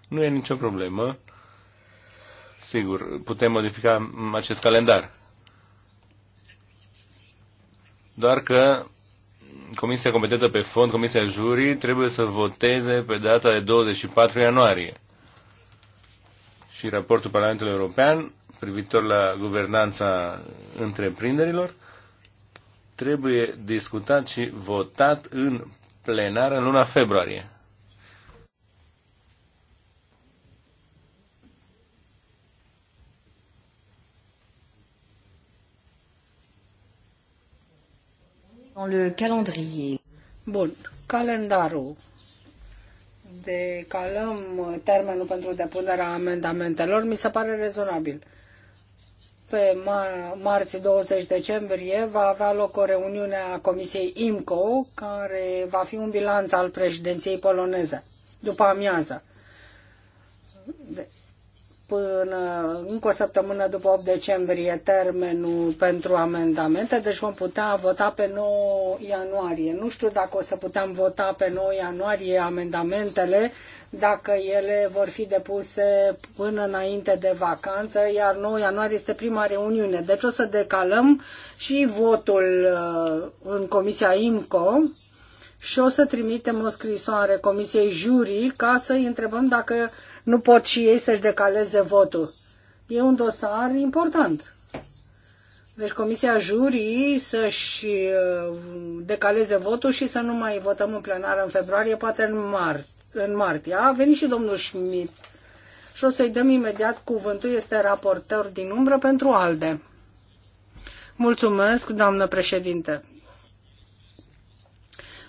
nu e nicio problemă. Sigur, putem modifica acest calendar. Doar că Comisia competentă pe fond, Comisia Jurii, trebuie să voteze pe data de 24 ianuarie. Și raportul Parlamentului European privitor la guvernanța întreprinderilor trebuie discutat și votat în plenară în luna februarie. Dans le calendrier. Bun, calendarul. Decalăm uh, termenul pentru depunerea amendamentelor, mi se pare rezonabil. Pe mar- marți 20 decembrie va avea loc o reuniune a Comisiei IMCO, care va fi un bilanț al președinției poloneze, după amiază. De- până încă o săptămână după 8 decembrie termenul pentru amendamente, deci vom putea vota pe 9 ianuarie. Nu știu dacă o să putem vota pe 9 ianuarie amendamentele, dacă ele vor fi depuse până înainte de vacanță, iar 9 ianuarie este prima reuniune. Deci o să decalăm și votul uh, în Comisia IMCO, și o să trimitem o scrisoare Comisiei Jurii ca să-i întrebăm dacă nu pot și ei să-și decaleze votul. E un dosar important. Deci Comisia Jurii să-și uh, decaleze votul și să nu mai votăm în plenară în februarie, poate în, mar- în martie. A venit și domnul Schmidt și o să-i dăm imediat cuvântul. Este raportor din umbră pentru ALDE. Mulțumesc, doamnă președinte.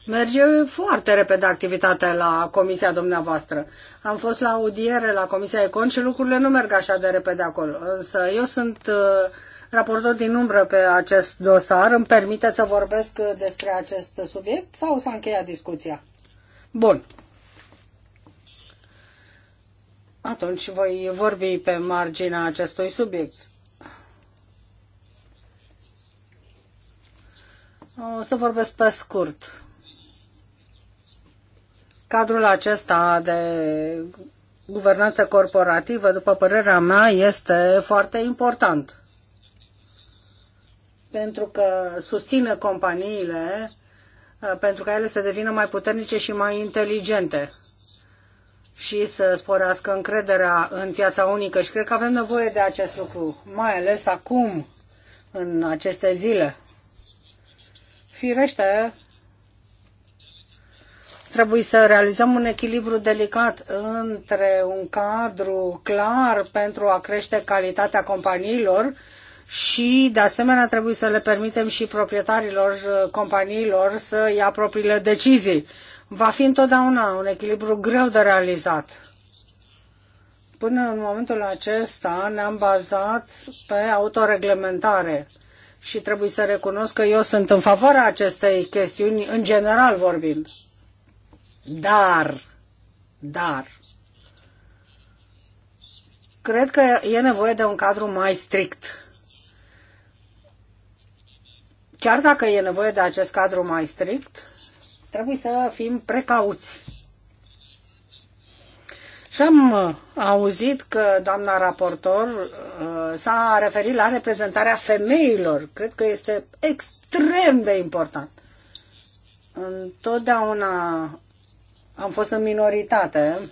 Merge foarte repede activitatea la comisia dumneavoastră. Am fost la audiere la comisia Econ și lucrurile nu merg așa de repede acolo. Însă eu sunt uh, raportor din umbră pe acest dosar. Îmi permite să vorbesc despre acest subiect sau s-a încheiat discuția? Bun. Atunci voi vorbi pe marginea acestui subiect. O să vorbesc pe scurt. Cadrul acesta de guvernanță corporativă, după părerea mea, este foarte important. Pentru că susține companiile uh, pentru ca ele să devină mai puternice și mai inteligente și să sporească încrederea în piața unică. Și cred că avem nevoie de acest lucru, mai ales acum, în aceste zile. Firește, Trebuie să realizăm un echilibru delicat între un cadru clar pentru a crește calitatea companiilor și, de asemenea, trebuie să le permitem și proprietarilor uh, companiilor să ia propriile decizii. Va fi întotdeauna un echilibru greu de realizat. Până în momentul acesta ne-am bazat pe autoreglementare și trebuie să recunosc că eu sunt în favoarea acestei chestiuni, în general vorbind. Dar, dar, cred că e nevoie de un cadru mai strict. Chiar dacă e nevoie de acest cadru mai strict, trebuie să fim precauți. Și am uh, auzit că doamna raportor uh, s-a referit la reprezentarea femeilor. Cred că este extrem de important. Întotdeauna am fost în minoritate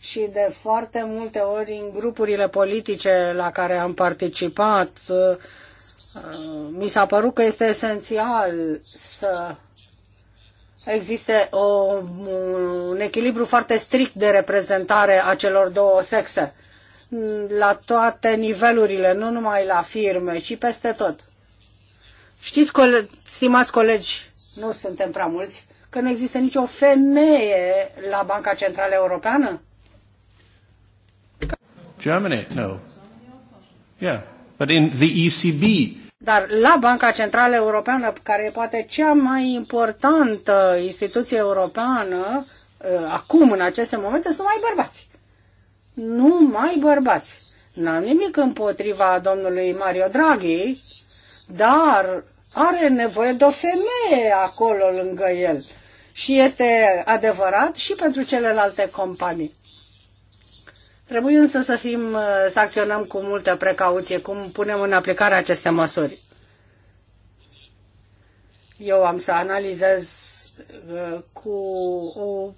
și de foarte multe ori în grupurile politice la care am participat uh, mi s-a părut că este esențial să existe o, un echilibru foarte strict de reprezentare a celor două sexe la toate nivelurile, nu numai la firme, ci peste tot. Știți, cole- stimați colegi, nu suntem prea mulți, că nu există nicio femeie la Banca Centrală Europeană? Germany, no. Yeah, but in the ECB. Dar la Banca Centrală Europeană, care e poate cea mai importantă instituție europeană, uh, acum, în aceste momente, sunt numai bărbați. Nu mai bărbați. N-am nimic împotriva domnului Mario Draghi, dar are nevoie de o femeie acolo lângă el și este adevărat și pentru celelalte companii. Trebuie însă să, fim, uh, să acționăm cu multă precauție cum punem în aplicare aceste măsuri. Eu am să analizez uh, cu o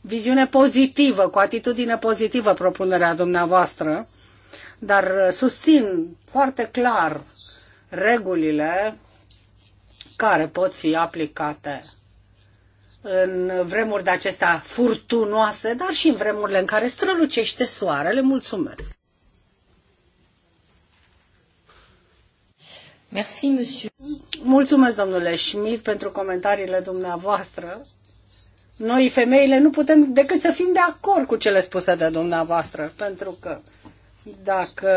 viziune pozitivă, cu atitudine pozitivă propunerea dumneavoastră, dar uh, susțin foarte clar regulile care pot fi aplicate în vremuri de acestea furtunoase, dar și în vremurile în care strălucește soarele. Mulțumesc! Merci, monsieur. Mulțumesc, domnule Schmidt, pentru comentariile dumneavoastră. Noi, femeile, nu putem decât să fim de acord cu cele spuse de dumneavoastră, pentru că dacă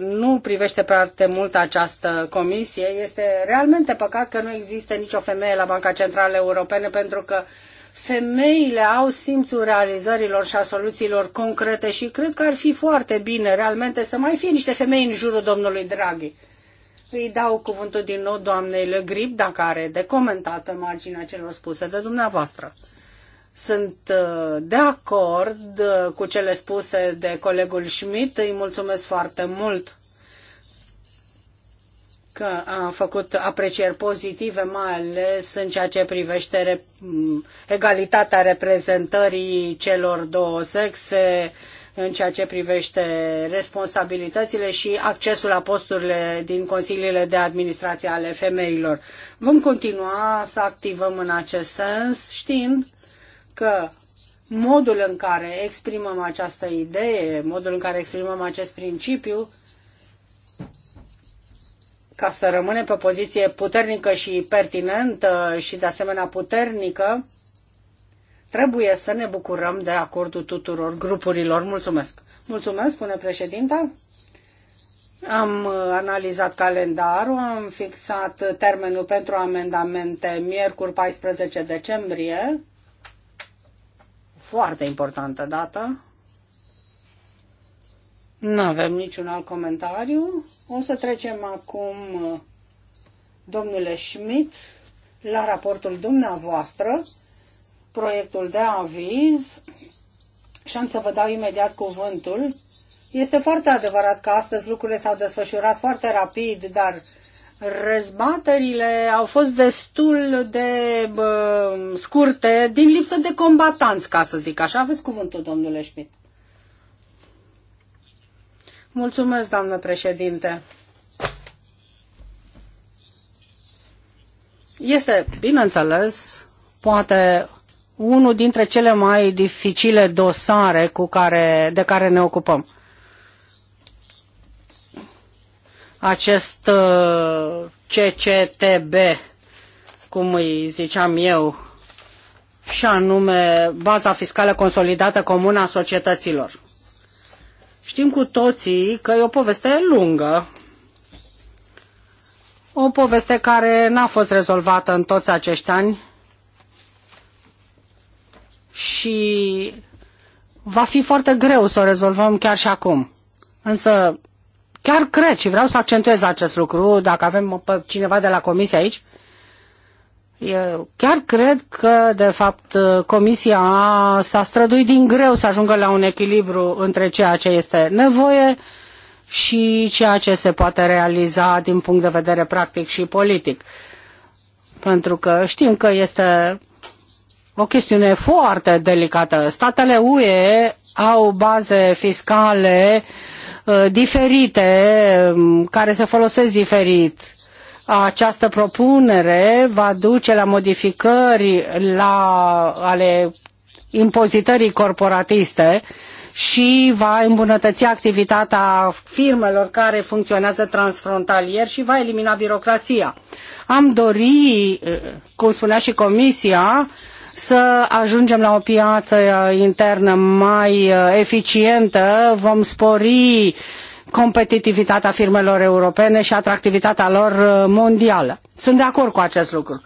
nu privește foarte mult această comisie, este realmente păcat că nu există nicio femeie la Banca Centrală Europene, pentru că femeile au simțul realizărilor și a soluțiilor concrete și cred că ar fi foarte bine realmente să mai fie niște femei în jurul domnului Draghi. Îi dau cuvântul din nou doamnei Le Grip, dacă are de comentat marginea celor spuse de dumneavoastră. Sunt uh, de acord uh, cu cele spuse de colegul Schmidt. Îi mulțumesc foarte mult că a făcut aprecieri pozitive, mai ales în ceea ce privește egalitatea reprezentării celor două sexe, în ceea ce privește responsabilitățile și accesul la posturile din consiliile de administrație ale femeilor. Vom continua să activăm în acest sens, știind că modul în care exprimăm această idee, modul în care exprimăm acest principiu, ca să rămânem pe poziție puternică și pertinentă și de asemenea puternică, trebuie să ne bucurăm de acordul tuturor grupurilor. Mulțumesc! Mulțumesc, spune președinta. Am analizat calendarul, am fixat termenul pentru amendamente miercuri 14 decembrie foarte importantă dată. Nu avem niciun alt comentariu. O să trecem acum, domnule Schmidt, la raportul dumneavoastră, proiectul de aviz și am să vă dau imediat cuvântul. Este foarte adevărat că astăzi lucrurile s-au desfășurat foarte rapid, dar Răzbatările au fost destul de bă, scurte din lipsă de combatanți, ca să zic așa. Aveți cuvântul, domnule Schmidt. Mulțumesc, doamnă președinte. Este, bineînțeles, poate unul dintre cele mai dificile dosare cu care, de care ne ocupăm. acest uh, CCTB, cum îi ziceam eu, și anume baza fiscală consolidată comună a societăților. Știm cu toții că e o poveste lungă, o poveste care n-a fost rezolvată în toți acești ani și va fi foarte greu să o rezolvăm chiar și acum. Însă Chiar cred și vreau să accentuez acest lucru, dacă avem cineva de la comisie aici, eu chiar cred că, de fapt, Comisia s-a străduit din greu să ajungă la un echilibru între ceea ce este nevoie și ceea ce se poate realiza din punct de vedere practic și politic. Pentru că știm că este o chestiune foarte delicată. Statele UE au baze fiscale uh, Uh, diferite, um, care se folosesc diferit. Această propunere va duce la modificări la, ale impozitării corporatiste și va îmbunătăți activitatea firmelor care funcționează transfrontalier și va elimina birocrația. Am dori, uh, cum spunea și Comisia, să ajungem la o piață uh, internă mai uh, eficientă, vom spori competitivitatea firmelor europene și atractivitatea lor uh, mondială. Sunt de acord cu acest lucru.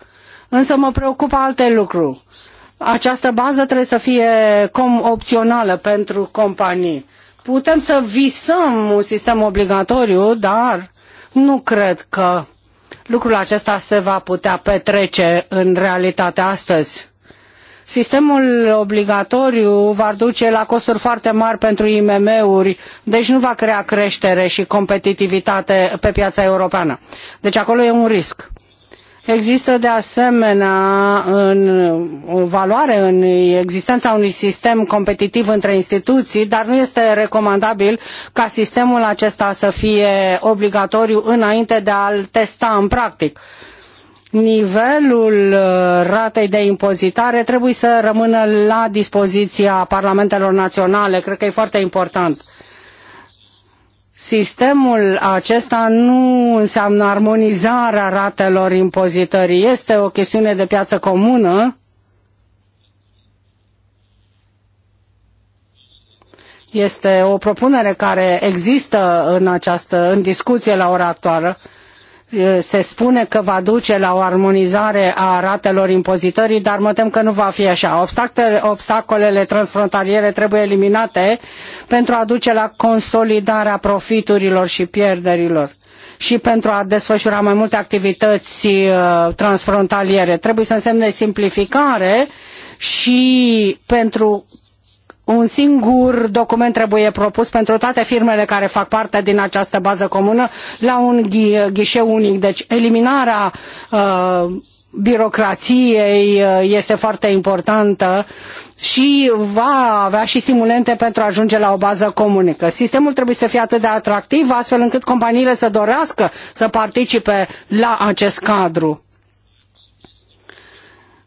Însă mă preocupă alte lucruri. Această bază trebuie să fie opțională pentru companii. Putem să visăm un sistem obligatoriu, dar nu cred că lucrul acesta se va putea petrece în realitate astăzi. Sistemul obligatoriu va duce la costuri foarte mari pentru IMM-uri, deci nu va crea creștere și competitivitate pe piața europeană. Deci acolo e un risc. Există de asemenea în, o valoare în existența unui sistem competitiv între instituții, dar nu este recomandabil ca sistemul acesta să fie obligatoriu înainte de a-l testa în practic. Uh, nivelul uh, ratei de impozitare trebuie să rămână la dispoziția parlamentelor naționale. Cred că e foarte important. Sistemul acesta nu înseamnă armonizarea ratelor impozitării. Este o chestiune de piață comună. Este o propunere care există în, această, în discuție la ora actuală Eh, se spune că va duce la o armonizare a ratelor impozitării, dar mă tem că nu va fi așa. Obstacolele transfrontaliere trebuie eliminate pentru a duce la consolidarea profiturilor și pierderilor și pentru a desfășura mai multe activități eh, transfrontaliere. Trebuie să însemne simplificare și pentru un singur document trebuie propus pentru toate firmele care fac parte din această bază comună la un ghișeu unic. Deci eliminarea uh, birocrației uh, este foarte importantă și va avea și stimulente pentru a ajunge la o bază comunică. Sistemul trebuie să fie atât de atractiv astfel încât companiile să dorească să participe la acest cadru.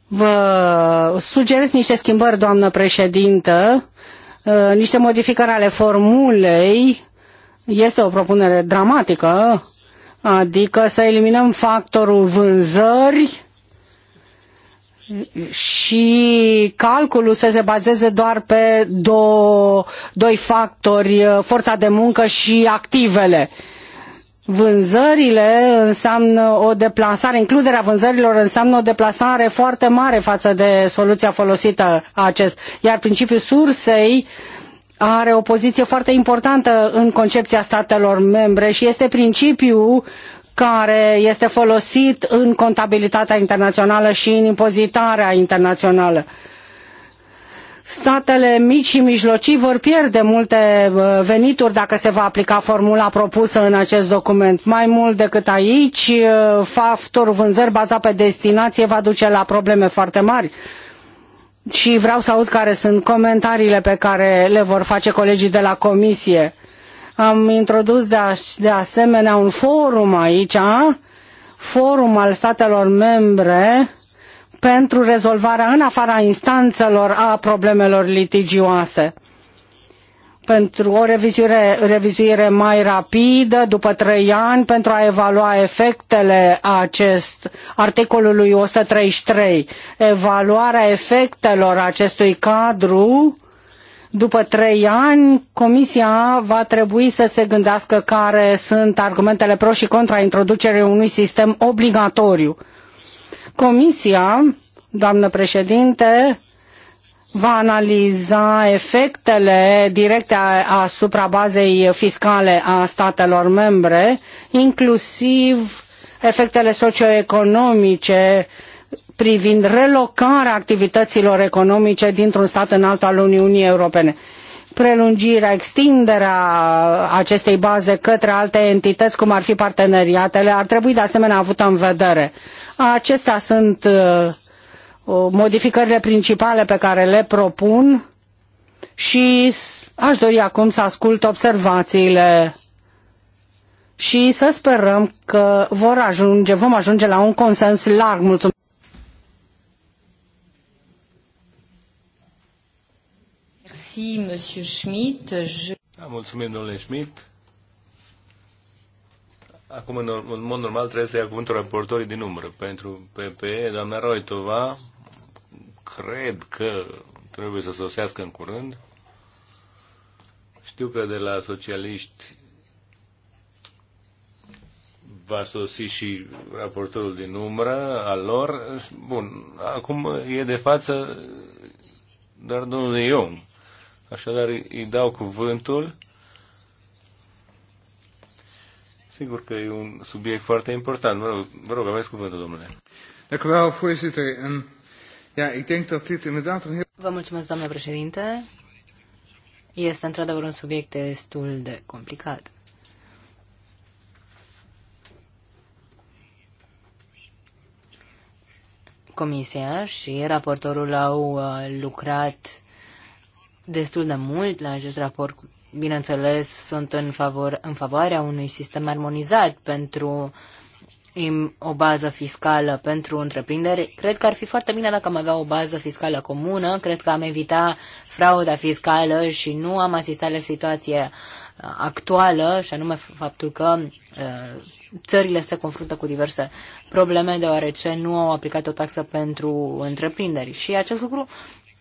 Vă sugerez niște schimbări, doamnă președintă, uh, niște modificări ale formulei. Este o propunere dramatică, adică să eliminăm factorul vânzări și calculul să se bazeze doar pe două, doi factori, uh, forța de muncă și activele. Uh, vânzările înseamnă o deplasare, includerea vânzărilor înseamnă o deplasare foarte mare față de soluția folosită acest. Iar principiul sursei are o poziție foarte importantă în concepția statelor membre și este principiul care este folosit în contabilitatea internațională și în impozitarea internațională statele mici și mijlocii vor pierde multe uh, venituri dacă se va aplica formula propusă în acest document. Mai mult decât aici, uh, factorul vânzări bazat pe destinație va duce la probleme foarte mari și vreau să aud care sunt comentariile pe care le vor face colegii de la comisie. Am introdus de, de asemenea un forum aici, forum al statelor membre pentru rezolvarea în afara instanțelor a problemelor litigioase pentru o revizuire, revizuire mai rapidă după trei ani pentru a evalua efectele acest articolului 133. Evaluarea efectelor acestui cadru după trei ani, Comisia va trebui să se gândească care sunt argumentele pro și contra introducerii unui sistem obligatoriu Comisia, doamnă președinte, va analiza efectele directe asupra bazei fiscale a statelor membre, inclusiv efectele socioeconomice privind relocarea activităților economice dintr-un stat în altul al Uniunii Europene prelungirea, extinderea acestei baze către alte entități, cum ar fi parteneriatele, ar trebui de asemenea avută în vedere. Acestea sunt uh, modificările principale pe care le propun și aș dori acum să ascult observațiile și să sperăm că vor ajunge, vom ajunge la un consens larg. Mulțumesc! Merci, Monsieur Schmidt. Je... Da, mulțumim, domnule Schmidt. Acum, în, în mod normal, trebuie să ia cuvântul raportorii din număr. Pentru PPE, doamna Roitova, cred că trebuie să sosească în curând. Știu că de la socialiști va sosi și raportorul din umbră al lor. Bun, acum e de față doar domnul Ion. Așadar, îi dau cuvântul. Sigur că e un subiect foarte important. Vă rog, vă rog aveți cuvântul, domnule. Vă mulțumesc, doamnă președinte. Este într-adevăr un subiect destul de complicat. Comisia și raportorul au uh, lucrat destul de mult la acest raport. Bineînțeles, sunt în, favor, în favoarea unui sistem armonizat pentru o bază fiscală pentru întreprinderi. Cred că ar fi foarte bine dacă am avea o bază fiscală comună. Cred că am evita frauda fiscală și nu am asistat la situație actuală, și anume faptul că ă, țările se confruntă cu diverse probleme deoarece nu au aplicat o taxă pentru întreprinderi. Și acest lucru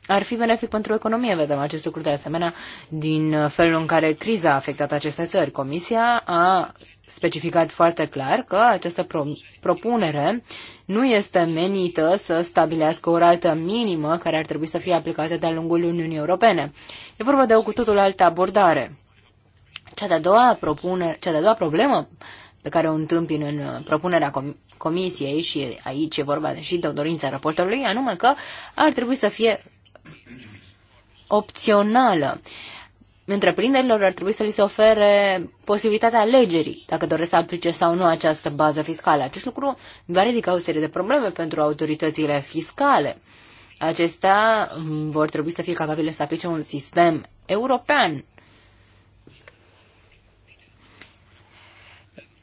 ar fi benefic pentru economie, vedem acest lucru de asemenea, din felul în care criza a afectat aceste țări. Comisia a specificat foarte clar că această pro- propunere nu este menită să stabilească o rată minimă care ar trebui să fie aplicată de-a lungul Uniunii Europene. E vorba de o cu totul altă abordare. Cea de-a doua, propunere, cea de-a doua problemă pe care o întâmpin în propunerea com Comisiei, și aici e vorba și de o dorință a raportorului, anume că ar trebui să fie opțională. Întreprinderilor ar trebui să li se ofere posibilitatea alegerii dacă doresc să aplice sau nu această bază fiscală. Acest lucru va ridica o serie de probleme pentru autoritățile fiscale. Acestea vor trebui să fie capabile să aplice un sistem european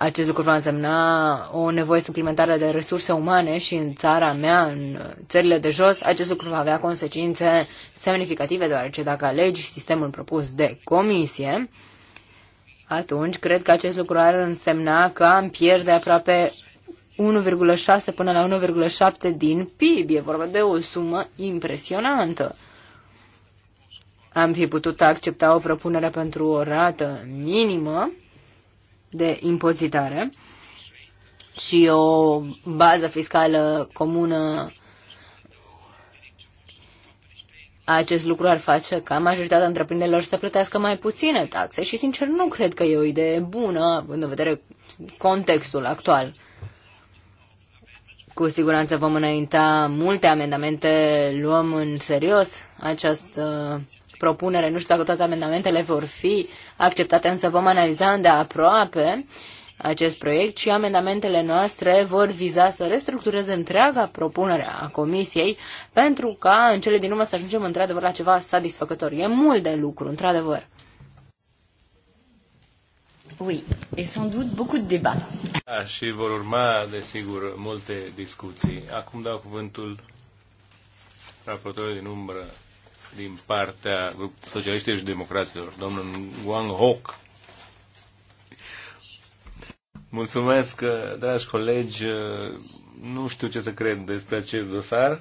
Acest lucru va însemna o nevoie suplimentară de resurse umane și în țara mea, în țările de jos, acest lucru va avea consecințe semnificative, deoarece dacă alegi sistemul propus de comisie, atunci cred că acest lucru ar însemna că am pierde aproape 1,6 până la 1,7 din PIB. E vorba de o sumă impresionantă. Am fi putut accepta o propunere pentru o rată minimă de impozitare și o bază fiscală comună, acest lucru ar face ca majoritatea întreprinderilor să plătească mai puține taxe și, sincer, nu cred că e o idee bună, având în vedere contextul actual. Cu siguranță vom înainta multe amendamente, luăm în serios această propunere. Nu știu dacă toate amendamentele vor fi acceptate, însă vom analiza îndeaproape acest proiect și amendamentele noastre vor viza să restructureze întreaga propunere a Comisiei pentru ca în cele din urmă să ajungem într-adevăr la ceva satisfăcător. E mult de lucru, într-adevăr. Oui, et sans doute beaucoup de débats. Da, și vor urma, desigur, multe discuții. Acum dau cuvântul raportorului din umbră din partea socialiștilor și democraților, domnul Wang Hock. Mulțumesc, dragi colegi, nu știu ce să cred despre acest dosar.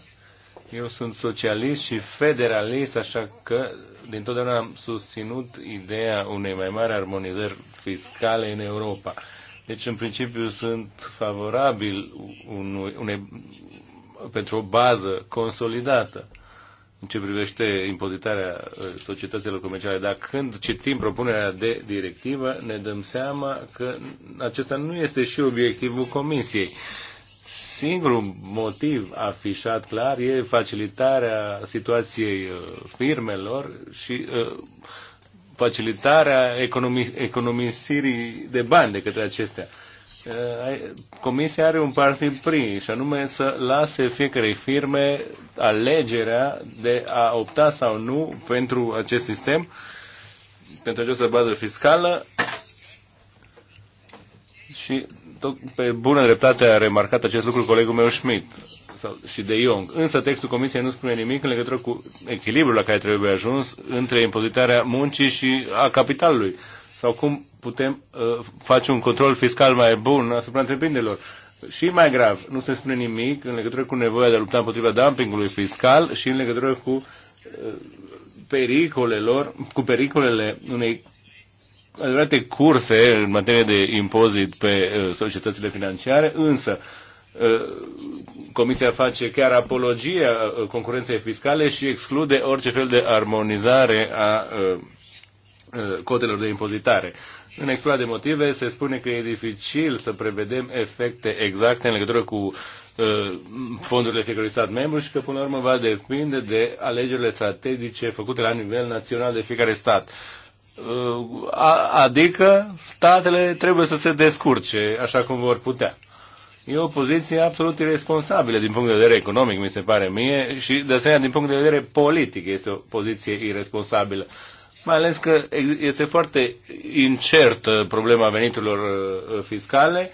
Eu sunt socialist și federalist, așa că din totdeauna am susținut ideea unei mai mari armonizări fiscale în Europa. Deci, în principiu, sunt favorabil unui, unei, pentru o bază consolidată în ce privește impozitarea uh, societăților comerciale, dar când citim propunerea de directivă, ne dăm seama că acesta nu este și obiectivul Comisiei. Singurul motiv afișat clar e facilitarea situației uh, firmelor și uh, facilitarea economisirii de bani de către acestea. Eh, comisia are un pri, și anume să lase fiecarei firme alegerea de a opta sau nu pentru acest sistem, pentru această bază fiscală și tot pe bună dreptate a remarcat acest lucru colegul meu Schmidt sau, și de Young. Însă textul Comisiei nu spune nimic în legătură cu echilibrul la care trebuie ajuns între impozitarea muncii și a capitalului sau cum putem uh, face un control fiscal mai bun asupra întreprinderilor. Și mai grav, nu se spune nimic în legătură cu nevoia de a lupta împotriva dumpingului fiscal și în legătură cu uh, pericolelor, cu pericolele unei adevărate curse în materie de impozit pe uh, societățile financiare, însă uh, Comisia face chiar apologia concurenței fiscale și exclude orice fel de armonizare a Eh, cotelor de impozitare. În exploat de motive se spune că e dificil să prevedem efecte exacte în legătură cu eh, fondurile fiecărui stat membru și că până la urmă va depinde de alegerile strategice făcute la nivel național de fiecare stat. Eh, adică statele trebuie să se descurce așa cum vor putea. E o poziție absolut irresponsabilă din punct de vedere economic, mi se pare mie, și de asemenea din punct de vedere politic este o poziție irresponsabilă mai ales că este foarte incert problema veniturilor uh, fiscale,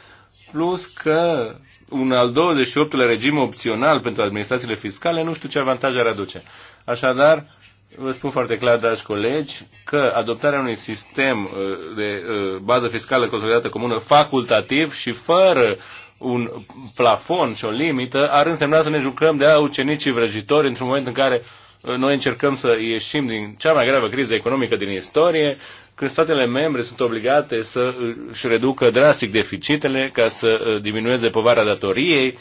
plus că un al 28-lea regim opțional pentru administrațiile fiscale, nu știu ce avantaje ar aduce. Așadar, vă spun foarte clar, dragi colegi, că adoptarea unui sistem uh, de uh, bază fiscală consolidată comună facultativ și fără un plafon și o limită ar însemna să ne jucăm de a ucenicii vrăjitori într-un moment în care noi încercăm să ieșim din cea mai gravă criză economică din istorie, când statele membre sunt obligate să își reducă drastic deficitele ca să uh, diminueze povara datoriei,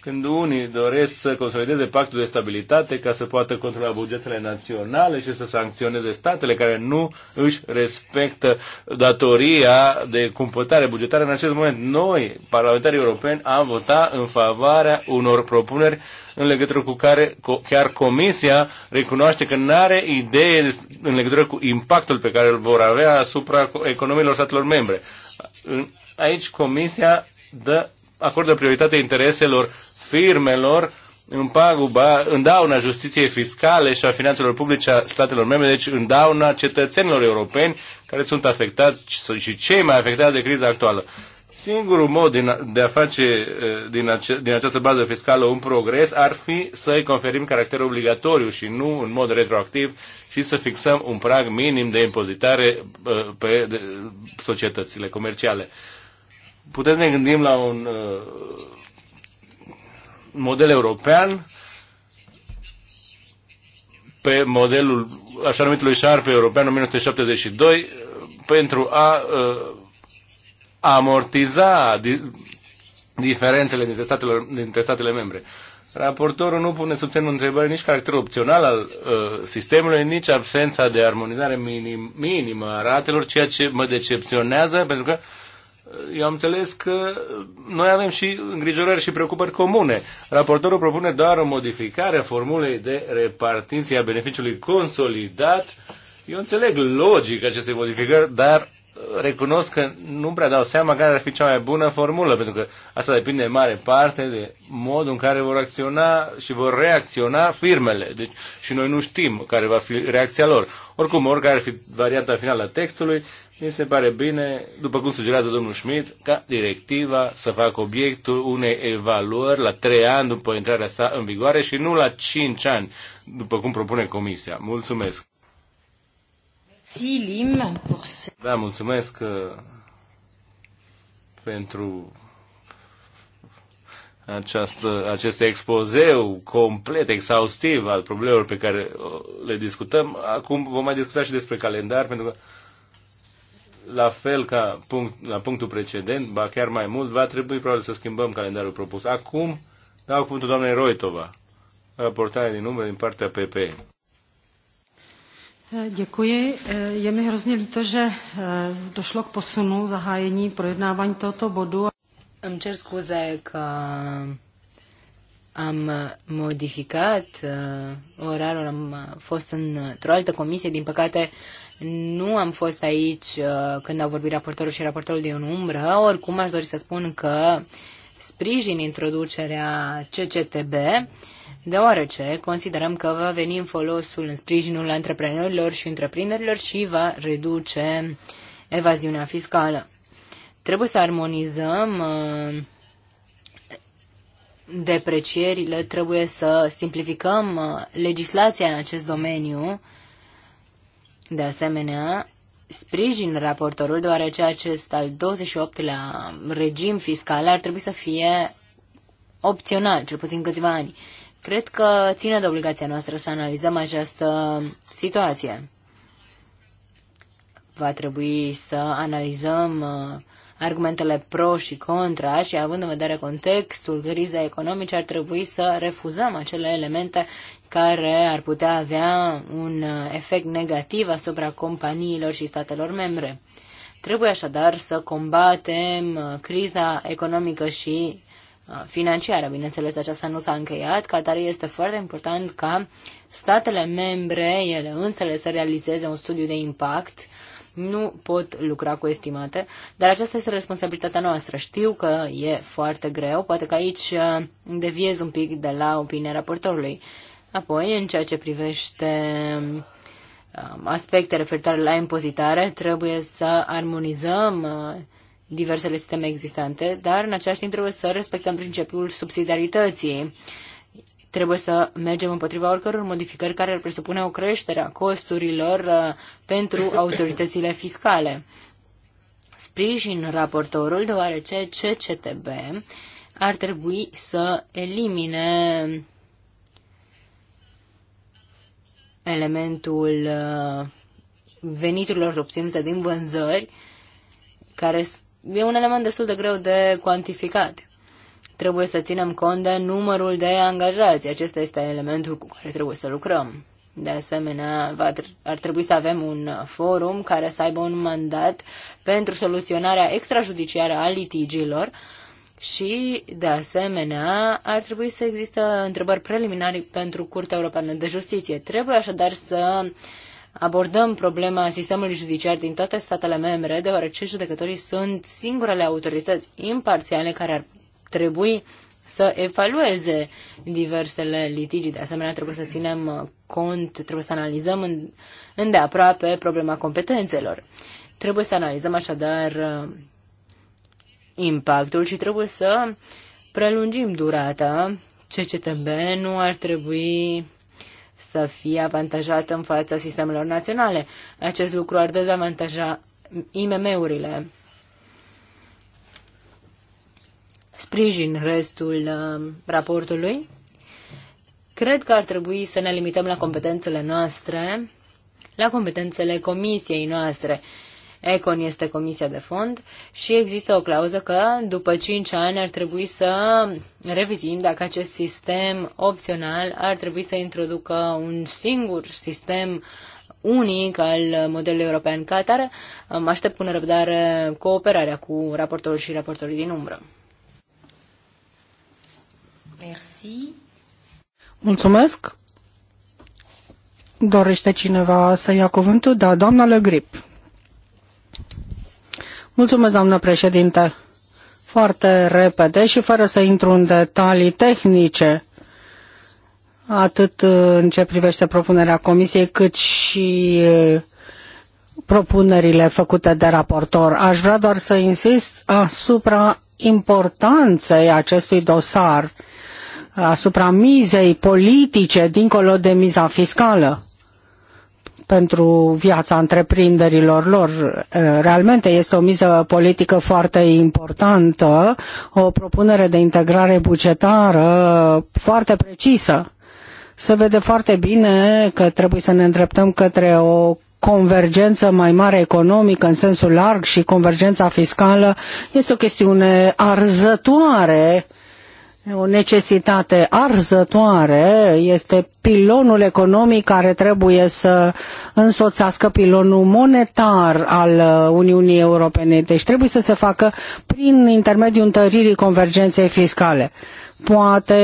când unii doresc să consolideze pactul de stabilitate ca să poată controla bugetele naționale și să sancționeze statele care nu își respectă datoria de cumpătare bugetară. În acest moment, noi, parlamentarii europeni, am votat în favoarea unor propuneri în legătură cu care chiar Comisia recunoaște că nu are idee în legătură cu impactul pe care îl vor avea asupra economiilor statelor membre. Aici Comisia dă acordă prioritate intereselor firmelor în paguba, în dauna justiției fiscale și a finanțelor publice a statelor membre, deci în dauna cetățenilor europeni care sunt afectați și cei mai afectați de criza actuală. Singurul mod din a, de a face din, ace, din această bază fiscală un progres ar fi să-i conferim caracter obligatoriu și nu în mod retroactiv și să fixăm un prag minim de impozitare pe societățile comerciale. Putem ne gândim la un uh, model european pe modelul așa numitului șarpe european 1972 eh, pentru a uh, amortiza di diferențele dintre statele, dintre statele membre. Raportorul nu pune sub semnul întrebării nici caracterul opțional al uh, sistemului, nici absența de armonizare minim, minimă a ratelor, ceea ce mă decepționează, pentru că uh, eu am înțeles că noi avem și îngrijorări și preocupări comune. Raportorul propune doar o modificare a formulei de repartiție a beneficiului consolidat. Eu înțeleg logic aceste modificări, dar recunosc că nu prea dau seama care ar fi cea mai bună formulă, pentru că asta depinde în mare parte de modul în care vor acționa și vor reacționa firmele. Deci și noi nu știm care va fi reacția lor. Oricum, oricare ar fi varianta finală a textului, mi se pare bine, după cum sugerează domnul Schmidt, ca directiva să facă obiectul unei evaluări la trei ani după intrarea sa în vigoare și nu la cinci ani, după cum propune Comisia. Mulțumesc! Da, mulțumesc uh, pentru această, acest expozeu complet, exhaustiv al problemelor pe care uh, le discutăm. Acum vom mai discuta și despre calendar, pentru că la fel ca punct, la punctul precedent, ba chiar mai mult, va trebui probabil să schimbăm calendarul propus. Acum dau cuvântul doamnei Roitova, raportare din numere din partea PP. Eh, děkuji. Eh, je mi hrozně líto, že eh, došlo k posunu zahájení projednávání tohoto bodu. Îmi cer scuze că am uh, modificat uh, orarul, am uh, fost într-o altă comisie, din păcate nu am fost aici când au vorbit raportorul și raportorul din umbră, oricum aș dori să spun că sprijin introducerea CCTB, deoarece considerăm că va veni în folosul, în sprijinul antreprenorilor și întreprinderilor și va reduce evaziunea fiscală. Trebuie să armonizăm uh, deprecierile, trebuie să simplificăm uh, legislația în acest domeniu. De asemenea, sprijin raportorul, deoarece acest al 28-lea regim fiscal ar trebui să fie opțional, cel puțin câțiva ani. Cred că ține de obligația noastră să analizăm această situație. Va trebui să analizăm uh, argumentele pro și contra și având în vedere contextul crizei economice, ar trebui să refuzăm acele elemente care ar putea avea un efect negativ asupra companiilor și statelor membre. Trebuie așadar să combatem uh, criza economică și uh, financiară. Bineînțeles, aceasta nu s-a încheiat. Ca atare este foarte important ca statele membre, ele însele, să realizeze un studiu de impact nu pot lucra cu estimate, dar aceasta este responsabilitatea noastră. Știu că e foarte greu, poate că aici uh, deviez un pic de la opinia raportorului. Apoi, în ceea ce privește um, aspecte referitoare la impozitare, trebuie să armonizăm uh, diversele sisteme existente, dar în același timp trebuie să respectăm principiul subsidiarității Trebuie să mergem împotriva oricăror modificări care ar presupune o creștere a costurilor uh, pentru autoritățile fiscale. Sprijin raportorul, deoarece CCTB ar trebui să elimine elementul uh, veniturilor obținute din vânzări, care e un element destul de greu de cuantificat trebuie să ținem cont de numărul de angajați. Acesta este elementul cu care trebuie să lucrăm. De asemenea, ar trebui să avem un forum care să aibă un mandat pentru soluționarea extrajudiciară a litigiilor și, de asemenea, ar trebui să există întrebări preliminare pentru Curtea Europeană de Justiție. Trebuie așadar să abordăm problema sistemului judiciar din toate statele membre, deoarece judecătorii sunt singurele autorități imparțiale care ar trebui să evalueze diversele litigi. De asemenea, trebuie să ținem cont, trebuie să analizăm îndeaproape problema competențelor. Trebuie să analizăm așadar uh, impactul și trebuie să prelungim durata. CCTB nu ar trebui să fie avantajată în fața sistemelor naționale. Acest lucru ar dezavantaja IMM-urile. sprijin restul um, raportului. Cred că ar trebui să ne limităm la competențele noastre, la competențele comisiei noastre. Econ este comisia de fond și există o clauză că după 5 ani ar trebui să revizuim dacă acest sistem opțional ar trebui să introducă un singur sistem unic al modelului european ca atare. Aștept cu nerăbdare cooperarea cu raportorul și raportorii din umbră. Merci. Mulțumesc. Dorește cineva să ia cuvântul? Da, doamna Le Grip. Mulțumesc, doamnă președinte. Foarte repede și fără să intru în detalii tehnice, atât în ce privește propunerea comisiei, cât și eh, propunerile făcute de raportor. Aș vrea doar să insist asupra importanței acestui dosar asupra mizei politice dincolo de miza fiscală pentru viața întreprinderilor lor. Eh, realmente este o miză politică foarte importantă, o propunere de integrare bugetară foarte precisă. Se vede foarte bine că trebuie să ne îndreptăm către o convergență mai mare economică în sensul larg și convergența fiscală este o chestiune arzătoare uh, o necesitate arzătoare, este pilonul economic care trebuie să însoțească pilonul monetar al Uniunii Europene. Deci trebuie să se facă prin intermediul întăririi convergenței fiscale. Poate,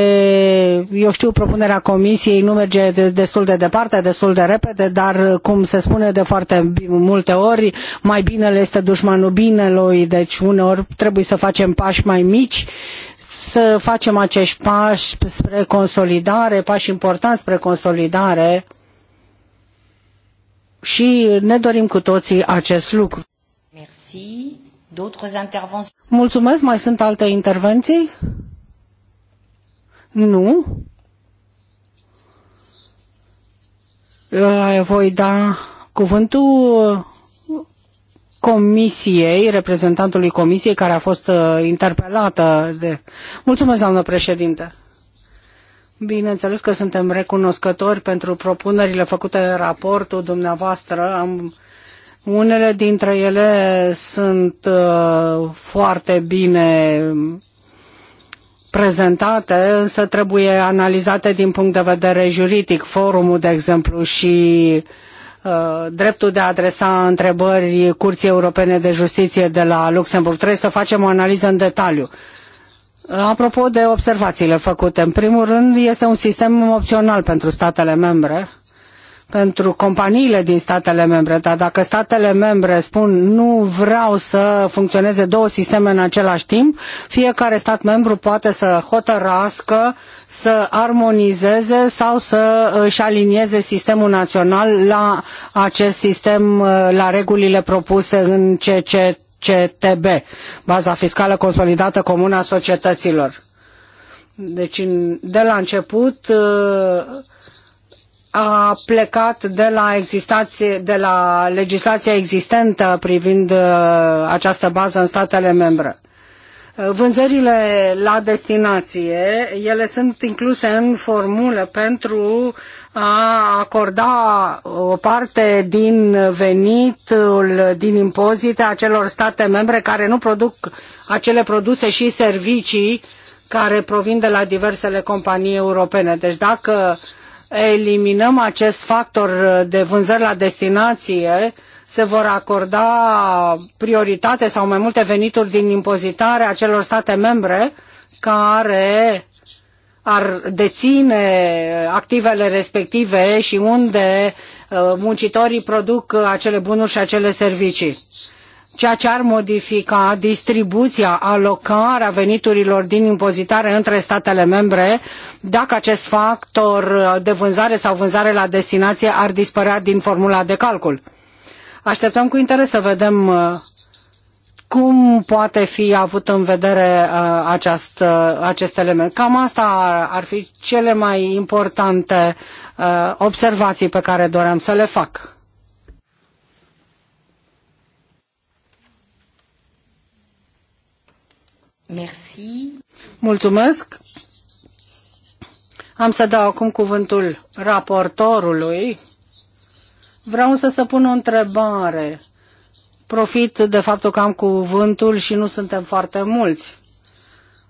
eu știu, propunerea comisiei nu merge destul de departe, destul de repede, dar, cum se spune de foarte multe ori, mai binele este dușmanul binelui, deci uneori trebuie să facem pași mai mici să facem acești pași spre consolidare, pași importanți spre consolidare și ne dorim cu toții acest lucru. Mulțumesc, mai sunt alte intervenții? Nu? Ă, voi da cuvântul comisiei, reprezentantului comisiei care a fost uh, interpelată de... Mulțumesc, doamnă președinte! Bineînțeles că suntem recunoscători pentru propunerile făcute în raportul dumneavoastră. Am, unele dintre ele sunt uh, foarte bine prezentate, însă trebuie analizate din punct de vedere juridic. Forumul, de exemplu, și uh, Uh, dreptul de a adresa întrebări Curții Europene de Justiție de la Luxemburg. Trebuie să facem o analiză în detaliu. Uh, apropo de observațiile făcute, în primul rând este un sistem opțional pentru statele membre pentru companiile din statele membre, dar dacă statele membre spun nu vreau să funcționeze două sisteme în același timp, fiecare stat membru poate să hotărască, să armonizeze sau să își alinieze sistemul național la acest sistem, la regulile propuse în CCCTB, baza fiscală consolidată comună a societăților. Deci, de la început, a plecat de la, de la legislația existentă privind uh, această bază în statele membre. Uh, vânzările la destinație, ele sunt incluse în formulă pentru a acorda o parte din venitul din impozite acelor state membre care nu produc acele produse și servicii care provin de la diversele companii europene. Deci dacă uh, eliminăm acest factor de vânzări la destinație, se vor acorda prioritate sau mai multe venituri din impozitare a celor state membre care ar deține activele respective și unde uh, muncitorii produc uh, acele bunuri și acele servicii ceea ce ar modifica distribuția, alocarea veniturilor din impozitare între statele membre, dacă acest factor de vânzare sau vânzare la destinație ar dispărea din formula de calcul. Așteptăm cu interes să vedem uh, cum poate fi avut în vedere uh, acest, uh, acest element. Cam asta ar, fi cele mai importante observații pe care doream să le fac. Merci. Mulțumesc. Am să dau acum cuvântul raportorului. Vreau să să pun o întrebare. Profit de faptul că am cuvântul și nu suntem foarte mulți.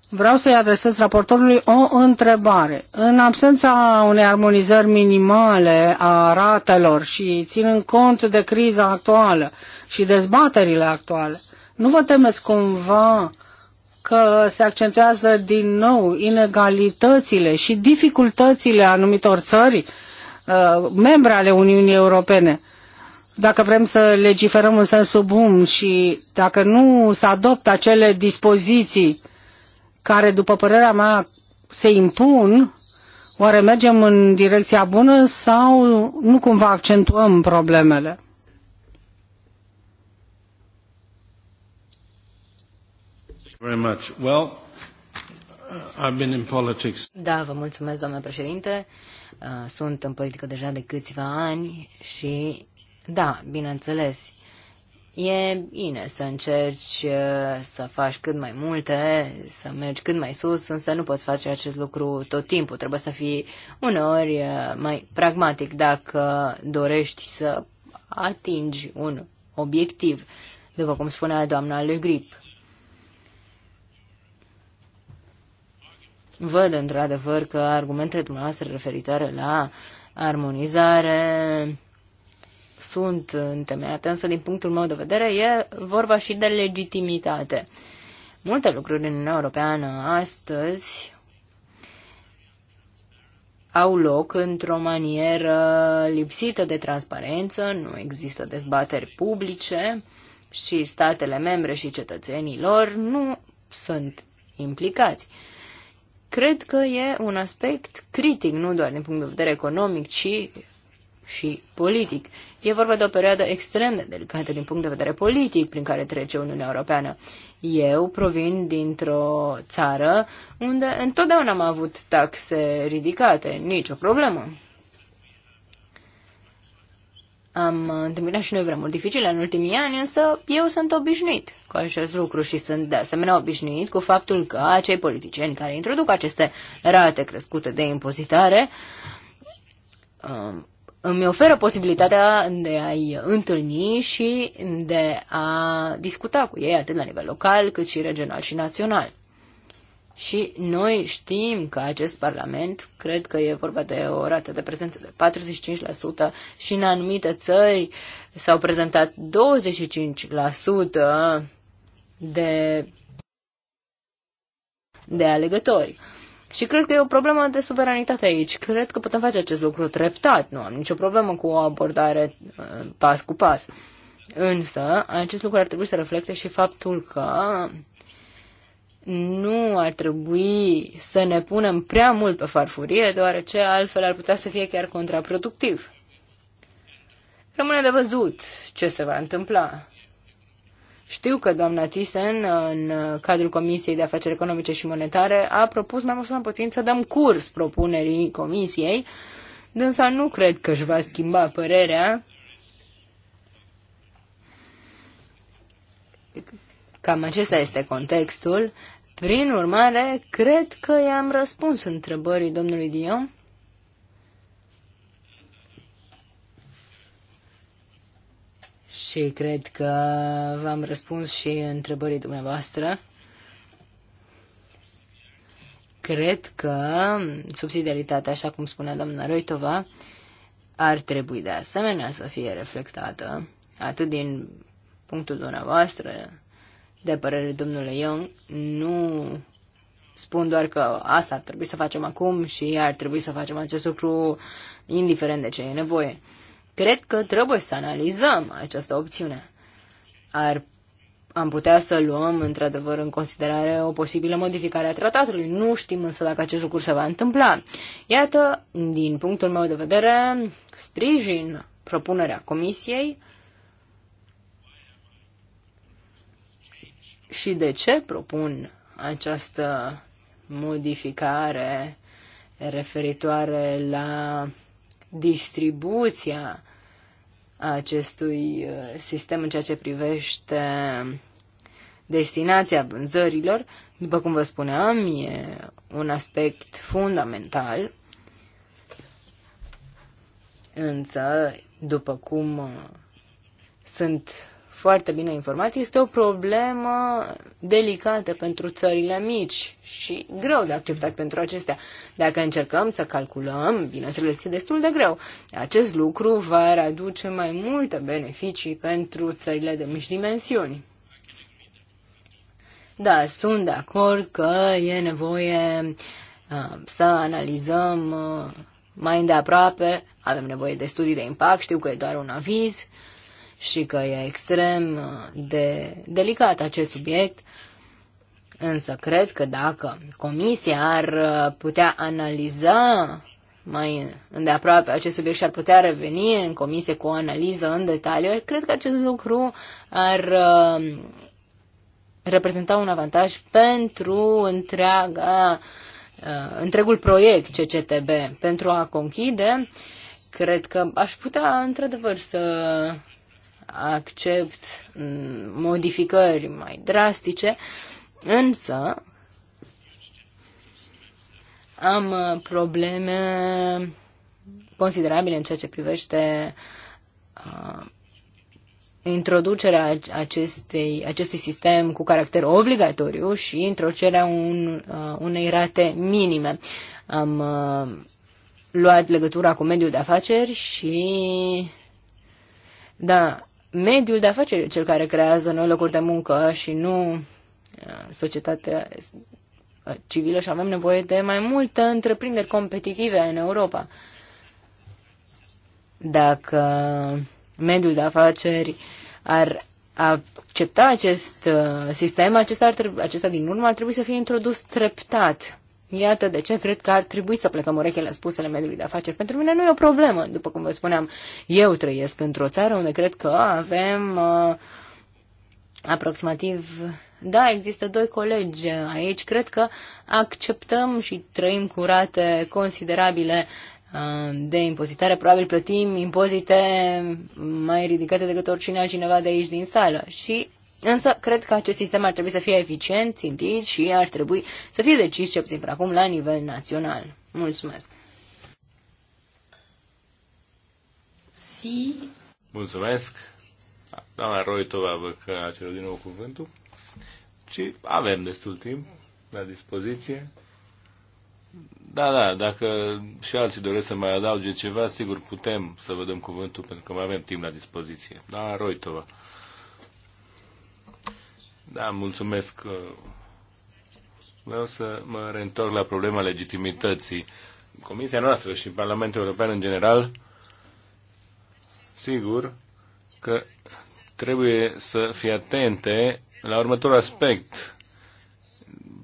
Vreau să-i adresez raportorului o întrebare. În absența unei armonizări minimale a ratelor și ținând cont de criza actuală și dezbaterile actuale, nu vă temeți cumva că se accentuează din nou inegalitățile și dificultățile anumitor țări uh, membre ale Uniunii Europene. Dacă vrem să legiferăm în sensul bun și dacă nu se adoptă acele dispoziții care, după părerea mea, se impun, oare mergem în direcția bună sau nu cumva accentuăm problemele? Da, vă mulțumesc, doamnă președinte. Uh, sunt în politică deja de câțiva ani și, da, bineînțeles, e bine să încerci uh, să faci cât mai multe, să mergi cât mai sus, însă nu poți face acest lucru tot timpul. Trebuie să fii uneori uh, mai pragmatic dacă dorești să atingi un obiectiv, după cum spunea doamna Le Grip. Văd într-adevăr că argumentele dumneavoastră referitoare la armonizare sunt întemeiate, însă din punctul meu de vedere e vorba și de legitimitate. Multe lucruri în Uniunea Europeană astăzi au loc într-o manieră lipsită de transparență, nu există dezbateri publice și statele membre și cetățenii lor nu sunt implicați. Cred că e un aspect critic, nu doar din punct de vedere economic, ci și politic. E vorba de o perioadă extrem de delicată din punct de vedere politic prin care trece Uniunea Europeană. Eu provin dintr-o țară unde întotdeauna am avut taxe ridicate, nicio problemă. Am întâmpinat și noi vremuri dificile în ultimii ani, însă eu sunt obișnuit cu acest lucru și sunt de asemenea obișnuit cu faptul că acei politicieni care introduc aceste rate crescute de impozitare um, îmi oferă posibilitatea de a-i întâlni și de a discuta cu ei atât la nivel local cât și regional și național. Și noi știm că acest Parlament, cred că e vorba de o rată de prezență de 45% și în anumite țări s-au prezentat 25% de, de alegători. Și cred că e o problemă de suveranitate aici. Cred că putem face acest lucru treptat. Nu am nicio problemă cu o abordare uh, pas cu pas. Însă, acest lucru ar trebui să reflecte și faptul că nu ar trebui să ne punem prea mult pe farfurie, deoarece altfel ar putea să fie chiar contraproductiv. Rămâne de văzut ce se va întâmpla. Știu că doamna Thyssen, în cadrul Comisiei de Afaceri Economice și Monetare, a propus mai mult sau mai puțin să dăm curs propunerii Comisiei, dânsa nu cred că își va schimba părerea Cam acesta este contextul. Prin urmare, cred că i-am răspuns întrebării domnului Dion. Și cred că v-am răspuns și întrebării dumneavoastră. Cred că subsidiaritatea, așa cum spunea doamna Roitova, ar trebui de asemenea să fie reflectată atât din punctul dumneavoastră de părere domnule Young, nu spun doar că asta ar trebui să facem acum și ar trebui să facem acest lucru indiferent de ce e nevoie. Cred că trebuie să analizăm această opțiune. Ar, am putea să luăm într-adevăr în considerare o posibilă modificare a tratatului. Nu știm însă dacă acest lucru se va întâmpla. Iată, din punctul meu de vedere, sprijin propunerea comisiei și de ce propun această modificare referitoare la distribuția acestui uh, sistem în ceea ce privește destinația vânzărilor, după cum vă spuneam, e un aspect fundamental. Însă, după cum uh, sunt foarte bine informat, este o problemă delicată pentru țările mici și greu de acceptat pentru acestea. Dacă încercăm să calculăm, bineînțeles, este destul de greu. Acest lucru va aduce mai multe beneficii pentru țările de mici dimensiuni. Da, sunt de acord că e nevoie uh, să analizăm uh, mai îndeaproape, avem nevoie de studii de impact, știu că e doar un aviz, și că e extrem uh, de delicat acest subiect, însă cred că dacă comisia ar uh, putea analiza mai îndeaproape acest subiect și ar putea reveni în comisie cu o analiză în detaliu, cred că acest lucru ar uh, reprezenta un avantaj pentru întreaga, întregul proiect CCTB pentru a conchide. Cred că aș putea, într-adevăr, să accept modificări mai drastice, însă am probleme considerabile în ceea ce privește uh, introducerea acestei, acestui sistem cu caracter obligatoriu și introducerea un, uh, unei rate minime. Am uh, luat legătura cu mediul de afaceri și da, mediul de afaceri cel care creează noi locuri de muncă și nu uh, societatea civilă și avem nevoie de mai multe întreprinderi competitive în Europa. Dacă mediul de afaceri ar accepta acest uh, sistem, acesta, ar trebui, acesta din urmă ar trebui să fie introdus treptat Iată de ce cred că ar trebui să plecăm urechile spusele mediului de afaceri. Pentru mine nu e o problemă, după cum vă spuneam. Eu trăiesc într-o țară unde cred că avem uh, aproximativ da, există doi colegi aici. Cred că acceptăm și trăim cu rate considerabile uh, de impozitare. Probabil plătim impozite mai ridicate decât oricine altcineva de aici din sală. Și Însă, cred că acest sistem ar trebui să fie eficient, țintit și ar trebui să fie decis, ce puțin acum, la nivel național. Mulțumesc! Si. Mulțumesc! Doamna Roitova, vă că a cerut din nou cuvântul. Și avem destul timp la dispoziție. Da, da, dacă și alții doresc să mai adauge ceva, sigur putem să vă dăm cuvântul, pentru că mai avem timp la dispoziție. Da, Roitova. Da, mulțumesc. Vreau să mă reîntorc la problema legitimității. Comisia noastră și Parlamentul European în general, sigur că trebuie să fie atente la următorul aspect.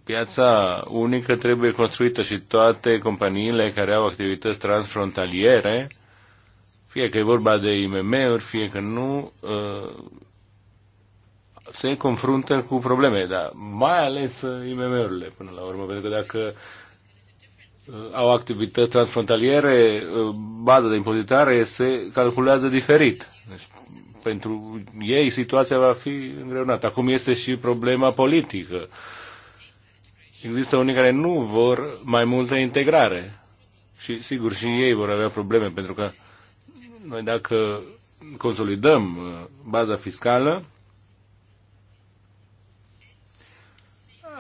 Piața unică trebuie construită și toate companiile care au activități transfrontaliere, fie că e vorba de IMM-uri, fie că nu, uh, se confruntă cu probleme, dar mai ales uh, IMM-urile până la urmă, pentru că dacă uh, au activități transfrontaliere, uh, baza de impozitare se calculează diferit. Deci, pentru ei situația va fi îngreunată. Acum este și problema politică. Există unii care nu vor mai multă integrare. Și sigur și ei vor avea probleme, pentru că noi dacă consolidăm baza fiscală,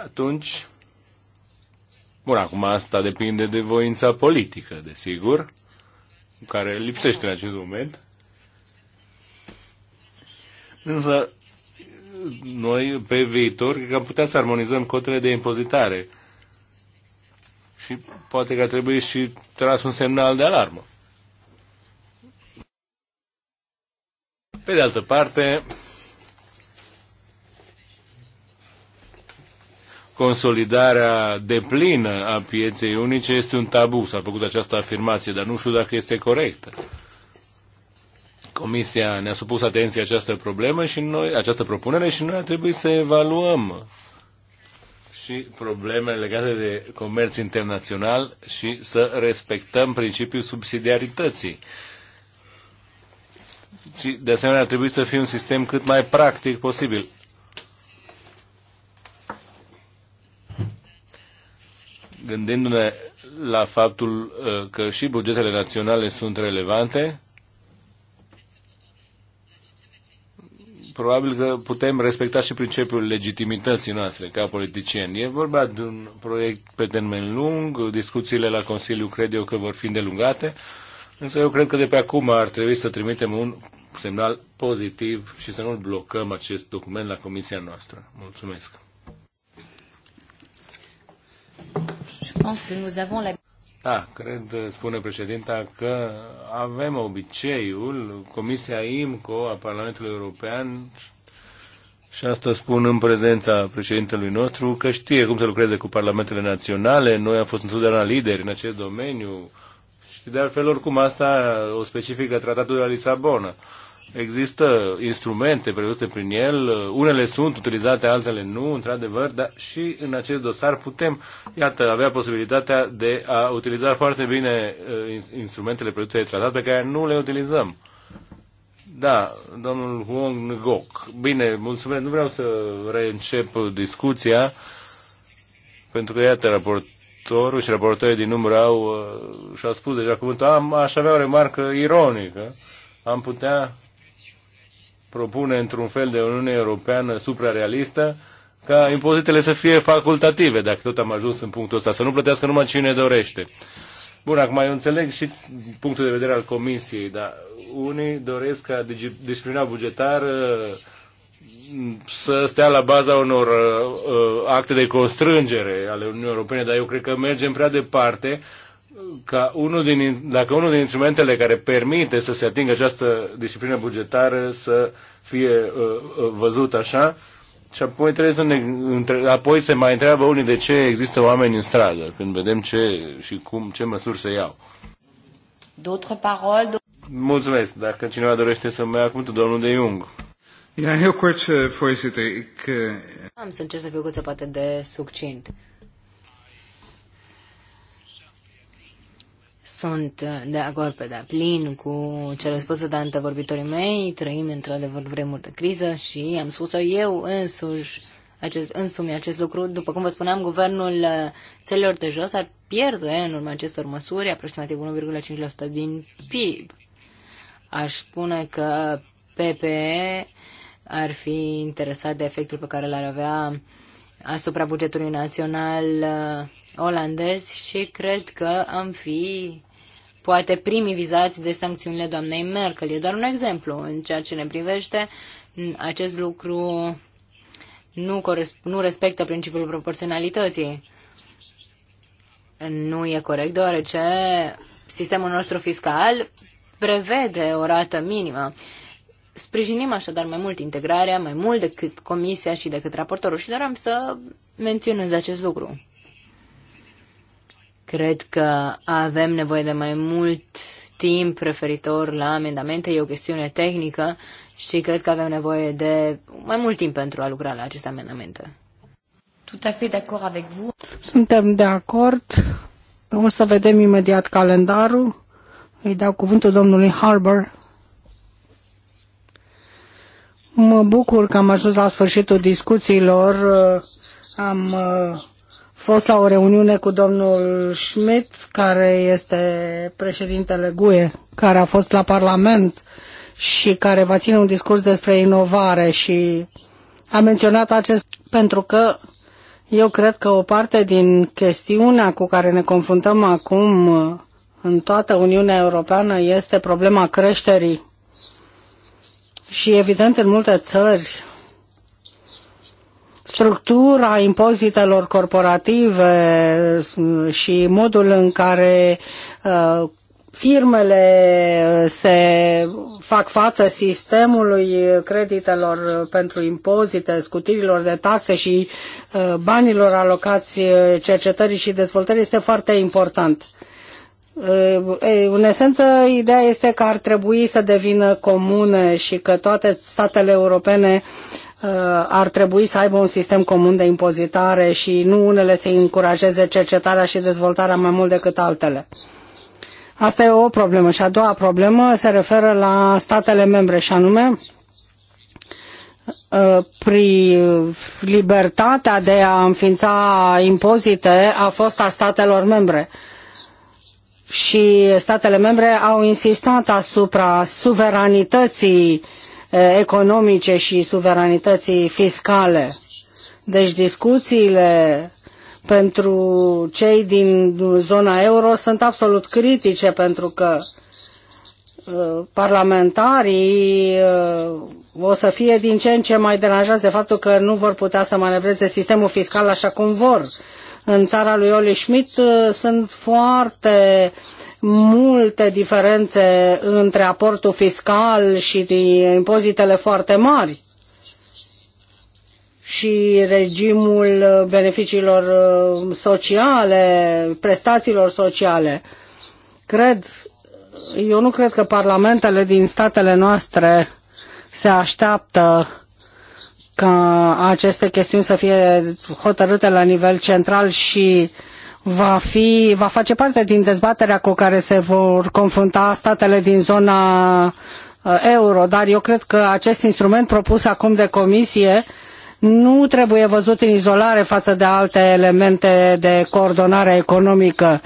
atunci, bun, acum asta depinde de voința politică, desigur, care lipsește în acest moment. Însă, noi pe viitor cred că am putea să armonizăm cotele de impozitare. Și poate că trebuie și tras un semnal de alarmă. Pe de altă parte, consolidarea deplină a pieței unice este un tabu. S-a făcut această afirmație, dar nu știu dacă este corectă. Comisia ne-a supus atenție această problemă și noi, această propunere și noi ar trebui să evaluăm și problemele legate de comerț internațional și să respectăm principiul subsidiarității. Și de asemenea ar trebui să fie un sistem cât mai practic posibil. gândindu-ne la faptul uh, că și bugetele naționale sunt relevante, probabil că putem respecta și principiul legitimității noastre ca politicieni. E vorba de un proiect pe termen lung, discuțiile la Consiliu cred eu că vor fi îndelungate, însă eu cred că de pe acum ar trebui să trimitem un semnal pozitiv și să nu blocăm acest document la comisia noastră. Mulțumesc! Da, cred, spune președinta, că avem obiceiul, Comisia IMCO a Parlamentului European și asta spun în prezența președintelui nostru, că știe cum să lucreze cu parlamentele naționale. Noi am fost întotdeauna lideri în acest domeniu și de altfel oricum asta o specifică tratatul de la Lisabona. Există instrumente prevăzute prin el, unele sunt utilizate, altele nu, într-adevăr, dar și în acest dosar putem, iată, avea posibilitatea de a utiliza foarte bine uh, instrumentele prevăzute de tratat pe care nu le utilizăm. Da, domnul Huong Ngoc. Bine, mulțumesc. Nu vreau să reîncep discuția, pentru că, iată, raportorul și raportorii din număr au uh, și-au spus deja cuvântul. Am, aș avea o remarcă ironică. Am putea propune într-un fel de Uniune Europeană suprarealistă ca impozitele să fie facultative, dacă tot am ajuns în punctul ăsta, să nu plătească numai cine dorește. Bun, acum eu înțeleg și punctul de vedere al Comisiei, dar unii doresc ca disciplina bugetară mm, să stea la baza unor uh, uh, acte de constrângere ale Uniunii Europene, dar eu cred că mergem prea departe ca unul din, dacă unul din instrumentele care permite să se atingă această disciplină bugetară să fie uh, uh, văzut așa, și apoi, trebuie să ne, între, apoi se mai întreabă unii de ce există oameni în stradă, când vedem ce și cum, ce măsuri se iau. parole, paroles? Mulțumesc. Dacă cineva dorește să mă ia cuvântul, domnul de Jung. Ia, eu cu ce, Am să încerc să fiu cât se poate de succint. Sunt de acord pe deplin cu cele spuse de antevorbitorii mei, trăim într-adevăr vremuri de criză și am spus-o eu însuși acest, însumi acest lucru. După cum vă spuneam, guvernul uh, țelor de jos ar pierde în urma acestor măsuri aproximativ 1,5% din PIB. Aș spune că PPE ar fi interesat de efectul pe care l-ar avea asupra bugetului național uh, olandez și cred că am fi poate primii vizați de sancțiunile doamnei Merkel. E doar un exemplu. În ceea ce ne privește, acest lucru nu, nu respectă principiul proporționalității. Nu e corect, deoarece sistemul nostru fiscal prevede o rată minimă. Sprijinim așadar mai mult integrarea, mai mult decât comisia și decât raportorul și doream să menționez acest lucru. Cred că avem nevoie de mai mult timp referitor la amendamente. E o chestiune tehnică și cred că avem nevoie de mai mult timp pentru a lucra la aceste amendamente. Tout à fait d'accord avec vous. Suntem de acord. O să vedem imediat calendarul. Îi dau cuvântul domnului Harbour. Mă bucur că am ajuns la sfârșitul discuțiilor. Am uh, fost la o reuniune cu domnul Schmidt, care este președintele GUE, care a fost la Parlament și care va ține un discurs despre inovare și a menționat acest pentru că eu cred că o parte din chestiunea cu care ne confruntăm acum în toată Uniunea Europeană este problema creșterii. Și evident în multe țări structura impozitelor corporative și modul în care uh, firmele se fac față sistemului creditelor pentru impozite, scutirilor de taxe și uh, banilor alocați cercetării și dezvoltării este foarte important. Uh, în esență, ideea este că ar trebui să devină comune și că toate statele europene uh, Uh, ar trebui să aibă un sistem comun de impozitare și nu unele să încurajeze cercetarea și dezvoltarea mai mult decât altele. Asta e o problemă. Și a doua problemă se referă la statele membre și anume uh, pri libertatea de a înființa impozite a fost a statelor membre și statele membre au insistat asupra suveranității uh, Eh, economice și suveranității fiscale. Deci discuțiile pentru cei din zona euro sunt absolut critice pentru că eh, parlamentarii eh, o să fie din ce în ce mai deranjați de faptul că nu vor putea să manevreze sistemul fiscal așa cum vor. În țara lui Oli Schmidt sunt foarte multe diferențe între aportul fiscal și impozitele foarte mari și regimul beneficiilor uh, sociale, prestațiilor sociale. Cred, eu nu cred că parlamentele din statele noastre se așteaptă ca aceste chestiuni să fie hotărâte la nivel central și va, fi, va face parte din dezbaterea cu care se vor confrunta statele din zona uh, euro, dar eu cred că acest instrument propus acum de comisie nu trebuie văzut în izolare față de alte elemente de coordonare economică,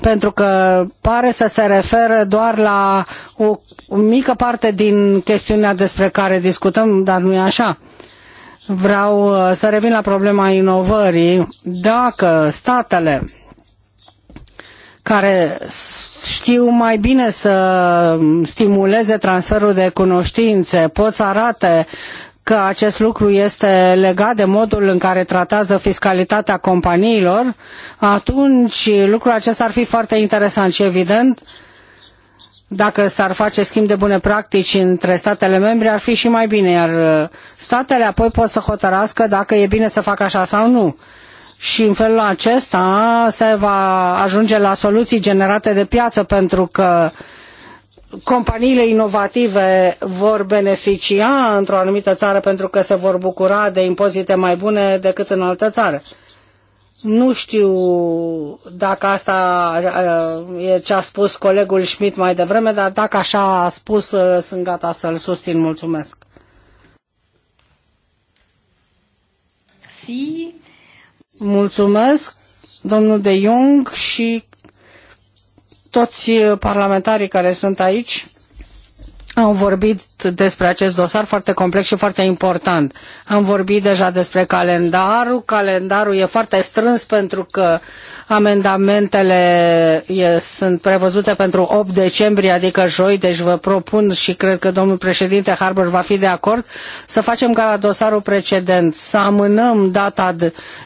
pentru că pare să se referă doar la o, mică parte din chestiunea despre care discutăm, dar nu e așa. Vreau uh, să revin la problema inovării. Dacă statele care știu mai bine să stimuleze transferul de cunoștințe, pot să arate că acest lucru este legat de modul în care tratează fiscalitatea companiilor, atunci lucrul acesta ar fi foarte interesant și evident dacă s-ar face schimb de bune practici între statele membre, ar fi și mai bine, iar statele apoi pot să hotărască dacă e bine să facă așa sau nu și în felul acesta se va ajunge la soluții generate de piață pentru că companiile inovative vor beneficia într-o anumită țară pentru că se vor bucura de impozite mai bune decât în altă țară. Nu știu dacă asta uh, e ce a spus colegul Schmidt mai devreme, dar dacă așa a spus, uh, sunt gata să-l susțin. Mulțumesc. Si. Mulțumesc, domnul de Jong și toți eh, parlamentarii care sunt aici. Am vorbit despre acest dosar foarte complex și foarte important. Am vorbit deja despre calendarul. Calendarul e foarte strâns pentru că amendamentele e, sunt prevăzute pentru 8 decembrie, adică joi, deci vă propun și cred că domnul președinte Harbour va fi de acord să facem ca la dosarul precedent, să amânăm data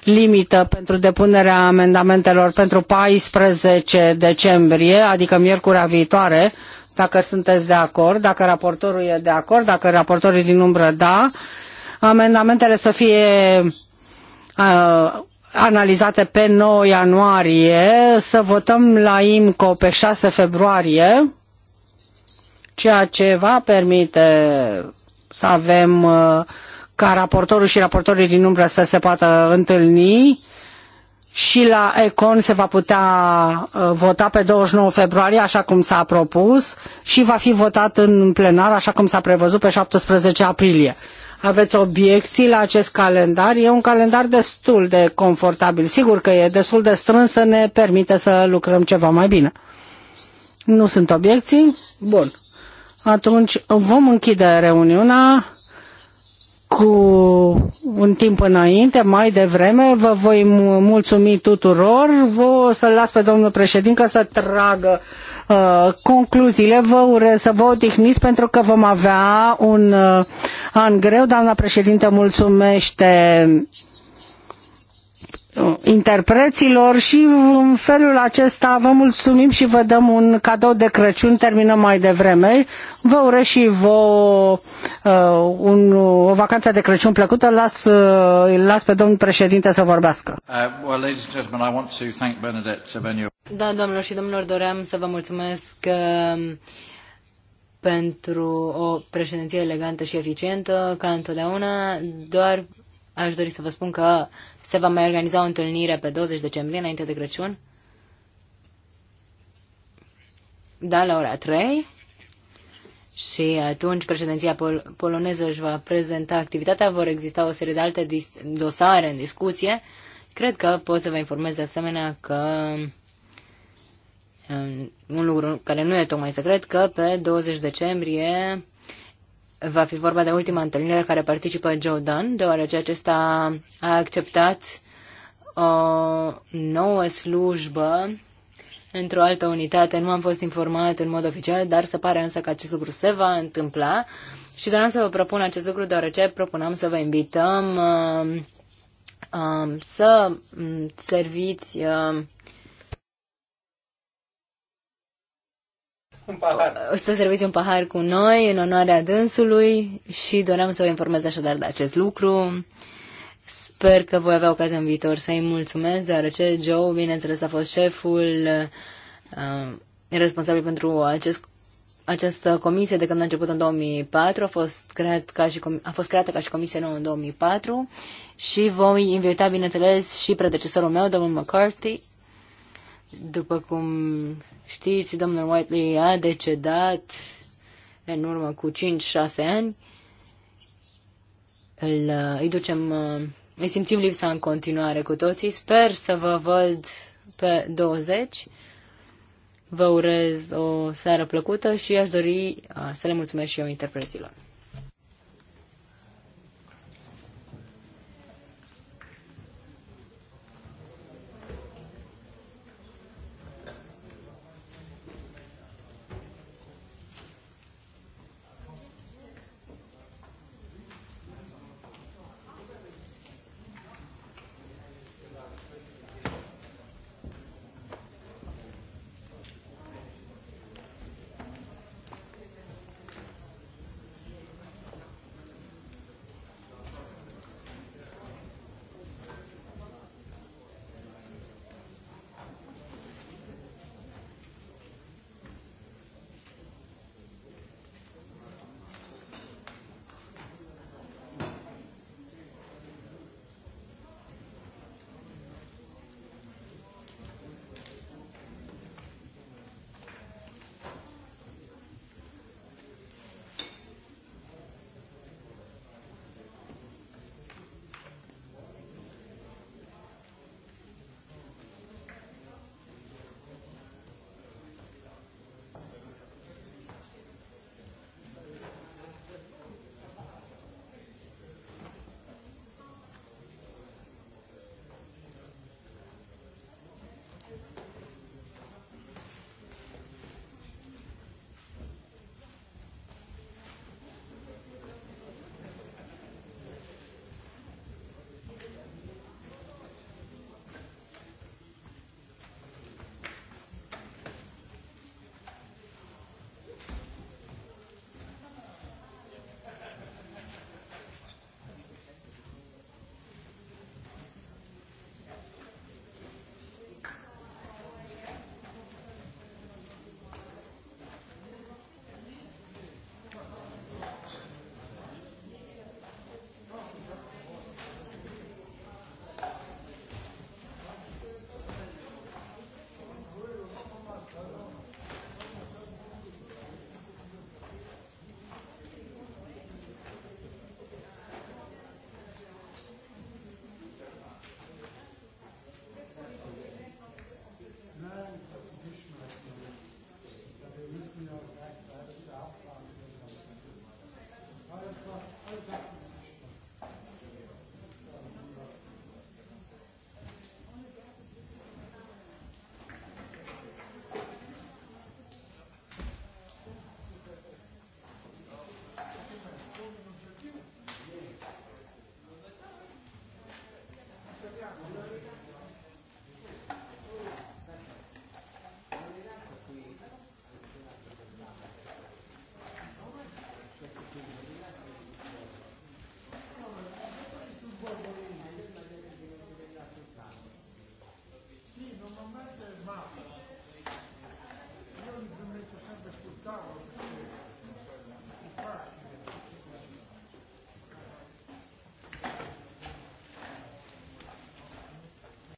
limită pentru depunerea amendamentelor pentru 14 decembrie, adică miercurea viitoare, dacă sunteți de acord, dacă raportorul e de acord, dacă raportorul din umbră da, amendamentele să fie uh, analizate pe 9 ianuarie, să votăm la IMCO pe 6 februarie, ceea ce va permite să avem uh, ca raportorul și raportorii din umbră să se poată întâlni și la Econ se va putea uh, vota pe 29 februarie, așa cum s-a propus, și va fi votat în plenar, așa cum s-a prevăzut, pe 17 aprilie. Aveți obiecții la acest calendar? E un calendar destul de confortabil. Sigur că e destul de strâns să ne permite să lucrăm ceva mai bine. Nu sunt obiecții? Bun. Atunci vom închide reuniunea cu un timp înainte, mai devreme. Vă voi mulțumi tuturor. Vă să las pe domnul președinte să tragă uh, concluziile. Vă urez să vă odihniți pentru că vom avea un uh, an greu. Doamna președinte mulțumește interpreților și în felul acesta vă mulțumim și vă dăm un cadou de Crăciun, terminăm mai devreme. Vă urez și vă uh, un, o vacanță de Crăciun plăcută. Las, uh, las pe domnul președinte să vorbească. Uh, well, da, domnilor și domnilor, doream să vă mulțumesc uh, pentru o președinție elegantă și eficientă, ca întotdeauna, doar Aș dori să vă spun că se va mai organiza o întâlnire pe 20 decembrie, înainte de Crăciun. Da, la ora 3. Și atunci președinția pol- poloneză își va prezenta activitatea, vor exista o serie de alte dosare în discuție. Cred că pot să vă informez de asemenea că um, un lucru care nu e tocmai secret, că pe 20 decembrie va fi vorba de ultima întâlnire care participă Joe Dunn, deoarece acesta a acceptat o nouă slujbă într-o altă unitate. Nu am fost informat în mod oficial, dar se pare însă că acest lucru se va întâmpla. Și doream să vă propun acest lucru, deoarece propunam să vă invităm uh, uh, să um, serviți uh, un pahar. O să serviți un pahar cu noi în onoarea dânsului și doream să vă informez așadar de acest lucru. Sper că voi avea ocazia în viitor să-i mulțumesc, deoarece Joe, bineînțeles, a fost șeful uh, responsabil pentru acest această comisie de când a început în 2004 a fost, creat ca și, a fost creată ca și comisie nouă în 2004 și voi invita, bineînțeles, și predecesorul meu, domnul McCarthy, după cum Știți, domnul Whiteley a decedat în urmă cu 5-6 ani. Îl, uh, îi ducem, uh, îi simțim lipsa în continuare cu toții. Sper să vă văd pe 20. Vă urez o seară plăcută și aș dori uh, să le mulțumesc și eu interpreților.